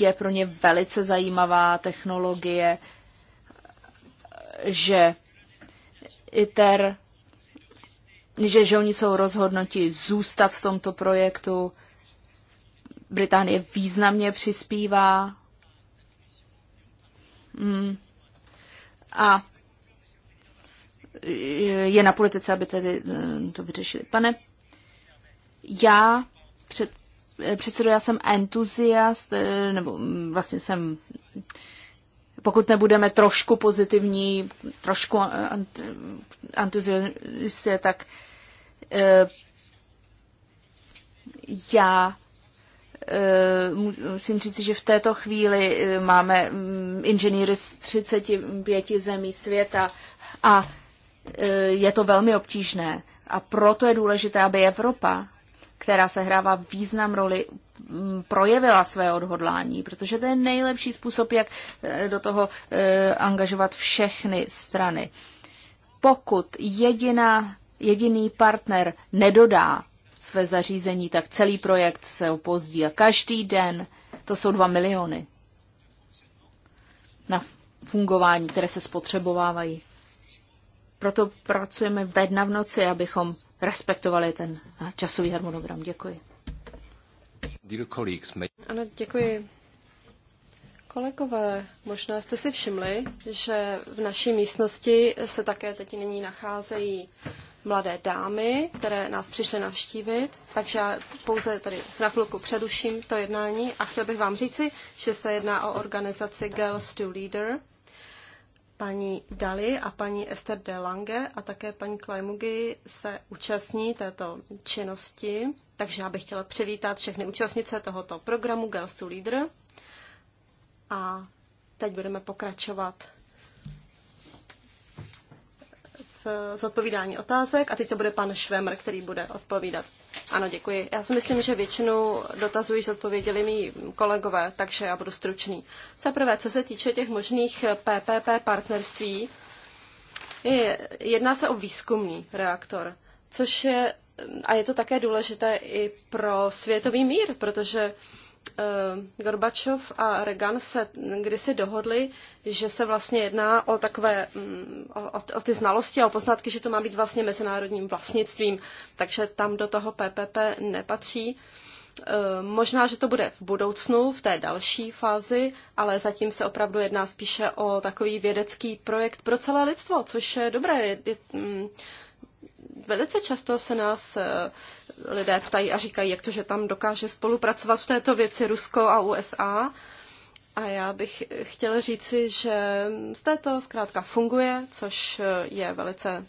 S4: je pro ně velice zajímavá technologie, že ITER, že, že oni jsou rozhodnoti zůstat v tomto projektu. Británie významně přispívá. Mm. A je na politice, aby tedy eh, to vyřešili. Pane, já před, eh, předsedu, já jsem entuziast, eh, nebo mm, vlastně jsem, pokud nebudeme trošku pozitivní, trošku entuziasté, tak já musím říct, že v této chvíli máme mm, inženýry z 35 zemí světa a Eh, je to velmi obtížné. A proto je důležité, aby Evropa, která se hrává význam roli, mm, projevila své odhodlání, protože to je nejlepší způsob, jak eh, do toho eh, angažovat všechny strany. Pokud jediná, jediný partner nedodá své zařízení, tak celý projekt se opozdí a každý den to jsou dva miliony na fungování, které se spotřebovávají proto pracujeme ve dna v noci, abychom respektovali ten časový harmonogram.
S2: Děkuji. Ano, děkuji. Kolegové, možná jste si všimli, že v naší místnosti se také teď nyní nacházejí mladé dámy, které nás přišly navštívit, takže já pouze tady na chvilku předuším to jednání a chtěl bych vám říci, že se jedná o organizaci Girls to Leader, Paní Dali a paní Esther de Lange a také paní Klajmugy se účastní této činnosti, takže já bych chtěla přivítat všechny účastnice tohoto programu Girls to Leader. A teď budeme pokračovat v zodpovídání otázek a teď to bude pan Švemr, který bude odpovídat. Ano, děkuji. Já si myslím, že většinu dotazů již odpověděli mý kolegové, takže já budu stručný. Za prvé, co se týče těch možných PPP partnerství, je, jedná se o výzkumný reaktor, což je, a je to také důležité i pro světový mír, protože Eh, Gorbačov a Reagan se kdysi dohodli, že se vlastně jedná o takové, mm, o, o ty znalosti a o poznatky, že to má být vlastně mezinárodním vlastnictvím, takže tam do toho PPP nepatří. Eh, možná, že to bude v budoucnu, v té další fázi, ale zatím se opravdu jedná spíše o takový vědecký projekt pro celé lidstvo, což je dobré. Mm, velice často se nás eh, lidé ptají a říkají, jak to, že tam dokáže spolupracovat v této věci Rusko a USA. A já bych chtěla říci, že z této zkrátka funguje, což je velice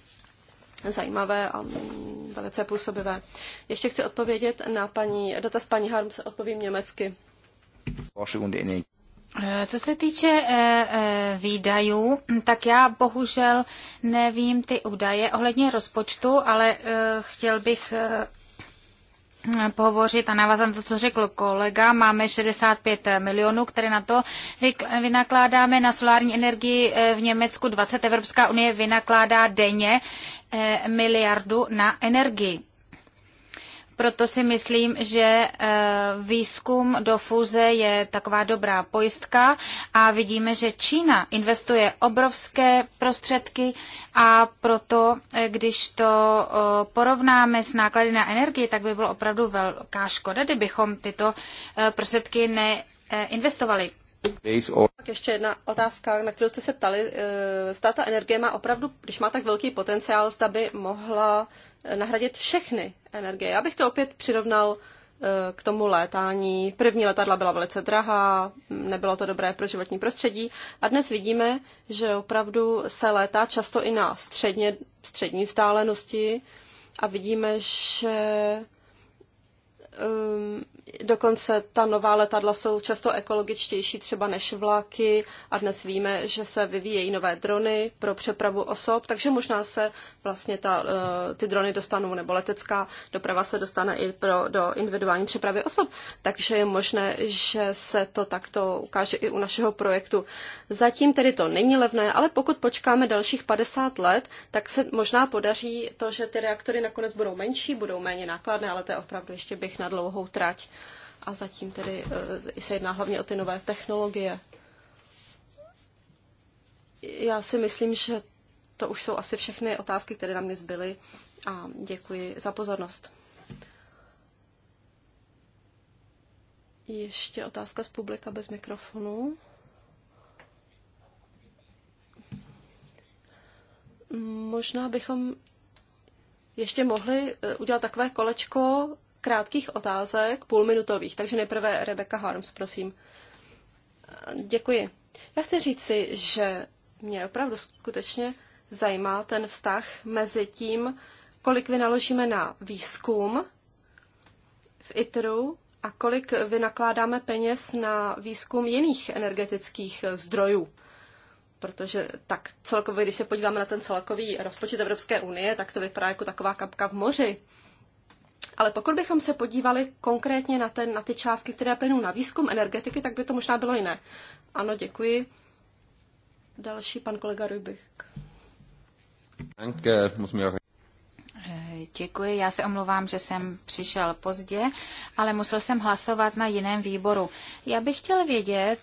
S2: zajímavé a velice působivé. Ještě chci odpovědět na paní, dotaz paní Harms, odpovím německy.
S3: Co se týče eh, eh, výdajů, tak já bohužel nevím ty údaje ohledně rozpočtu, ale eh, chtěl bych pohovořit a navázat na to, co řekl kolega. Máme 65 milionů, které na to vynakládáme. Na solární energii eh, v Německu 20 Evropská unie vynakládá denně eh, miliardu na energii. Proto si myslím, že eh, výzkum do fúze je taková dobrá pojistka a vidíme, že Čína investuje obrovské prostředky a proto, eh, když to eh, porovnáme s náklady na energii, tak by bylo opravdu
S2: velká škoda, kdybychom tyto prostředky neinvestovali. Tak ještě jedna otázka, na kterou jste se ptali. Zda ta energie má opravdu, když má tak velký potenciál, zda by mohla nahradit všechny energie. Já bych to opět přirovnal eh, k tomu létání. První letadla byla velice drahá, nebylo to dobré pro životní prostředí a dnes vidíme, že opravdu se létá často i na středně, střední vzdálenosti a vidíme, že Ehm, dokonce ta nová letadla jsou často ekologičtější třeba než vlaky a dnes víme, že se vyvíjejí nové drony pro přepravu osob, takže možná se vlastně ta, eh, ty drony dostanou, nebo letecká doprava se dostane i pro, do individuální přepravy osob, takže je možné, že se to takto ukáže i u našeho projektu. Zatím tedy to není levné, ale pokud počkáme dalších 50 let, tak se možná podaří to, že ty reaktory nakonec budou menší, budou méně nákladné, ale to je opravdu ještě bych na na dlouhou trať a zatím tedy eh, se jedná hlavně o ty nové technologie. Já si myslím, že to už jsou asi všechny otázky, které na mě zbyly a děkuji za pozornost. Ještě otázka z publika bez mikrofonu. Možná bychom ještě mohli eh, udělat takové kolečko krátkých otázek, půlminutových. Takže nejprve Rebecca Harms, prosím. Děkuji. Já chci říct si, že mě opravdu skutečně zajímá ten vztah mezi tím, kolik vynaložíme na výzkum v ITRu a kolik vynakládáme peněz na výzkum jiných energetických zdrojů. Protože tak celkově, když se podíváme na ten celkový rozpočet Evropské unie, tak to vypadá jako taková kapka v moři. Ale pokud bychom se podívali konkrétně na, ten, na ty částky, které plynou na výzkum energetiky, tak by to možná bylo jiné. Ano, děkuji. Další pan kolega Rybik.
S3: Děkuji, já se omlouvám, že jsem přišel pozdě, ale musel jsem hlasovat na jiném výboru. Já bych chtěl vědět,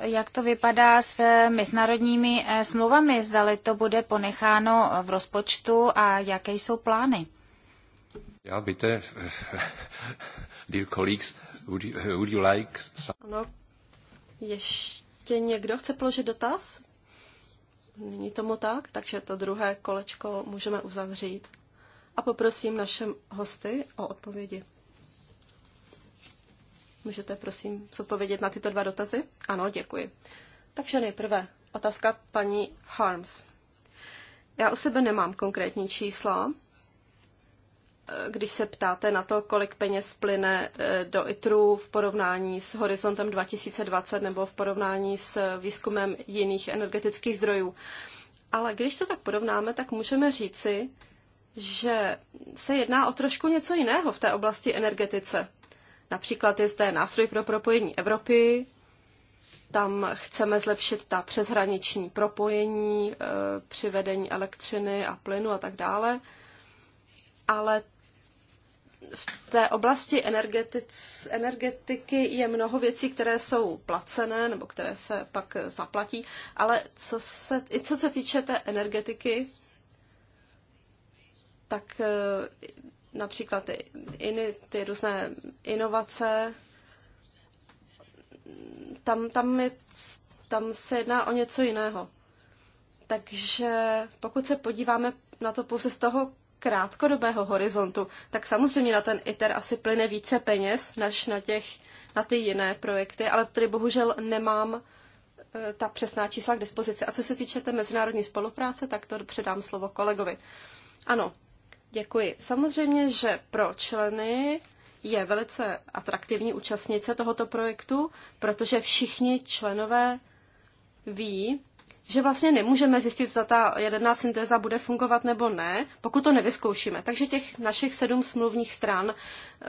S3: jak to vypadá s mezinárodními eh, smlouvami, zdali to bude ponecháno v rozpočtu a jaké jsou plány.
S2: Já byte, dear colleagues, would you, would you like some... Ano, ještě někdo chce položit dotaz? Není tomu tak, takže to druhé kolečko můžeme uzavřít. A poprosím naše hosty o odpovědi. Můžete prosím odpovědět na tyto dva dotazy? Ano, děkuji. Takže nejprve otázka paní Harms. Já u sebe nemám konkrétní čísla, když se ptáte na to, kolik peněz plyne eh, do ITRu v porovnání s horizontem 2020 nebo v porovnání s výzkumem jiných energetických zdrojů. Ale když to tak porovnáme, tak můžeme říci, že se jedná o trošku něco jiného v té oblasti energetice. Například je zde nástroj pro propojení Evropy, tam chceme zlepšit ta přeshraniční propojení, eh, přivedení elektřiny a plynu a tak dále. Ale v té oblasti energetiky je mnoho věcí, které jsou placené nebo které se pak zaplatí, ale co se, i co se týče té energetiky, tak e, například ty, iny, ty různé inovace, tam, tam, je, tam se jedná o něco jiného. Takže pokud se podíváme na to pouze z toho krátkodobého horizontu, tak samozřejmě na ten ITER asi plyne více peněz než na, těch, na ty jiné projekty, ale tady bohužel nemám e, ta přesná čísla k dispozici. A co se týče té mezinárodní spolupráce, tak to předám slovo kolegovi. Ano, děkuji. Samozřejmě, že pro členy je velice atraktivní účastnice tohoto projektu, protože všichni členové ví, že vlastně nemůžeme zjistit, zda ta jaderná syntéza bude fungovat nebo ne, pokud to nevyzkoušíme. Takže těch našich sedm smluvních stran eh,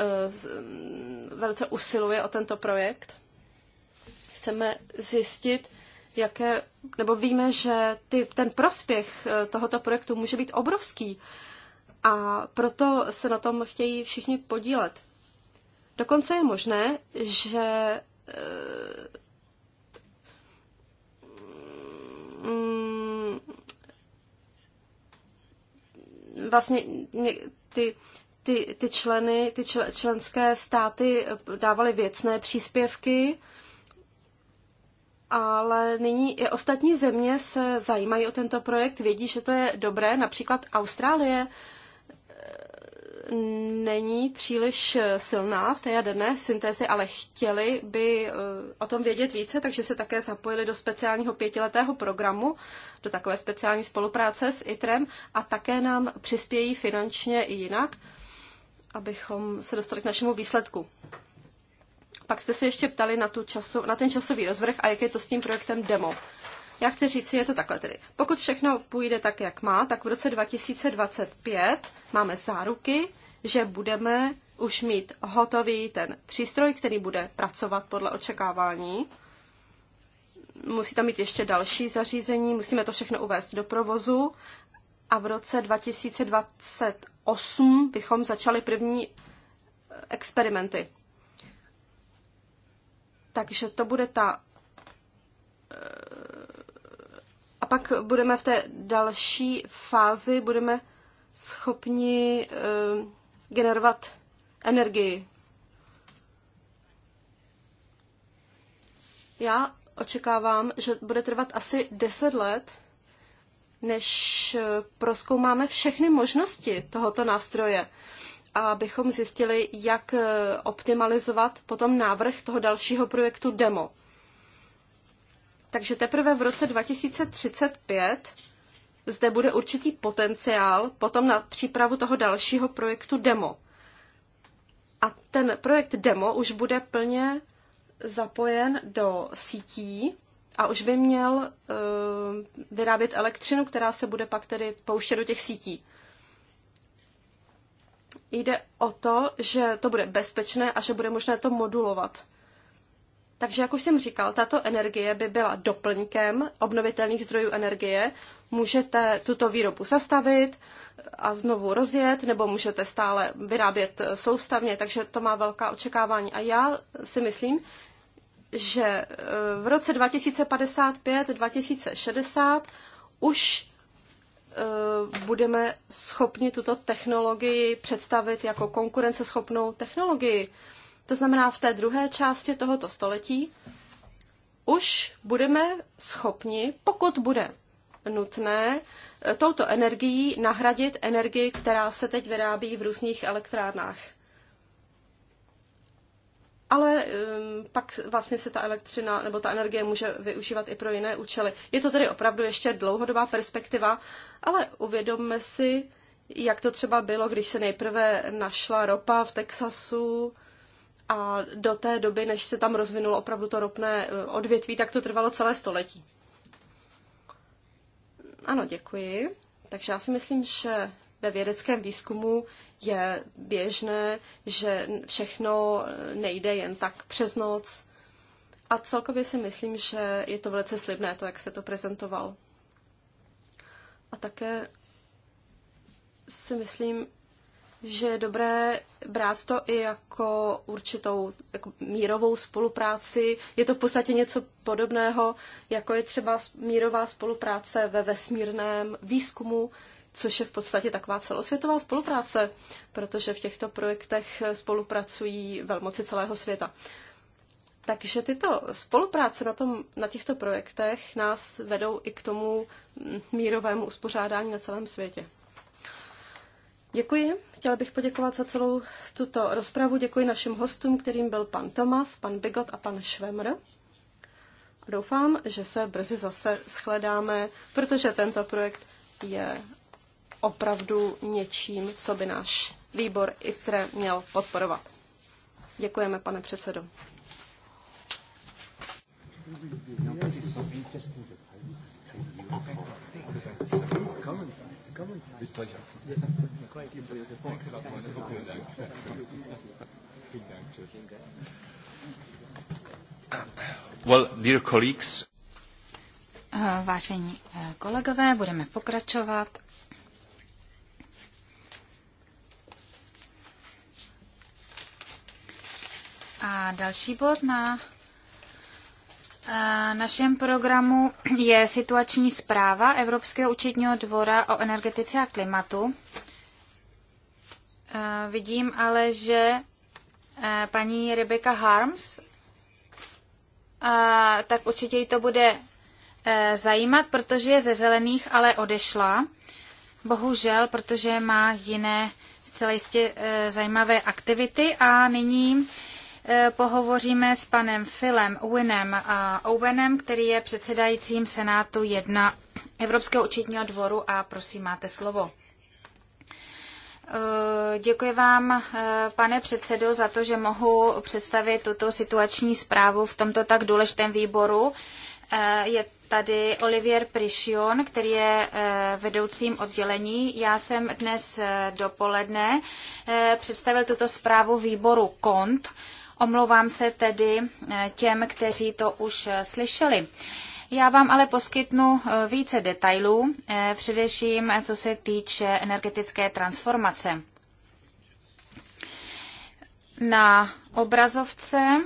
S2: mm, velice usiluje o tento projekt. Chceme zjistit, jaké, nebo víme, že ty, ten prospěch eh, tohoto projektu může být obrovský a proto se na tom chtějí všichni podílet. Dokonce je možné, že eh, Mm, vlastně ty, ty, ty členy, ty čl, členské státy dávaly věcné příspěvky, ale nyní i ostatní země se zajímají o tento projekt, vědí, že to je dobré. Například Austrálie není příliš eh, silná v té jaderné syntézi, ale chtěli by eh, o tom vědět více, takže se také zapojili do speciálního pětiletého programu, do takové speciální spolupráce s ITREM a také nám přispějí finančně i jinak, abychom se dostali k našemu výsledku. Pak jste se ještě ptali na, tu času, na ten časový rozvrh a jak je to s tím projektem DEMO. Já chci říct, je to takhle tedy. Pokud všechno půjde tak, jak má, tak v roce 2025 máme záruky, že budeme už mít hotový ten přístroj, který bude pracovat podle očekávání. Musí tam mít ještě další zařízení, musíme to všechno uvést do provozu a v roce 2028 bychom začali první eh, experimenty. Takže to bude ta eh, pak budeme v té další fázi, budeme schopni uh, generovat energii. Já očekávám, že bude trvat asi 10 let, než eh, proskoumáme všechny možnosti tohoto nástroje a abychom zjistili, jak eh, optimalizovat potom návrh toho dalšího projektu demo. Takže teprve v roce 2035 zde bude určitý potenciál potom na přípravu toho dalšího projektu DEMO. A ten projekt DEMO už bude plně zapojen do sítí a už by měl uh, vyrábět elektřinu, která se bude pak tedy pouštět do těch sítí. Jde o to, že to bude bezpečné a že bude možné to modulovat. Takže, jak už jsem říkal, tato energie by byla doplňkem obnovitelných zdrojů energie. Můžete tuto výrobu zastavit a znovu rozjet, nebo můžete stále vyrábět soustavně, takže to má velká očekávání. A já si myslím, že e, v roce 2055-2060 už e, budeme schopni tuto technologii představit jako konkurenceschopnou technologii to znamená v té druhé části tohoto století, už budeme schopni, pokud bude nutné, touto energií nahradit energii, která se teď vyrábí v různých elektrárnách. Ale um, pak vlastně se ta elektřina nebo ta energie může využívat i pro jiné účely. Je to tedy opravdu ještě dlouhodobá perspektiva, ale uvědomme si, jak to třeba bylo, když se nejprve našla ropa v Texasu, a do té doby, než se tam rozvinulo opravdu to ropné eh, odvětví, tak to trvalo celé století. Ano, děkuji. Takže já si myslím, že ve vědeckém výzkumu je běžné, že všechno eh, nejde jen tak přes noc. A celkově si myslím, že je to velice slibné, to, jak se to prezentoval. A také si myslím, že je dobré brát to i jako určitou jako mírovou spolupráci. Je to v podstatě něco podobného, jako je třeba mírová spolupráce ve vesmírném výzkumu, což je v podstatě taková celosvětová spolupráce, protože v těchto projektech spolupracují velmoci celého světa. Takže tyto spolupráce na, tom, na těchto projektech nás vedou i k tomu mírovému uspořádání na celém světě. Děkuji. Chtěla bych poděkovat za celou tuto rozpravu. Děkuji našim hostům, kterým byl pan Tomas, pan Bigot a pan Švemr. Doufám, že se brzy zase shledáme, protože tento projekt je opravdu něčím, co by náš výbor ITRE měl podporovat. Děkujeme, pane předsedo. Well, dear colleagues.
S3: Eh, vážení eh, kolegové, budeme pokračovat. A další bod na Eh, našem programu je situační zpráva Evropského účetního dvora o energetice a klimatu. Eh, vidím ale, že eh, paní Rebecca Harms, tak určitě jí to bude zajímat, protože je ze zelených, ale odešla. Bohužel, protože má jiné zcela jistě zajímavé aktivity a nyní Eh, pohovoříme s panem Philem a Owenem, který je předsedajícím Senátu 1 Evropského účetního dvoru a prosím, máte slovo. Eh, děkuji vám, eh, pane předsedo, za to, že mohu představit tuto situační zprávu v tomto tak důležitém výboru. Je tady Olivier Prišion, který je vedoucím oddělení. Já jsem dnes dopoledne představil tuto zprávu výboru KONT, Omlouvám se tedy eh, těm, kteří to už eh, slyšeli. Já vám ale poskytnu eh, více detailů, především co se týče energetické transformace. Na obrazovce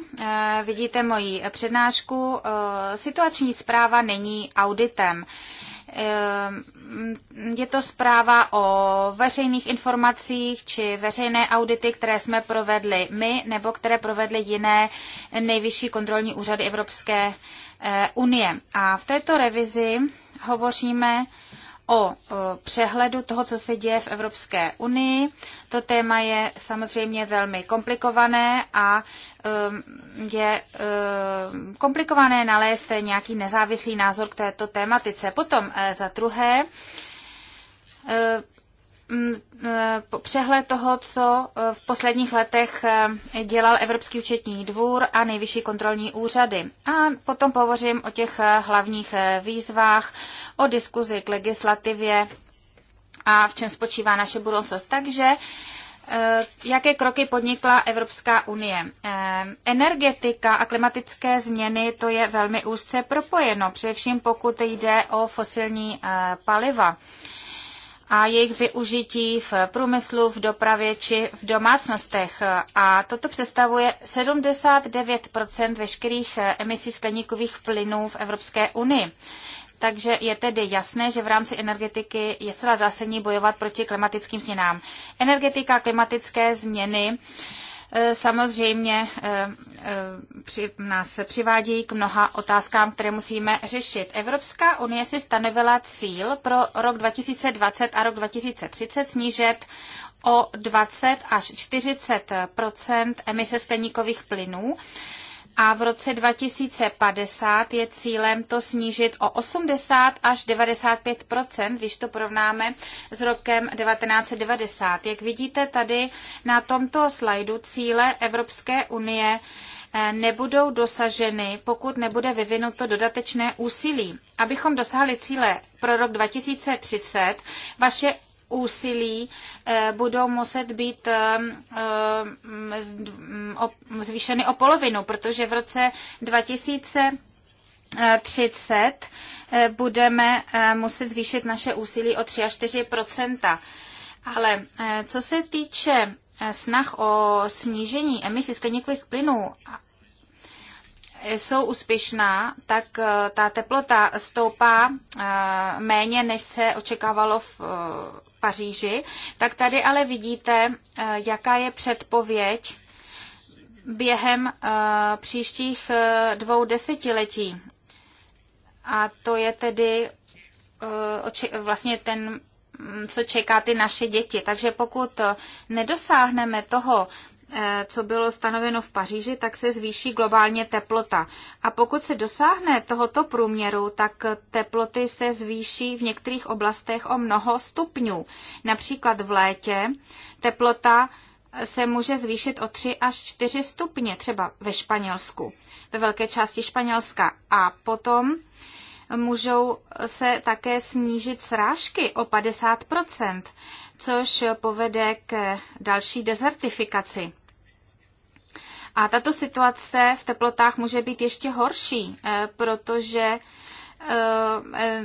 S3: vidíte moji přednášku. Situační zpráva není auditem. Ehm, je to zpráva o veřejných informacích či veřejné audity, které jsme provedli my nebo které provedly jiné nejvyšší kontrolní úřady Evropské eh, unie. A v této revizi hovoříme o přehledu toho, co se děje v Evropské unii. To téma je samozřejmě velmi komplikované a um, je um, komplikované nalézt nějaký nezávislý názor k této tématice. Potom eh, za druhé, eh, Mm, eh, přehled toho, co eh, v posledních letech eh, dělal Evropský účetní dvůr a nejvyšší kontrolní úřady. A potom povořím o těch hlavních výzvách, o diskuzi k legislativě a v čem spočívá naše budoucnost. Takže jaké kroky podnikla Evropská unie. Energetika a klimatické změny to je velmi úzce propojeno, především pokud jde o fosilní paliva a jejich využití v průmyslu, v dopravě či v domácnostech. A toto představuje 79 veškerých emisí skleníkových plynů v Evropské unii. Takže je tedy jasné, že v rámci energetiky je zcela zásadní bojovat proti klimatickým změnám. Energetika klimatické změny Eh, samozřejmě eh, eh, při, nás přivádějí k mnoha otázkám, které musíme řešit. Evropská unie si stanovila cíl pro rok 2020 a rok 2030 snížit o 20 až 40 emise skleníkových plynů a v roce 2050 je cílem to snížit o 80 až 95 když to porovnáme s rokem 1990. Jak vidíte tady na tomto slajdu, cíle Evropské unie eh, nebudou dosaženy, pokud nebude vyvinuto dodatečné úsilí. Abychom dosáhli cíle pro rok 2030, vaše úsilí eh, budou muset být eh, eh, mm, zvýšeny o polovinu, protože v roce 2000 30 budeme muset zvýšit naše úsilí o 3 až 4 Ale co se týče snah o snížení emisí skleníkových plynů jsou úspěšná, tak ta teplota stoupá méně, než se očekávalo v Paříži, tak tady ale vidíte, eh, jaká je předpověď během eh, příštích eh, dvou desetiletí. A to je tedy vlastně ten mm, co čeká ty naše děti. Takže pokud nedosáhneme toho, Eh, co bylo stanoveno v Paříži, tak se zvýší globálně teplota. A pokud se dosáhne tohoto průměru, tak teploty se zvýší v některých oblastech o mnoho stupňů. Například v létě teplota se může zvýšit o 3 až 4 stupně, třeba ve Španělsku, ve velké části Španělska. A potom můžou se také snížit srážky o 50 což povede k další dezertifikaci. A tato situace v teplotách může být ještě horší, eh, protože eh, eh,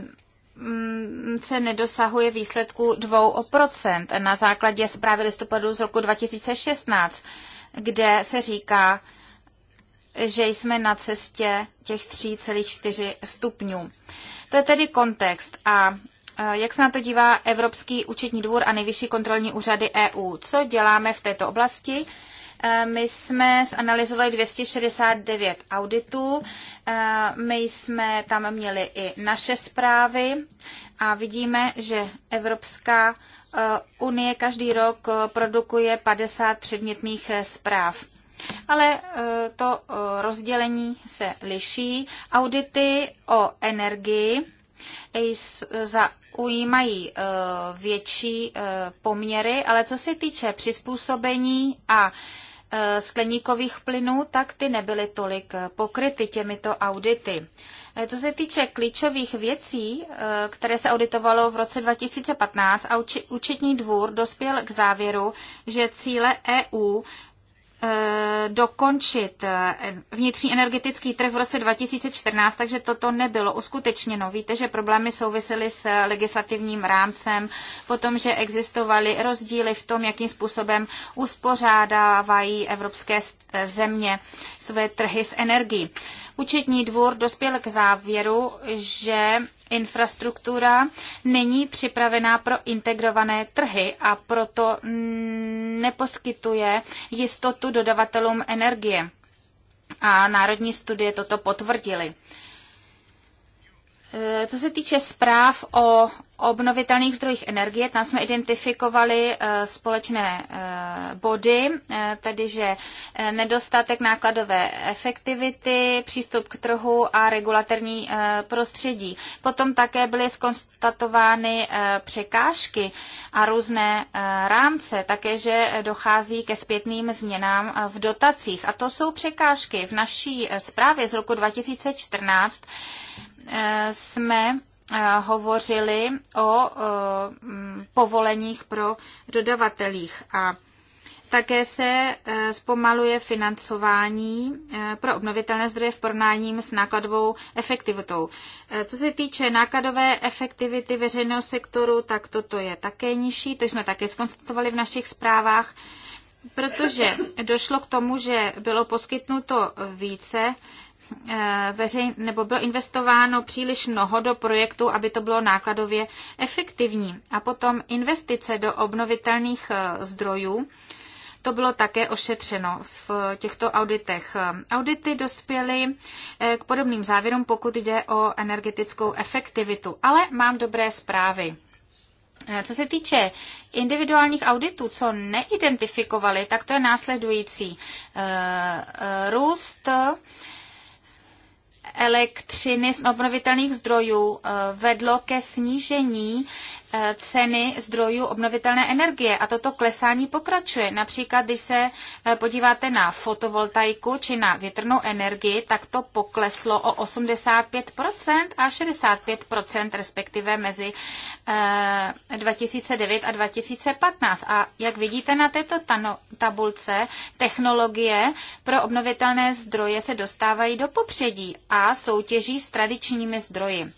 S3: se nedosahuje výsledku 2% na základě zprávy listopadu z roku 2016, kde se říká, že jsme na cestě těch 3,4 stupňů. To je tedy kontext a jak se na to dívá Evropský účetní dvůr a nejvyšší kontrolní úřady EU? Co děláme v této oblasti? Eh, my jsme zanalizovali 269 auditů, eh, my jsme tam měli i naše zprávy a vidíme, že Evropská eh, unie každý rok produkuje 50 předmětných zpráv. Ale to rozdělení se liší. Audity o energii zaujímají větší poměry, ale co se týče přizpůsobení a Eh, skleníkových plynů, tak ty nebyly tolik pokryty těmito audity. Eh, co se týče klíčových věcí, eh, které se auditovalo v roce 2015, a účetní dvůr dospěl k závěru, že cíle EU Eh, dokončit eh, vnitřní energetický trh v roce 2014, takže toto nebylo uskutečněno. Víte, že problémy souvisely s legislativním rámcem, potom, že existovaly rozdíly v tom, jakým způsobem uspořádávají evropské země své trhy s energií. Účetní dvůr dospěl k závěru, že infrastruktura není připravená pro integrované trhy a proto neposkytuje jistotu dodavatelům energie. A národní studie toto potvrdily. E, co se týče zpráv o obnovitelných zdrojích energie. Tam jsme identifikovali eh, společné eh, body, eh, tedy že nedostatek nákladové efektivity, přístup k trhu a regulatorní prostředí. Potom také byly skonstatovány překážky a různé rámce, také, že dochází ke zpětným změnám v dotacích. A to jsou překážky. V naší zprávě z roku 2014 jsme Eh, hovořili o eh, povoleních pro dodavatelích a také se eh, zpomaluje financování pro obnovitelné zdroje v porovnání s nákladovou efektivitou. Co se týče nákladové efektivity veřejného sektoru, tak toto je také nižší, to jsme také skonstatovali v našich zprávách, protože došlo k tomu, že bylo poskytnuto více Eh, veřejn, nebo bylo investováno příliš mnoho do projektu, aby to bylo nákladově efektivní. A potom investice do obnovitelných eh, zdrojů, to bylo také ošetřeno v těchto auditech. Audity dospěly eh, k podobným závěrům, pokud jde o energetickou efektivitu. Ale mám dobré zprávy. Co se týče individuálních auditů, co neidentifikovali, tak to je následující. Růst elektřiny z obnovitelných zdrojů eh, vedlo ke snížení Eh, ceny zdrojů obnovitelné energie a toto klesání pokračuje. Například, když se eh, podíváte na fotovoltaiku či na větrnou energii, tak to pokleslo o 85% a 65% respektive mezi 2009 eh, a 2015. A jak vidíte na této tabulce, technologie pro obnovitelné zdroje se dostávají do popředí a soutěží s tradičními zdroji.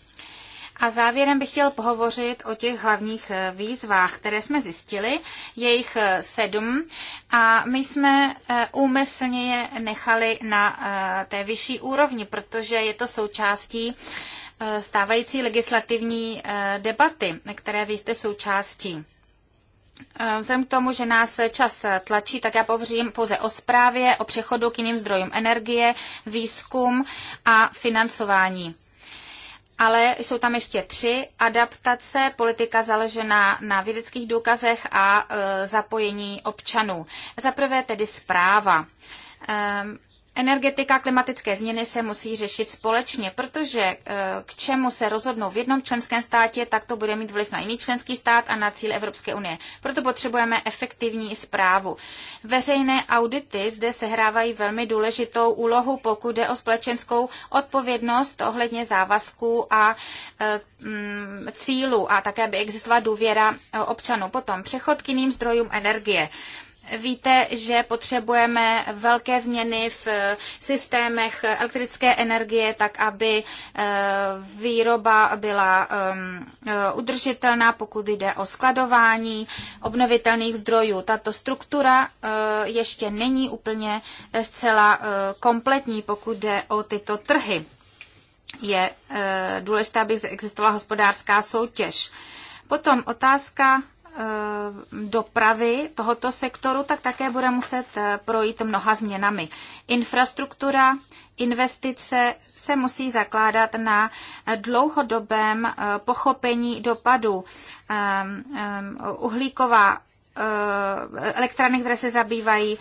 S3: A závěrem bych chtěl pohovořit o těch hlavních eh, výzvách, které jsme zjistili. jejich eh, sedm a my jsme eh, úmyslně je nechali na té vyšší úrovni, protože je to součástí stávající legislativní debaty, které vy jste součástí. Vzhledem k tomu, že nás čas tlačí, tak já povřím pouze o zprávě, o přechodu k jiným zdrojům energie, výzkum a financování ale jsou tam ještě tři adaptace, politika založená na vědeckých důkazech a e, zapojení občanů. Za prvé tedy zpráva. E, Energetika klimatické změny se musí řešit společně, protože eh, k čemu se rozhodnou v jednom členském státě, tak to bude mít vliv na jiný členský stát a na cíl Evropské unie. Proto potřebujeme efektivní zprávu. Veřejné audity zde sehrávají velmi důležitou úlohu, pokud jde o společenskou odpovědnost ohledně závazků a eh, mm, cílu a také by existovala důvěra eh, občanů. Potom přechod k jiným zdrojům energie. Víte, že potřebujeme velké změny v eh, systémech elektrické energie, tak aby eh, výroba byla ehm, eh, udržitelná, pokud jde o skladování obnovitelných zdrojů. Tato struktura ještě není úplně zcela kompletní, pokud jde o tyto trhy. Je důležité, aby existovala hospodářská soutěž. Potom otázka Eh, dopravy tohoto sektoru, tak také bude muset eh, projít mnoha změnami. Infrastruktura, investice se musí zakládat na eh, dlouhodobém pochopení dopadu. Uhlíková elektrárny, které se zabývají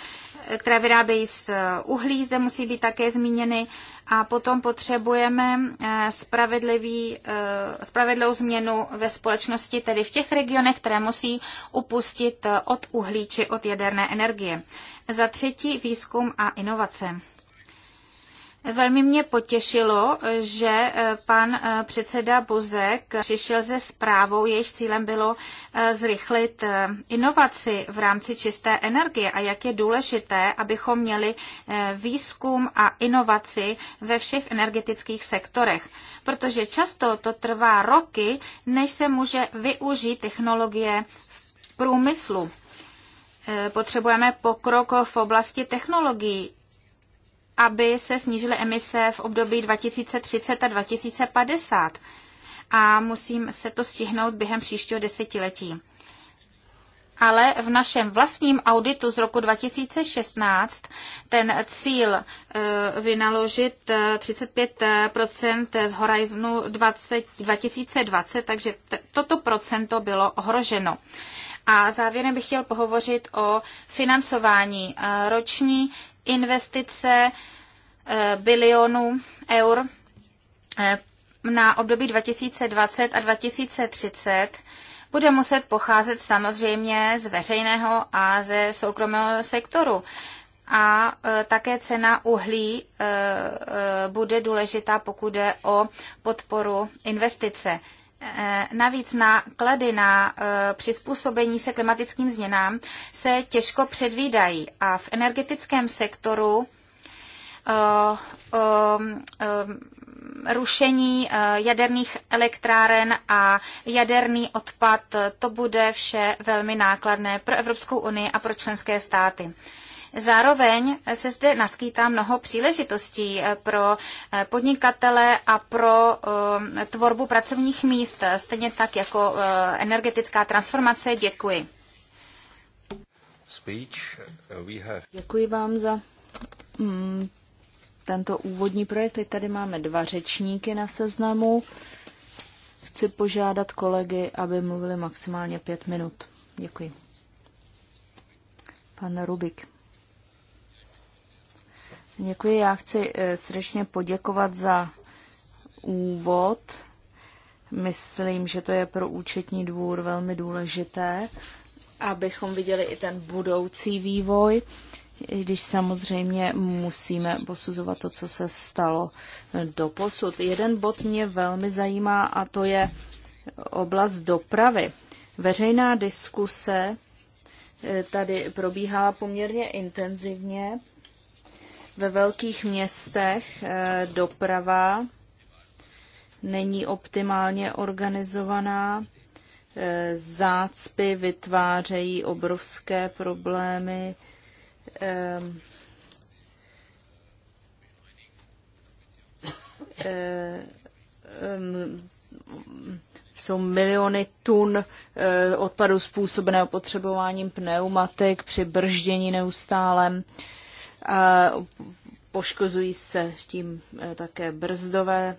S3: které vyrábějí z eh, uhlí, zde musí být také zmíněny. A potom potřebujeme eh, spravedlivý, eh, spravedlivou změnu ve společnosti, tedy v těch regionech, které musí upustit od uhlí či od jaderné energie. Za třetí výzkum a inovace. Velmi mě potěšilo, že eh, pan eh, předseda Buzek přišel se zprávou, jejich cílem bylo eh, zrychlit inovaci v rámci čisté energie a jak je důležité, abychom měli výzkum a inovaci ve všech energetických sektorech. Protože často to trvá roky, než se může využít technologie v průmyslu. Potřebujeme pokrok v oblasti technologií aby se snížily emise v období 2030 a 2050 a musím se to stihnout během příštího desetiletí. Ale v našem vlastním auditu z roku 2016 ten cíl e, vynaložit 35 e, e, z horizonu 20, 2020, takže toto procento bylo ohroženo. A závěrem bych chtěl pohovořit o financování. Roční investice eh, bilionů eur eh, na období 2020 a 2030 bude muset pocházet samozřejmě z veřejného a ze soukromého sektoru. A eh, také cena uhlí bude důležitá, pokud jde o podporu investice. Eh, navíc náklady na eh, přizpůsobení se klimatickým změnám se těžko předvídají a v energetickém sektoru eh, rušení jaderných elektráren a jaderný odpad, to bude vše velmi nákladné pro Evropskou unii a pro členské státy. Zároveň se zde naskýtá mnoho příležitostí eh, pro eh, podnikatele a pro eh, tvorbu pracovních míst, stejně tak jako energetická transformace. Děkuji.
S4: Děkuji vám za mm, tento úvodní projekt. Teď tady máme dva řečníky na seznamu. Chci požádat kolegy, aby mluvili maximálně pět minut. Děkuji. Pan Rubik. Děkuji, já chci eh, srdečně poděkovat za úvod. Myslím, že to je pro účetní dvůr velmi důležité, abychom viděli i ten budoucí vývoj, i když samozřejmě musíme posuzovat to, co se stalo eh, do posud. Jeden bod mě velmi zajímá a to je oblast dopravy. Veřejná diskuse eh, tady probíhala poměrně intenzivně ve velkých městech eh, doprava není optimálně organizovaná, eh, zácpy vytvářejí obrovské problémy. Eh, jsou miliony tun odpadu způsobeného potřebováním pneumatik při brždění neustálem. A poškozují se tím eh, také brzdové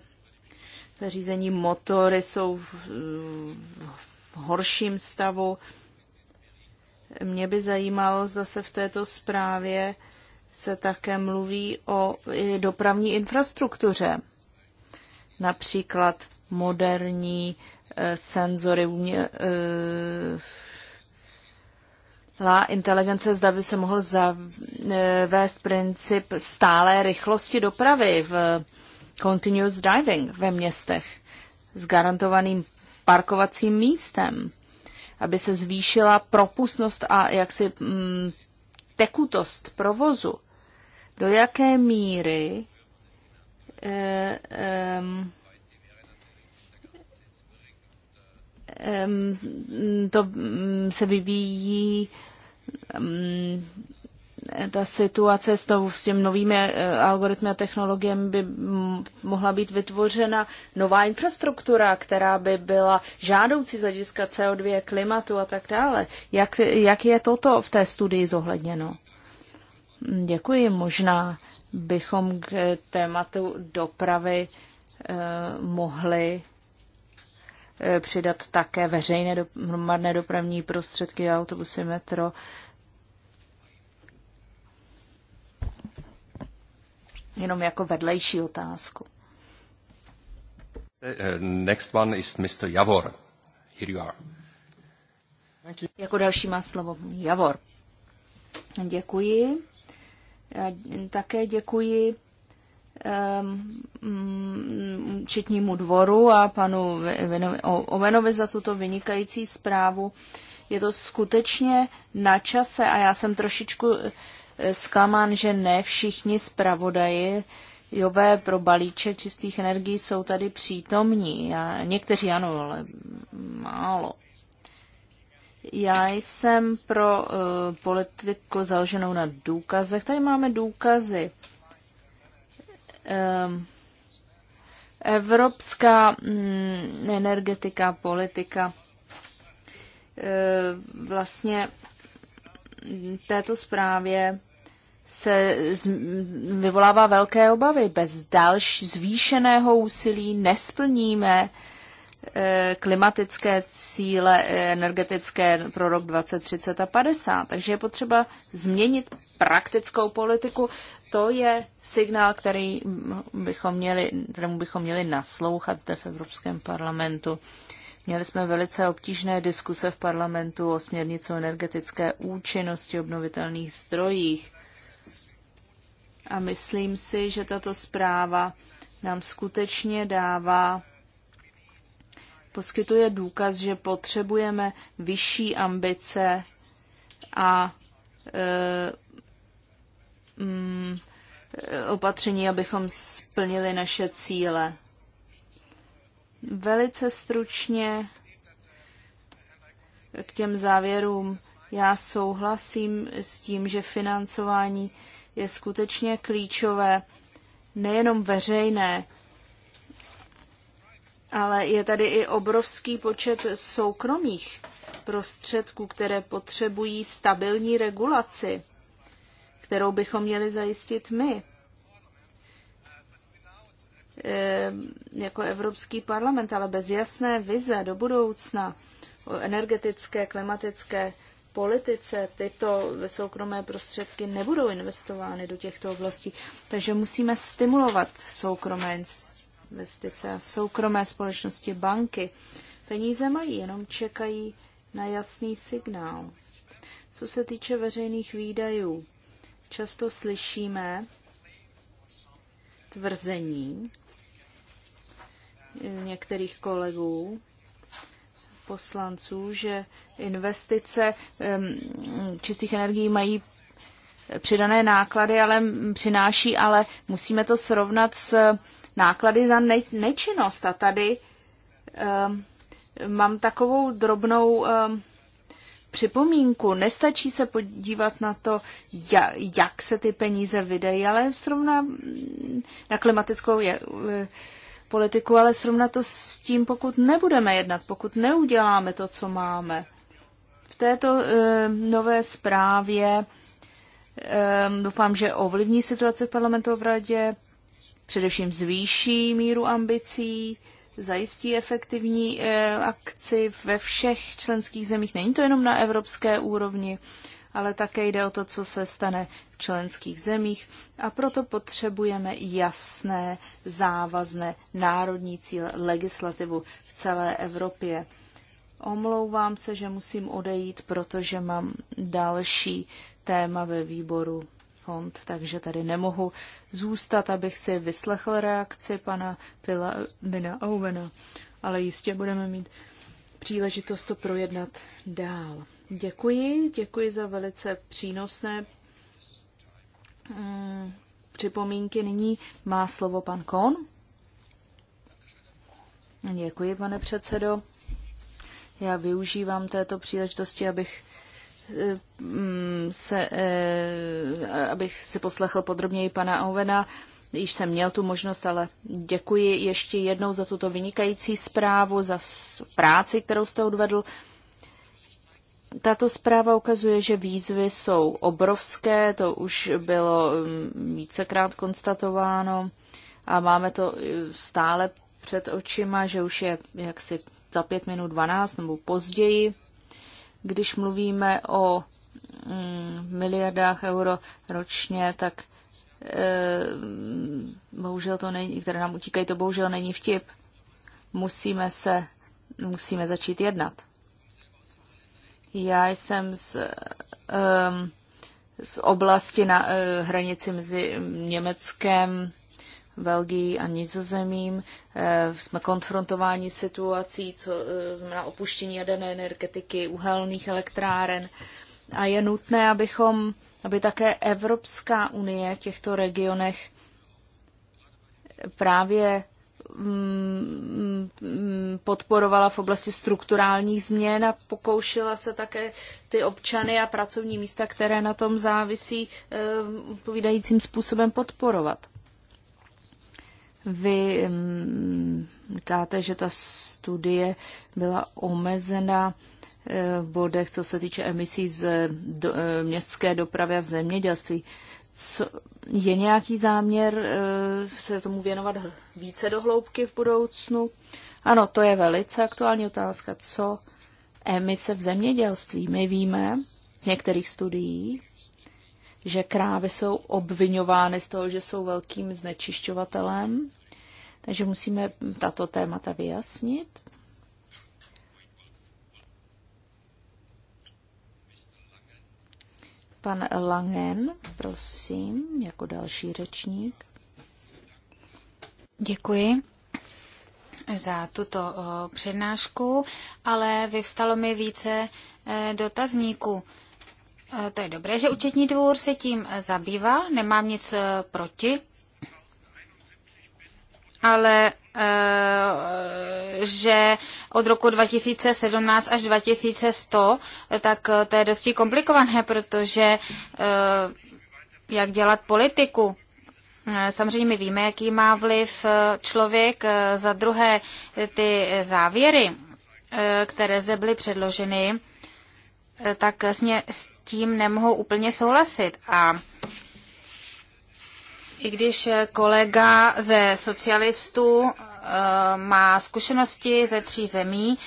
S4: zařízení, motory jsou v horším stavu. Mě by zajímalo, zase v této zprávě se také mluví o dopravní infrastruktuře. Například moderní eh, senzory eh, umělá inteligence, zda by se mohl zavést e, princip stálé rychlosti dopravy v continuous driving ve městech s garantovaným parkovacím místem, aby se zvýšila propustnost a jaksi mm, tekutost provozu. Do jaké míry eh, eh, to mm, se vyvíjí ta situace s, tou, s těmi novými eh, algoritmy a technologiemi by mohla být vytvořena nová infrastruktura, která by byla žádoucí z hlediska CO2, klimatu a tak dále. Jak, jak je toto v té studii zohledněno? Děkuji. Možná bychom k tématu dopravy eh, mohli eh, přidat také veřejné hromadné dopravní prostředky, autobusy, metro. Eh, jenom jako vedlejší otázku.
S2: Eh, eh, next one is Mr. Javor. Here you are.
S4: Jako další má slovo Javor. Děkuji. Já také děkuji um, ehm, mm, Četnímu dvoru a panu Ovenovi za tuto vynikající zprávu. Je to skutečně na čase a já jsem trošičku zklamán, že ne všichni zpravodaji jové pro balíček čistých energií jsou tady přítomní. Já, někteří ano, ale málo. Já jsem pro uh, politiku založenou na důkazech. Tady máme důkazy. Um, evropská mm, energetika, politika uh, vlastně této zprávě se vyvolává velké obavy. Bez další zvýšeného úsilí nesplníme eh, klimatické cíle eh, energetické pro rok 2030 a 50. Takže je potřeba změnit praktickou politiku. To je signál, který bychom měli, kterému bychom měli naslouchat zde v Evropském parlamentu. Měli jsme velice obtížné diskuse v parlamentu o směrnici o energetické účinnosti obnovitelných zdrojích. A myslím si, že tato zpráva nám skutečně dává, poskytuje důkaz, že potřebujeme vyšší ambice a e, mm, opatření, abychom splnili naše cíle. Velice stručně k těm závěrům. Já souhlasím s tím, že financování je skutečně klíčové, nejenom veřejné, ale je tady i obrovský počet soukromých prostředků, které potřebují stabilní regulaci, kterou bychom měli zajistit my. E, jako Evropský parlament, ale bez jasné vize do budoucna o energetické, klimatické politice tyto soukromé prostředky nebudou investovány do těchto oblastí. Takže musíme stimulovat soukromé investice a soukromé společnosti banky. Peníze mají, jenom čekají na jasný signál. Co se týče veřejných výdajů, často slyšíme tvrzení některých kolegů, poslanců, že investice čistých energií mají přidané náklady, ale přináší, ale musíme to srovnat s náklady za ne- nečinnost. A tady um, mám takovou drobnou um, připomínku. Nestačí se podívat na to, ja- jak se ty peníze vydají, ale srovná na klimatickou je- politiku, ale srovnat to s tím, pokud nebudeme jednat, pokud neuděláme to, co máme. V této uh, nové zprávě um, doufám, že ovlivní situace v parlamentu v radě, především zvýší míru ambicí, zajistí efektivní uh, akci ve všech členských zemích. Není to jenom na evropské úrovni. Uh, ale také jde o to, co se stane v členských zemích a proto potřebujeme jasné, závazné národní cíle, legislativu v celé Evropě. Omlouvám se, že musím odejít, protože mám další téma ve výboru fond, takže tady nemohu zůstat, abych si vyslechl reakci pana Pila Bina Owena, ale jistě budeme mít příležitost to projednat dál. Děkuji, děkuji za velice přínosné mm, připomínky. Nyní má slovo pan Kohn. Děkuji, pane předsedo. Já využívám této příležitosti, abych eh, mm, se, eh, abych si poslechl podrobněji pana Ovena. Již jsem měl tu možnost, ale děkuji ještě jednou za tuto vynikající zprávu, za práci, kterou jste odvedl. Tato zpráva ukazuje, že výzvy jsou obrovské, to už bylo mm, vícekrát konstatováno a máme to e, stále před očima, že už je jaksi za pět minut 12 nebo později. Když mluvíme o mm, miliardách euro ročně, tak e, bohužel to není, které nám utíkají, to bohužel není vtip. Musíme se, musíme začít jednat. Já jsem z, um, z oblasti na uh, hranici mezi Německem, Belgií a Nizozemím. Uh, jsme konfrontováni situací, co uh, znamená opuštění jaderné energetiky, uhelných elektráren. A je nutné, abychom, aby také Evropská unie v těchto regionech právě Mm, mm, podporovala v oblasti strukturálních změn a pokoušela se také ty občany a pracovní místa, které na tom závisí, eh, odpovídajícím způsobem podporovat. Vy mm, říkáte, že ta studie byla omezena eh, v bodech, co se týče emisí z do, eh, městské dopravy a v zemědělství co, je nějaký záměr eh, se tomu věnovat více dohloubky v budoucnu? Ano, to je velice aktuální otázka. Co emise v zemědělství? My víme z některých studií, že krávy jsou obvinovány z toho, že jsou velkým znečišťovatelem, takže musíme tato témata vyjasnit. Pan Langen, prosím, jako další řečník. Děkuji
S3: za tuto přednášku, ale vyvstalo mi více e, dotazníků. E, to je dobré, že účetní dvůr se tím zabývá, nemám nic e, proti, ale Eh, že od roku 2017 až 2100, eh, tak eh, to je dosti komplikované, protože jak dělat politiku? Samozřejmě my víme, jaký má vliv člověk. Za druhé, ty závěry, které zde byly předloženy, tak s tím nemohou úplně souhlasit. A i když kolega ze socialistů Eh, má zkušenosti ze tří zemí.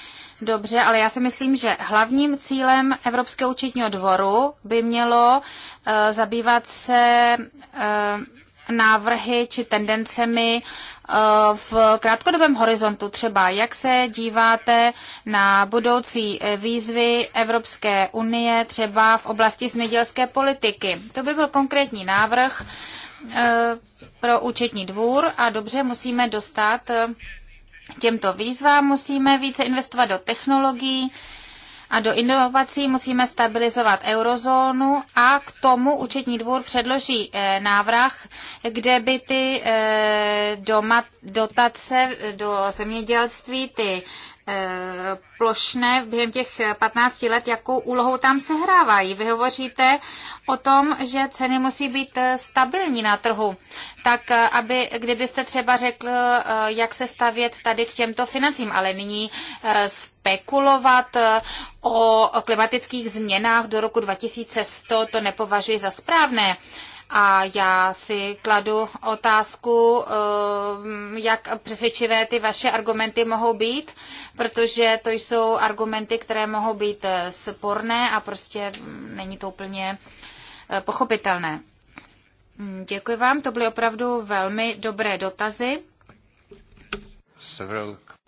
S3: Dobře, ale já si myslím, že hlavním cílem Evropského účetního dvoru by mělo eh, zabývat se eh, návrhy či tendencemi v krátkodobém horizontu třeba, jak se díváte na budoucí výzvy Evropské unie třeba v oblasti zemědělské politiky. To by byl konkrétní návrh, Eh, pro účetní dvůr a dobře musíme dostat eh, těmto výzvám, musíme více investovat do technologií a do inovací, musíme stabilizovat eurozónu a k tomu účetní dvůr předloží eh, návrh, kde by ty doma, dotace do zemědělství, ty plošné během těch 15 let, jakou úlohou tam sehrávají. Vy hovoříte o tom, že ceny musí být eh, stabilní na trhu. Tak eh, aby, kdybyste třeba řekl, eh, jak se stavět tady k těmto financím, ale nyní spekulovat o klimatických změnách do roku 2100, to nepovažuji za správné. A já si kladu otázku, eh, jak přesvědčivé ty vaše argumenty mohou být, protože to jsou argumenty, které mohou být eh, sporné a prostě není to úplně eh, pochopitelné. Mm, děkuji vám, to byly opravdu
S2: velmi dobré dotazy.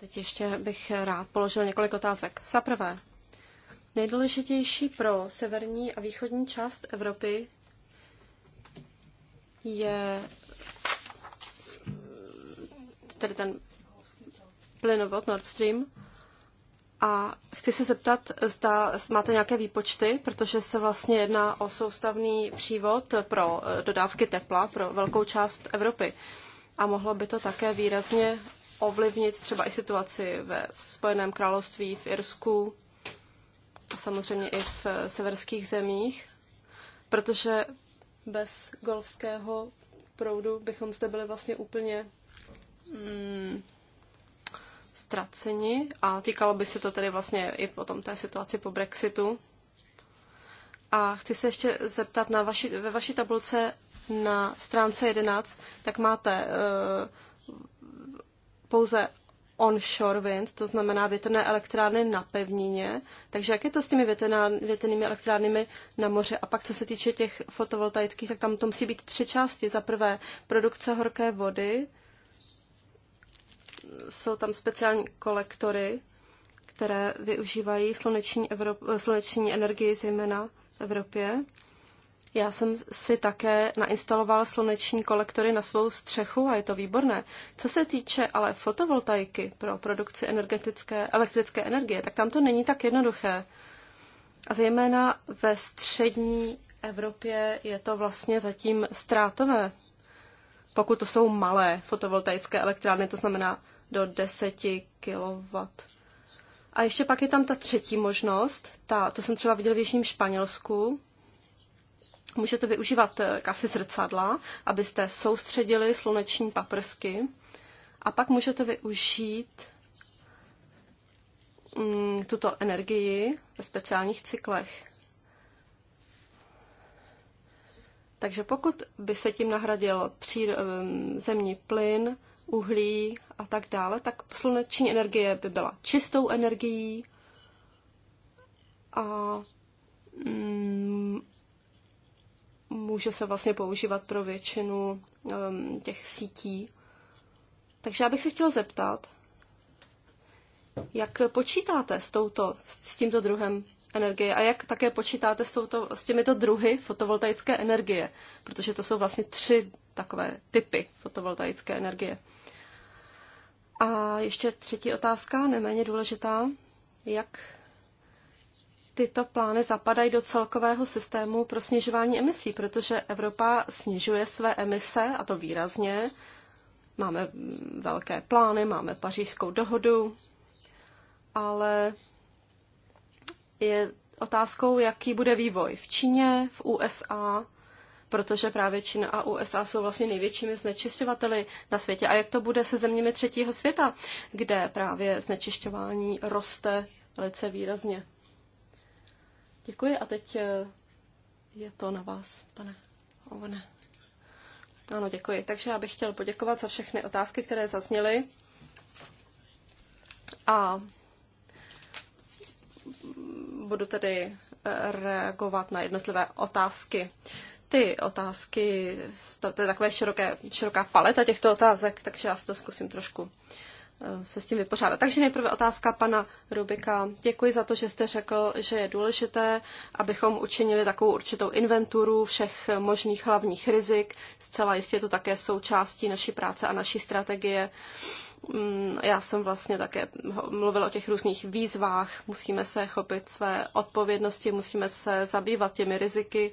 S2: Teď ještě bych rád položil několik otázek. Za prvé, nejdůležitější pro severní a východní část Evropy je tedy ten plynovod Nord Stream. A chci se zeptat, zda máte nějaké výpočty, protože se vlastně jedná o soustavný přívod pro eh, dodávky tepla pro velkou část Evropy. A mohlo by to také výrazně ovlivnit třeba i situaci ve Spojeném království, v Irsku a samozřejmě i v eh, severských zemích, protože bez golfského proudu bychom zde byli vlastně úplně mm, ztraceni a týkalo by se to tedy vlastně i potom té situaci po Brexitu. A chci se ještě zeptat, na vaši, ve vaší tabulce na stránce 11, tak máte uh, pouze onshore wind, to znamená větrné elektrárny na pevnině. Takže jak je to s těmi větrná, větrnými elektrárnymi na moře? A pak, co se týče těch fotovoltaických, tak tam to musí být tři části. Za prvé produkce horké vody, jsou tam speciální kolektory, které využívají sluneční, Evrop, sluneční energii, zejména v Evropě. Já jsem si také nainstaloval sluneční kolektory na svou střechu a je to výborné. Co se týče ale fotovoltaiky pro produkci energetické, elektrické energie, tak tam to není tak jednoduché. A zejména ve střední Evropě je to vlastně zatím ztrátové. Pokud to jsou malé fotovoltaické elektrárny, to znamená do 10 kW. A ještě pak je tam ta třetí možnost, ta, to jsem třeba viděl v Jižním Španělsku, Můžete využívat eh, kasy zrcadla, abyste soustředili sluneční paprsky a pak můžete využít mm, tuto energii ve speciálních cyklech. Takže pokud by se tím nahradil přír- zemní plyn, uhlí a tak dále, tak sluneční energie by byla čistou energií a mm, může se vlastně používat pro většinu um, těch sítí. Takže já bych se chtěl zeptat, jak počítáte s, touto, s tímto druhem energie a jak také počítáte s, touto, s těmito druhy fotovoltaické energie, protože to jsou vlastně tři takové typy fotovoltaické energie. A ještě třetí otázka, neméně důležitá. Jak tyto plány zapadají do celkového systému pro snižování emisí, protože Evropa snižuje své emise, a to výrazně. Máme velké plány, máme pařížskou dohodu, ale je otázkou, jaký bude vývoj v Číně, v USA, protože právě Čína a USA jsou vlastně největšími znečišťovateli na světě. A jak to bude se zeměmi třetího světa, kde právě znečišťování roste velice výrazně? Děkuji a teď eh, je to na vás, pane Ovene. Ano, děkuji. Takže já bych chtěl poděkovat za všechny otázky, které zazněly. A budu tedy eh, reagovat na jednotlivé otázky. Ty otázky, to je takové široké, široká paleta těchto otázek, takže já si to zkusím trošku se s tím vypořádat. Takže nejprve otázka pana Rubika. Děkuji za to, že jste řekl, že je důležité, abychom učinili takovou určitou inventuru všech možných hlavních rizik. Zcela jistě je to také součástí naší práce a naší strategie. Mm, já jsem vlastně také mluvil o těch různých výzvách. Musíme se chopit své odpovědnosti, musíme se zabývat těmi riziky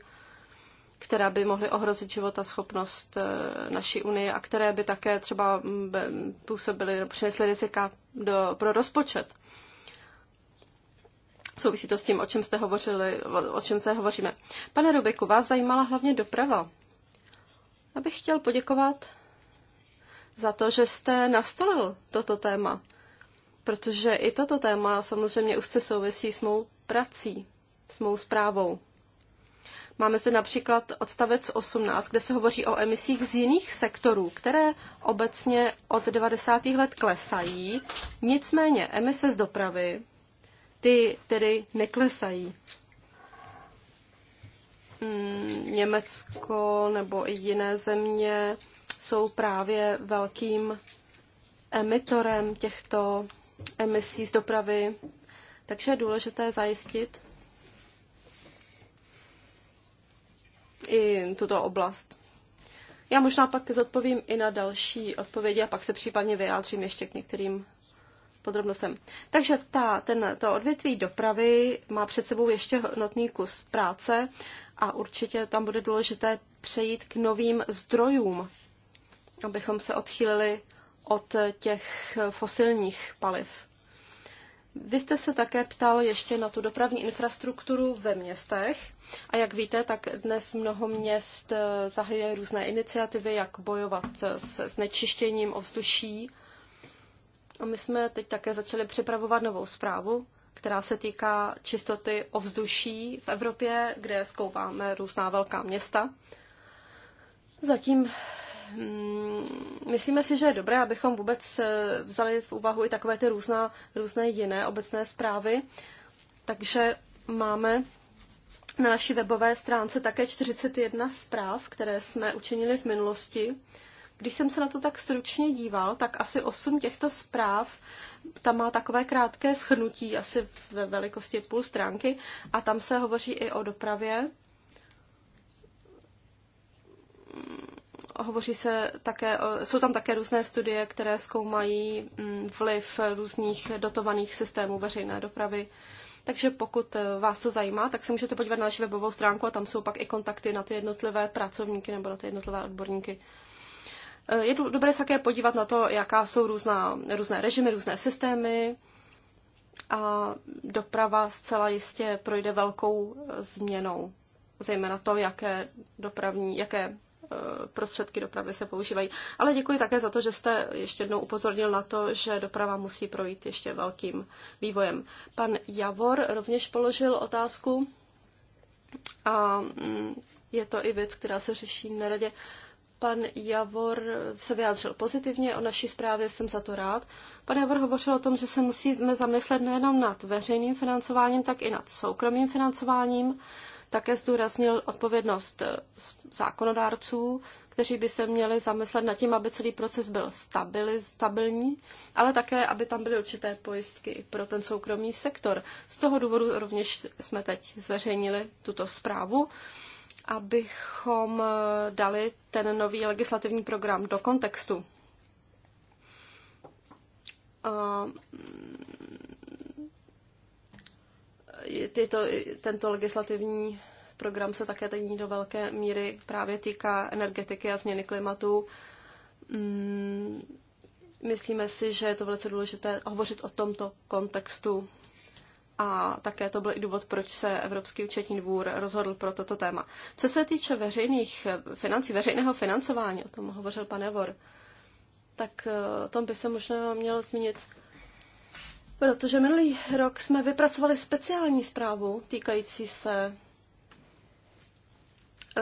S2: která by mohly ohrozit život a schopnost eh, naší unie a které by také třeba mm, působily, přinesly rizika do, pro rozpočet. Souvisí to s tím, o čem jste hovořili, o čem se hovoříme. Pane Rubiku, vás zajímala hlavně doprava. Já bych chtěl poděkovat za to, že jste nastolil toto téma, protože i toto téma samozřejmě úzce souvisí s mou prací, s mou zprávou. Máme zde například odstavec 18, kde se hovoří o emisích z jiných sektorů, které obecně od 90. let klesají, nicméně emise z dopravy ty tedy neklesají. Hmm, Německo nebo i jiné země jsou právě velkým emitorem těchto emisí z dopravy, takže je důležité zajistit, i tuto oblast. Já možná pak zodpovím i na další odpovědi a pak se případně vyjádřím ještě k některým podrobnostem. Takže ta, ten, to odvětví dopravy má před sebou ještě hodnotný kus práce a určitě tam bude důležité přejít k novým zdrojům, abychom se odchýlili od těch fosilních paliv. Vy jste se také ptal ještě na tu dopravní infrastrukturu ve městech. A jak víte, tak dnes mnoho měst eh, zahajuje různé iniciativy, jak bojovat eh, se znečištěním ovzduší. A my jsme teď také začali připravovat novou zprávu, která se týká čistoty ovzduší v Evropě, kde zkoumáme různá velká města. Zatím Hmm, myslíme si, že je dobré, abychom vůbec eh, vzali v úvahu i takové ty různá, různé jiné obecné zprávy. Takže máme na naší webové stránce také 41 zpráv, které jsme učinili v minulosti. Když jsem se na to tak stručně díval, tak asi 8 těchto zpráv tam má takové krátké schrnutí, asi ve velikosti půl stránky, a tam se hovoří i o dopravě. Hovoří se také, jsou tam také různé studie, které zkoumají mm, vliv různých dotovaných systémů veřejné dopravy. Takže pokud eh, vás to zajímá, tak se můžete podívat na naši webovou stránku a tam jsou pak i kontakty na ty jednotlivé pracovníky nebo na ty jednotlivé odborníky. Eh, je dobré se také podívat na to, jaká jsou různá, různé režimy, různé systémy a doprava zcela jistě projde velkou eh, změnou, zejména to, jaké dopravní, jaké prostředky dopravy se používají. Ale děkuji také za to, že jste ještě jednou upozornil na to, že doprava musí projít ještě velkým vývojem. Pan Javor rovněž položil otázku a mm, je to i věc, která se řeší na radě. Pan Javor se vyjádřil pozitivně, o naší zprávě jsem za to rád. Pan Javor hovořil o tom, že se musíme zamyslet nejenom nad veřejným financováním, tak i nad soukromým financováním také zdůraznil odpovědnost eh, zákonodárců, kteří by se měli zamyslet nad tím, aby celý proces byl stabili, stabilní, ale také, aby tam byly určité pojistky pro ten soukromý sektor. Z toho důvodu rovněž jsme teď zveřejnili tuto zprávu, abychom eh, dali ten nový legislativní program do kontextu eh, tyto, tento legislativní program se také teď do velké míry právě týká energetiky a změny klimatu. Mm, myslíme si, že je to velice důležité hovořit o tomto kontextu a také to byl i důvod, proč se Evropský účetní dvůr rozhodl pro toto téma. Co se týče veřejných financí, veřejného financování, o tom hovořil pan Evor, tak eh, o tom by se možná měl zmínit protože minulý rok jsme vypracovali speciální zprávu týkající se eh,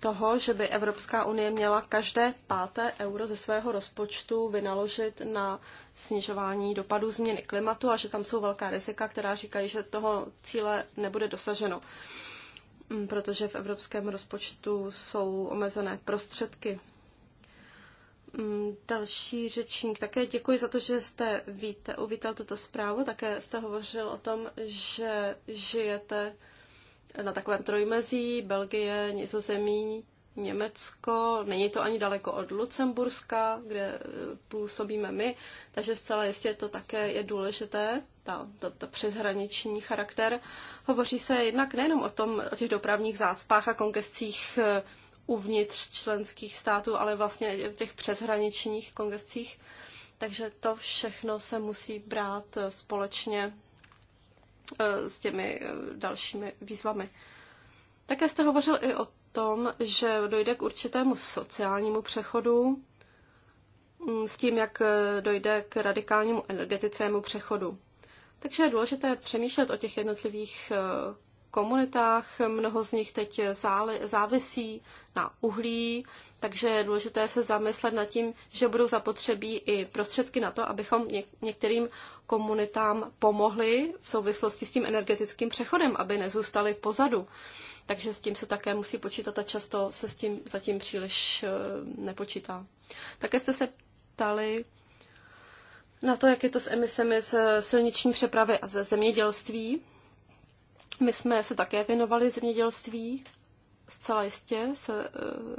S2: toho, že by Evropská unie měla každé páté euro ze svého rozpočtu vynaložit na snižování dopadů změny klimatu a že tam jsou velká rizika, která říkají, že toho cíle nebude dosaženo, mm, protože v evropském rozpočtu jsou omezené prostředky. Mm, další řečník, také děkuji za to, že jste víte, uvítal tuto zprávu. Také jste hovořil o tom, že žijete na takovém trojmezí Belgie, Nizozemí, Německo. Není to ani daleko od Lucemburska, kde e, působíme my, takže zcela jistě to také je důležité, ta, ta, ta přeshraniční charakter. Hovoří se jednak nejenom o, tom, o těch dopravních zácpách a kongescích e, uvnitř členských států, ale vlastně v těch přeshraničních kongrescích. Takže to všechno se musí brát eh, společně eh, s těmi eh, dalšími výzvami. Také jste hovořil i o tom, že dojde k určitému sociálnímu přechodu mm, s tím, jak dojde k radikálnímu energetickému přechodu. Takže je důležité přemýšlet o těch jednotlivých komunitách. Mnoho z nich teď závisí na uhlí, takže je důležité se zamyslet nad tím, že budou zapotřebí i prostředky na to, abychom některým komunitám pomohli v souvislosti s tím energetickým přechodem, aby nezůstali pozadu. Takže s tím se také musí počítat a často se s tím zatím příliš eh, nepočítá. Také jste se ptali na to, jak je to s emisemi z silniční přepravy a ze zemědělství. My jsme se také věnovali zemědělství, zcela jistě se,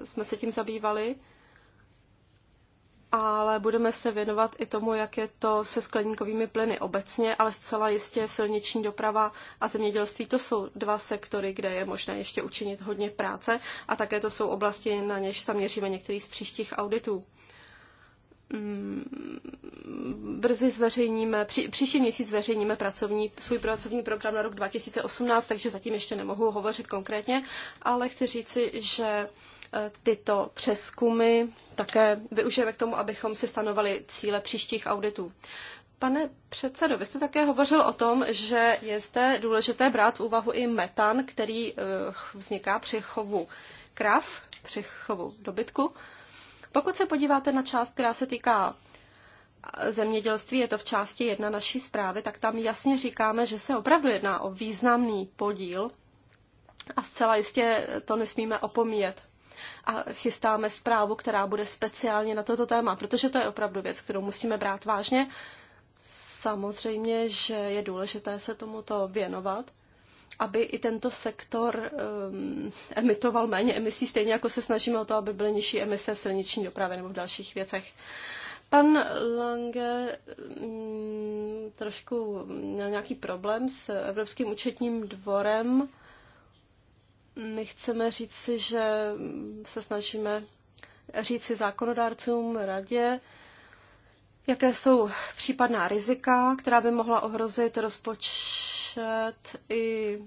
S2: eh, jsme se tím zabývali, ale budeme se věnovat i tomu, jak je to se skleníkovými plyny obecně, ale zcela jistě silniční doprava a zemědělství to jsou dva sektory, kde je možné ještě učinit hodně práce a také to jsou oblasti, na něž zaměříme některý z příštích auditů. Mm, brzy zveřejníme, při, příští měsíc zveřejníme pracovní, svůj pracovní program na rok 2018, takže zatím ještě nemohu hovořit konkrétně, ale chci říci, že eh, tyto přeskumy také využijeme k tomu, abychom si stanovali cíle příštích auditů. Pane předsedo, vy jste také hovořil o tom, že je zde důležité brát v úvahu i metan, který eh, vzniká při chovu krav, při chovu dobytku. Pokud se podíváte na část, která se týká zemědělství, je to v části jedna naší zprávy, tak tam jasně říkáme, že se opravdu jedná o významný podíl a zcela jistě to nesmíme opomíjet. A chystáme zprávu, která bude speciálně na toto téma, protože to je opravdu věc, kterou musíme brát vážně. Samozřejmě, že je důležité se tomuto věnovat, aby i tento sektor um, emitoval méně emisí, stejně jako se snažíme o to, aby byly nižší emise v silniční dopravě nebo v dalších věcech. Pan Lange um, trošku měl nějaký problém s Evropským účetním dvorem. My chceme říct si, že se snažíme říct si zákonodárcům, radě, jaké jsou případná rizika, která by mohla ohrozit rozpočet rozpočet i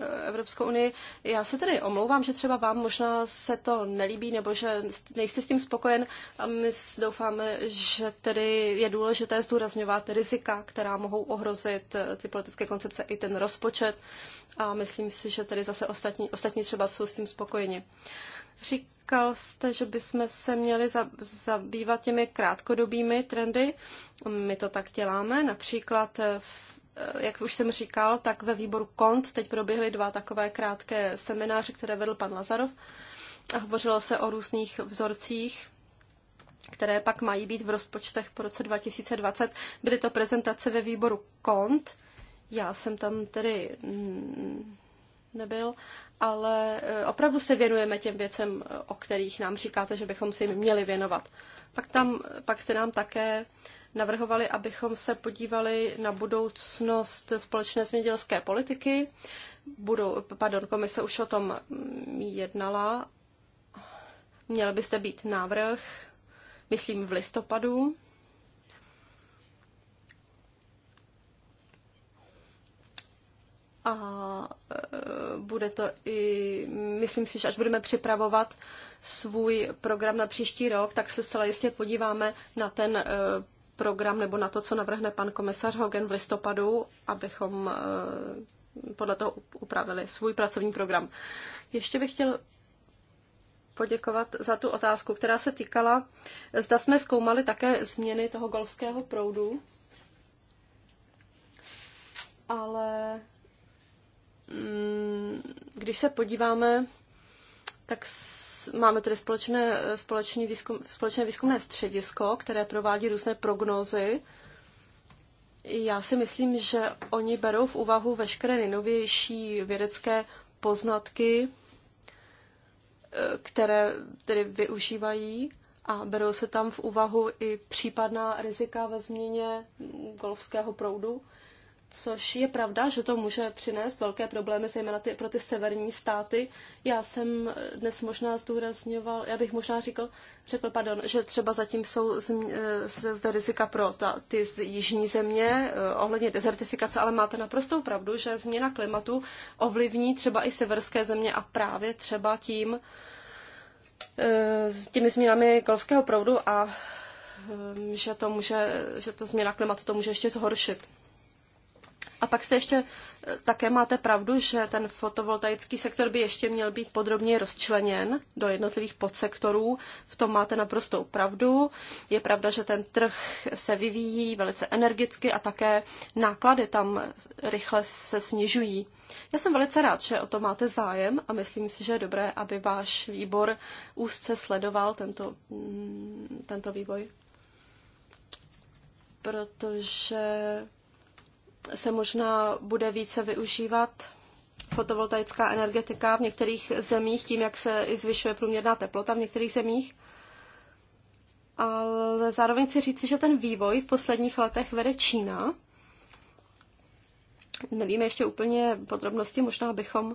S2: e, Evropskou unii. Já se tedy omlouvám, že třeba vám možná se to nelíbí nebo že nejste s tím spokojen a my doufáme, že tedy je důležité zdůrazňovat rizika, která mohou ohrozit e, ty politické koncepce i ten rozpočet a myslím si, že tedy zase ostatní, ostatní třeba jsou s tím spokojeni. Říkal jste, že bychom se měli zabývat těmi krátkodobými trendy. My to tak děláme. Například v Eh, jak už jsem říkal, tak ve výboru KONT teď proběhly dva takové krátké semináře, které vedl pan Lazarov. A hovořilo se o různých vzorcích, které pak mají být v rozpočtech po roce 2020. Byly to prezentace ve výboru KONT. Já jsem tam tedy mm, nebyl, ale eh, opravdu se věnujeme těm věcem, eh, o kterých nám říkáte, že bychom si jim měli věnovat. Pak, tam, pak jste nám také navrhovali, abychom se podívali na budoucnost společné zemědělské politiky. Budou, pardon, komise už o tom mm, jednala. Měl byste být návrh, myslím, v listopadu a e, bude to i, myslím si, že až budeme připravovat svůj program na příští rok, tak se zcela jistě podíváme na ten e, program nebo na to, co navrhne pan komisař Hogan v listopadu, abychom e, podle toho upravili svůj pracovní program. Ještě bych chtěl poděkovat za tu otázku, která se týkala, zda jsme zkoumali také změny toho golfského proudu, ale Mm, když se podíváme, tak máme tedy společné, společné, výzkum, společné výzkumné středisko, které provádí různé prognózy. Já si myslím, že oni berou v úvahu veškeré nejnovější vědecké poznatky, e, které tedy využívají a berou se tam v úvahu i případná rizika ve změně golfského proudu. Což je pravda, že to může přinést velké problémy, zejména ty, pro ty severní státy. Já jsem dnes možná zdůrazňoval, já bych možná říkal, řekl, pardon, že třeba zatím jsou eh, zde rizika pro ta, ty jižní země eh, ohledně dezertifikace, ale máte naprostou pravdu, že změna klimatu ovlivní třeba i severské země a právě třeba tím, eh, s těmi změnami golfského proudu a že, to může, že ta změna klimatu to může ještě zhoršit. A pak jste ještě eh, také máte pravdu, že ten fotovoltaický sektor by ještě měl být podrobně rozčleněn do jednotlivých podsektorů. V tom máte naprostou pravdu. Je pravda, že ten trh se vyvíjí velice energicky a také náklady tam rychle se snižují. Já jsem velice rád, že o to máte zájem a myslím si, že je dobré, aby váš výbor úzce sledoval tento, mm, tento vývoj. Protože se možná bude více využívat fotovoltaická energetika v některých zemích, tím, jak se i zvyšuje průměrná teplota v některých zemích. Ale zároveň si říci, že ten vývoj v posledních letech vede Čína. Nevíme ještě úplně podrobnosti, možná bychom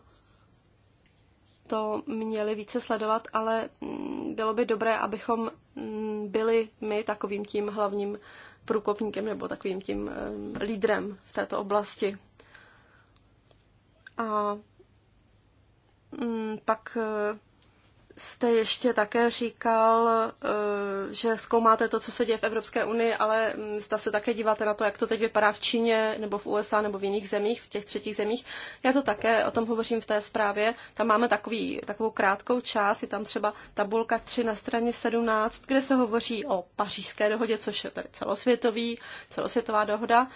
S2: to měli více sledovat, ale mm, bylo by dobré, abychom mm, byli my takovým tím hlavním průkopníkem nebo takovým tím lídrem v této oblasti. A mm, pak jste ještě také říkal, eh, že zkoumáte to, co se děje v Evropské unii, ale mm, zda se také díváte na to, jak to teď vypadá v Číně nebo v USA nebo v jiných zemích, v těch třetích zemích. Já to také o tom hovořím v té zprávě. Tam máme takový, takovou krátkou část, je tam třeba tabulka 3 na straně 17, kde se hovoří o pařížské dohodě, což je tady celosvětový, celosvětová dohoda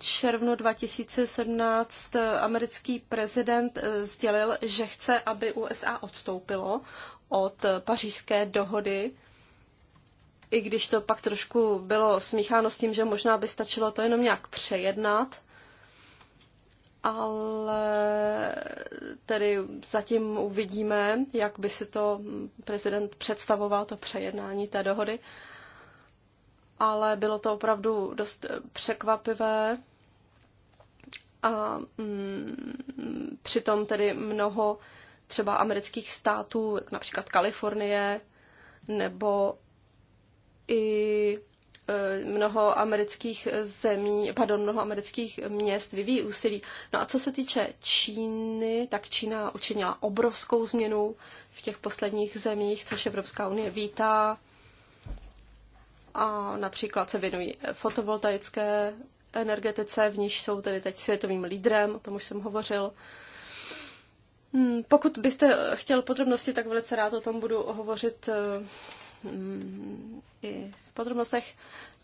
S2: červnu 2017 americký prezident eh, sdělil, že chce, aby USA odstoupilo od pařížské dohody, i když to pak trošku bylo smícháno s tím, že možná by stačilo to jenom nějak přejednat, ale tedy zatím uvidíme, jak by si to prezident představoval, to přejednání té dohody ale bylo to opravdu dost překvapivé a mm, přitom tedy mnoho třeba amerických států, jako například Kalifornie, nebo i e, mnoho amerických zemí, pardon, mnoho amerických měst vyvíjí úsilí. No a co se týče Číny, tak Čína učinila obrovskou změnu v těch posledních zemích, což Evropská unie vítá. A například se věnují fotovoltaické energetice, v níž jsou tedy teď světovým lídrem, o tom už jsem hovořil. Hmm, pokud byste chtěl podrobnosti, tak velice rád o tom budu hovořit eh, hmm, i v podrobnostech.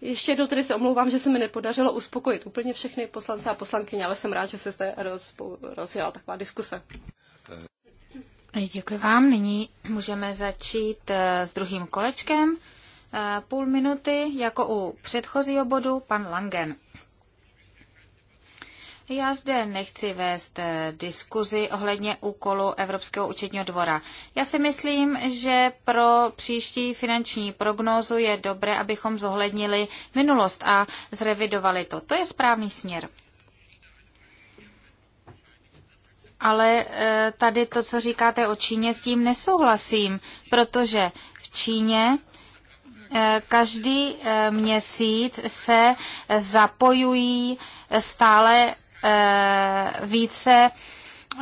S2: Ještě jednou tedy se omlouvám, že se mi nepodařilo uspokojit úplně všechny poslance a poslankyně, ale jsem rád, že se zde rozjela taková diskuse.
S3: Eh, děkuji vám. Nyní můžeme začít eh, s druhým kolečkem. Půl minuty, jako u předchozího bodu, pan Langen. Já zde nechci vést eh, diskuzi ohledně úkolu Evropského účetního dvora. Já si myslím, že pro příští finanční prognózu je dobré, abychom zohlednili minulost a zrevidovali to. To je správný směr. Ale eh, tady to, co říkáte o Číně, s tím nesouhlasím, protože v Číně eh, každý měsíc se zapojují stále Eh, více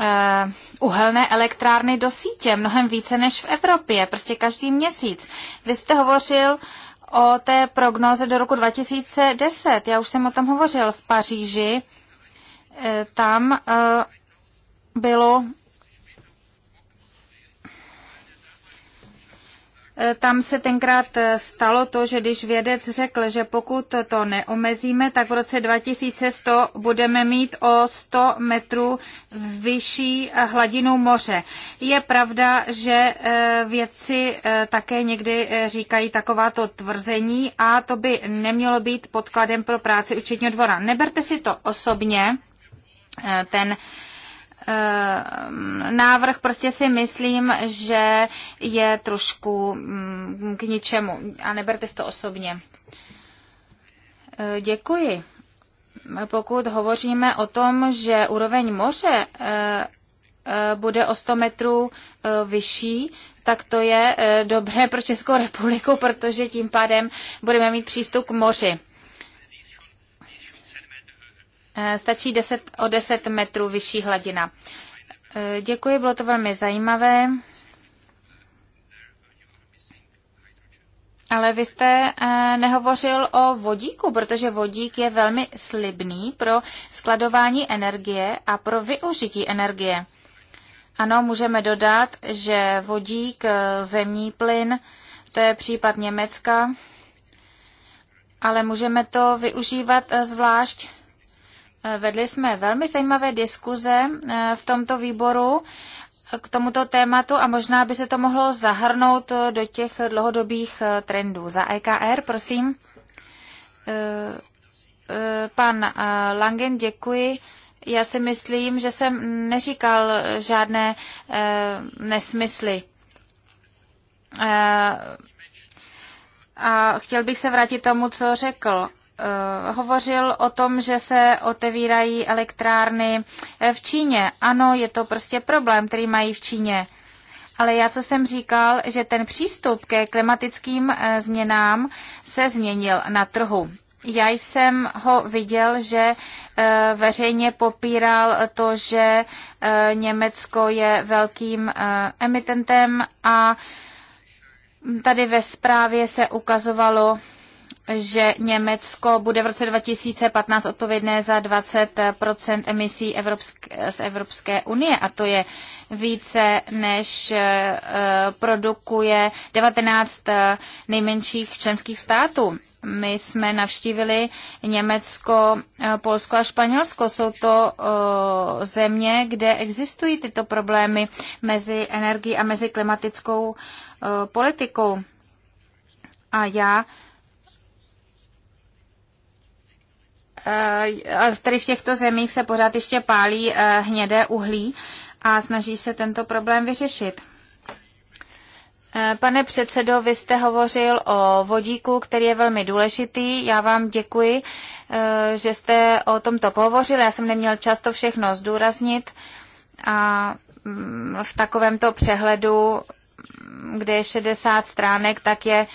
S3: eh, uhelné elektrárny do sítě, mnohem více než v Evropě, prostě každý měsíc. Vy jste hovořil o té prognóze do roku 2010, já už jsem o tom hovořil v Paříži, eh, tam bylo Eh, tam se tenkrát eh, stalo to, že když vědec řekl, že pokud to neomezíme, tak v roce 2100 budeme mít o 100 metrů vyšší eh, hladinu moře. Je pravda, že vědci také někdy říkají takováto tvrzení a to by nemělo být podkladem pro práci účetního dvora. Neberte si to osobně, ten Ehm, návrh prostě si myslím, že je trošku mm, k ničemu a neberte to osobně. Eh, děkuji. Pokud hovoříme o tom, že úroveň moře eh, eh, bude o 100 metrů vyšší, tak to je dobré pro Českou republiku, protože tím pádem budeme mít přístup k moři. Eh, stačí 10, o 10 metrů vyšší hladina. Eh, děkuji, bylo to velmi zajímavé. Ale vy jste eh, nehovořil o vodíku, protože vodík je velmi slibný pro skladování energie a pro využití energie. Ano, můžeme dodat, že vodík, zemní plyn, to je případ Německa, ale můžeme to využívat zvlášť Vedli jsme velmi zajímavé diskuze eh, v tomto výboru k tomuto tématu a možná by se to mohlo zahrnout eh, do těch dlouhodobých eh, trendů. Za EKR, prosím. Pan Langen, děkuji. Já si myslím, že jsem neříkal žádné nesmysly. A chtěl bych se vrátit tomu, co řekl. Eh, hovořil o tom, že se otevírají elektrárny eh, v Číně. Ano, je to prostě problém, který mají v Číně. Ale já, co jsem říkal, že ten přístup ke klimatickým eh, změnám se změnil na trhu. Já jsem ho viděl, že veřejně popíral to, že Německo je velkým emitentem a tady ve zprávě se ukazovalo, že Německo bude v roce 2015 odpovědné za 20 emisí Evropské, z Evropské unie a to je více než eh, produkuje 19 eh, nejmenších členských států. My jsme navštívili Německo, eh, Polsko a Španělsko. Jsou to země, kde existují tyto problémy mezi energií a mezi klimatickou politikou. A já Eh, tady v těchto zemích se pořád ještě pálí eh, hnědé uhlí a snaží se tento problém vyřešit. Eh, pane předsedo, vy jste hovořil o vodíku, který je velmi důležitý. Já vám děkuji, že jste o tomto pohovořil. Já jsem neměl často všechno zdůraznit a mm, v takovémto přehledu, mm, kde je 60 stránek, tak je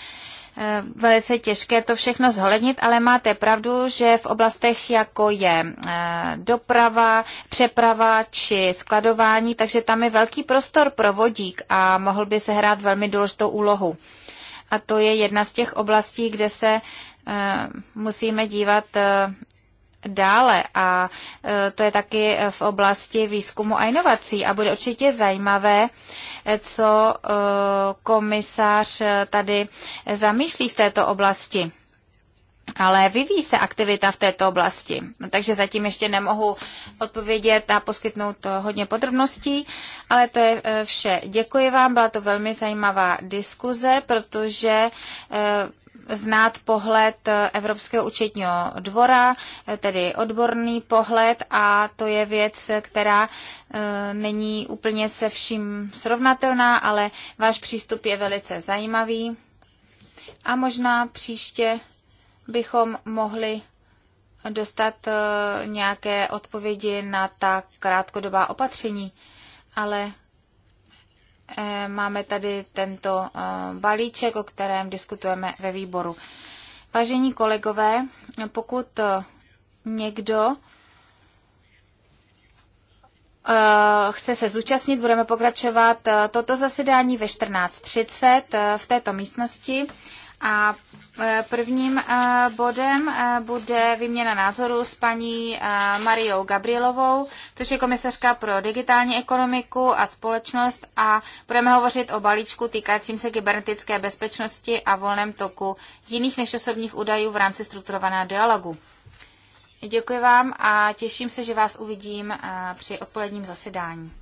S3: Eh, velice těžké to všechno zhlednit, ale máte pravdu, že v oblastech jako je eh, doprava, přeprava či skladování, takže tam je velký prostor pro vodík a mohl by se hrát velmi důležitou úlohu. A to je jedna z těch oblastí, kde se eh, musíme dívat dále a e, to je taky v oblasti výzkumu a inovací a bude určitě zajímavé, e, co e, komisář tady zamýšlí v této oblasti. Ale vyvíjí se aktivita v této oblasti, no, takže zatím ještě nemohu odpovědět a poskytnout hodně podrobností, ale to je vše. Děkuji vám, byla to velmi zajímavá diskuze, protože znát pohled eh, Evropského účetního dvora, eh, tedy odborný pohled a to je věc, která eh, není úplně se vším srovnatelná, ale váš přístup je velice zajímavý a možná příště bychom mohli dostat nějaké odpovědi na ta krátkodobá opatření, ale Eh, máme tady tento eh, balíček, o kterém diskutujeme ve výboru. Vážení kolegové, pokud eh, někdo chce se zúčastnit, budeme pokračovat toto zasedání ve 14.30 v této místnosti. A e, prvním e, bodem e, bude výměna názoru s paní Mariou Gabrielovou, což je komisařka pro digitální ekonomiku a společnost a budeme hovořit o balíčku týkajícím se kybernetické bezpečnosti a volném toku jiných než osobních údajů v rámci strukturovaného dialogu. Děkuji vám a těším se, že vás uvidím při odpoledním zasedání.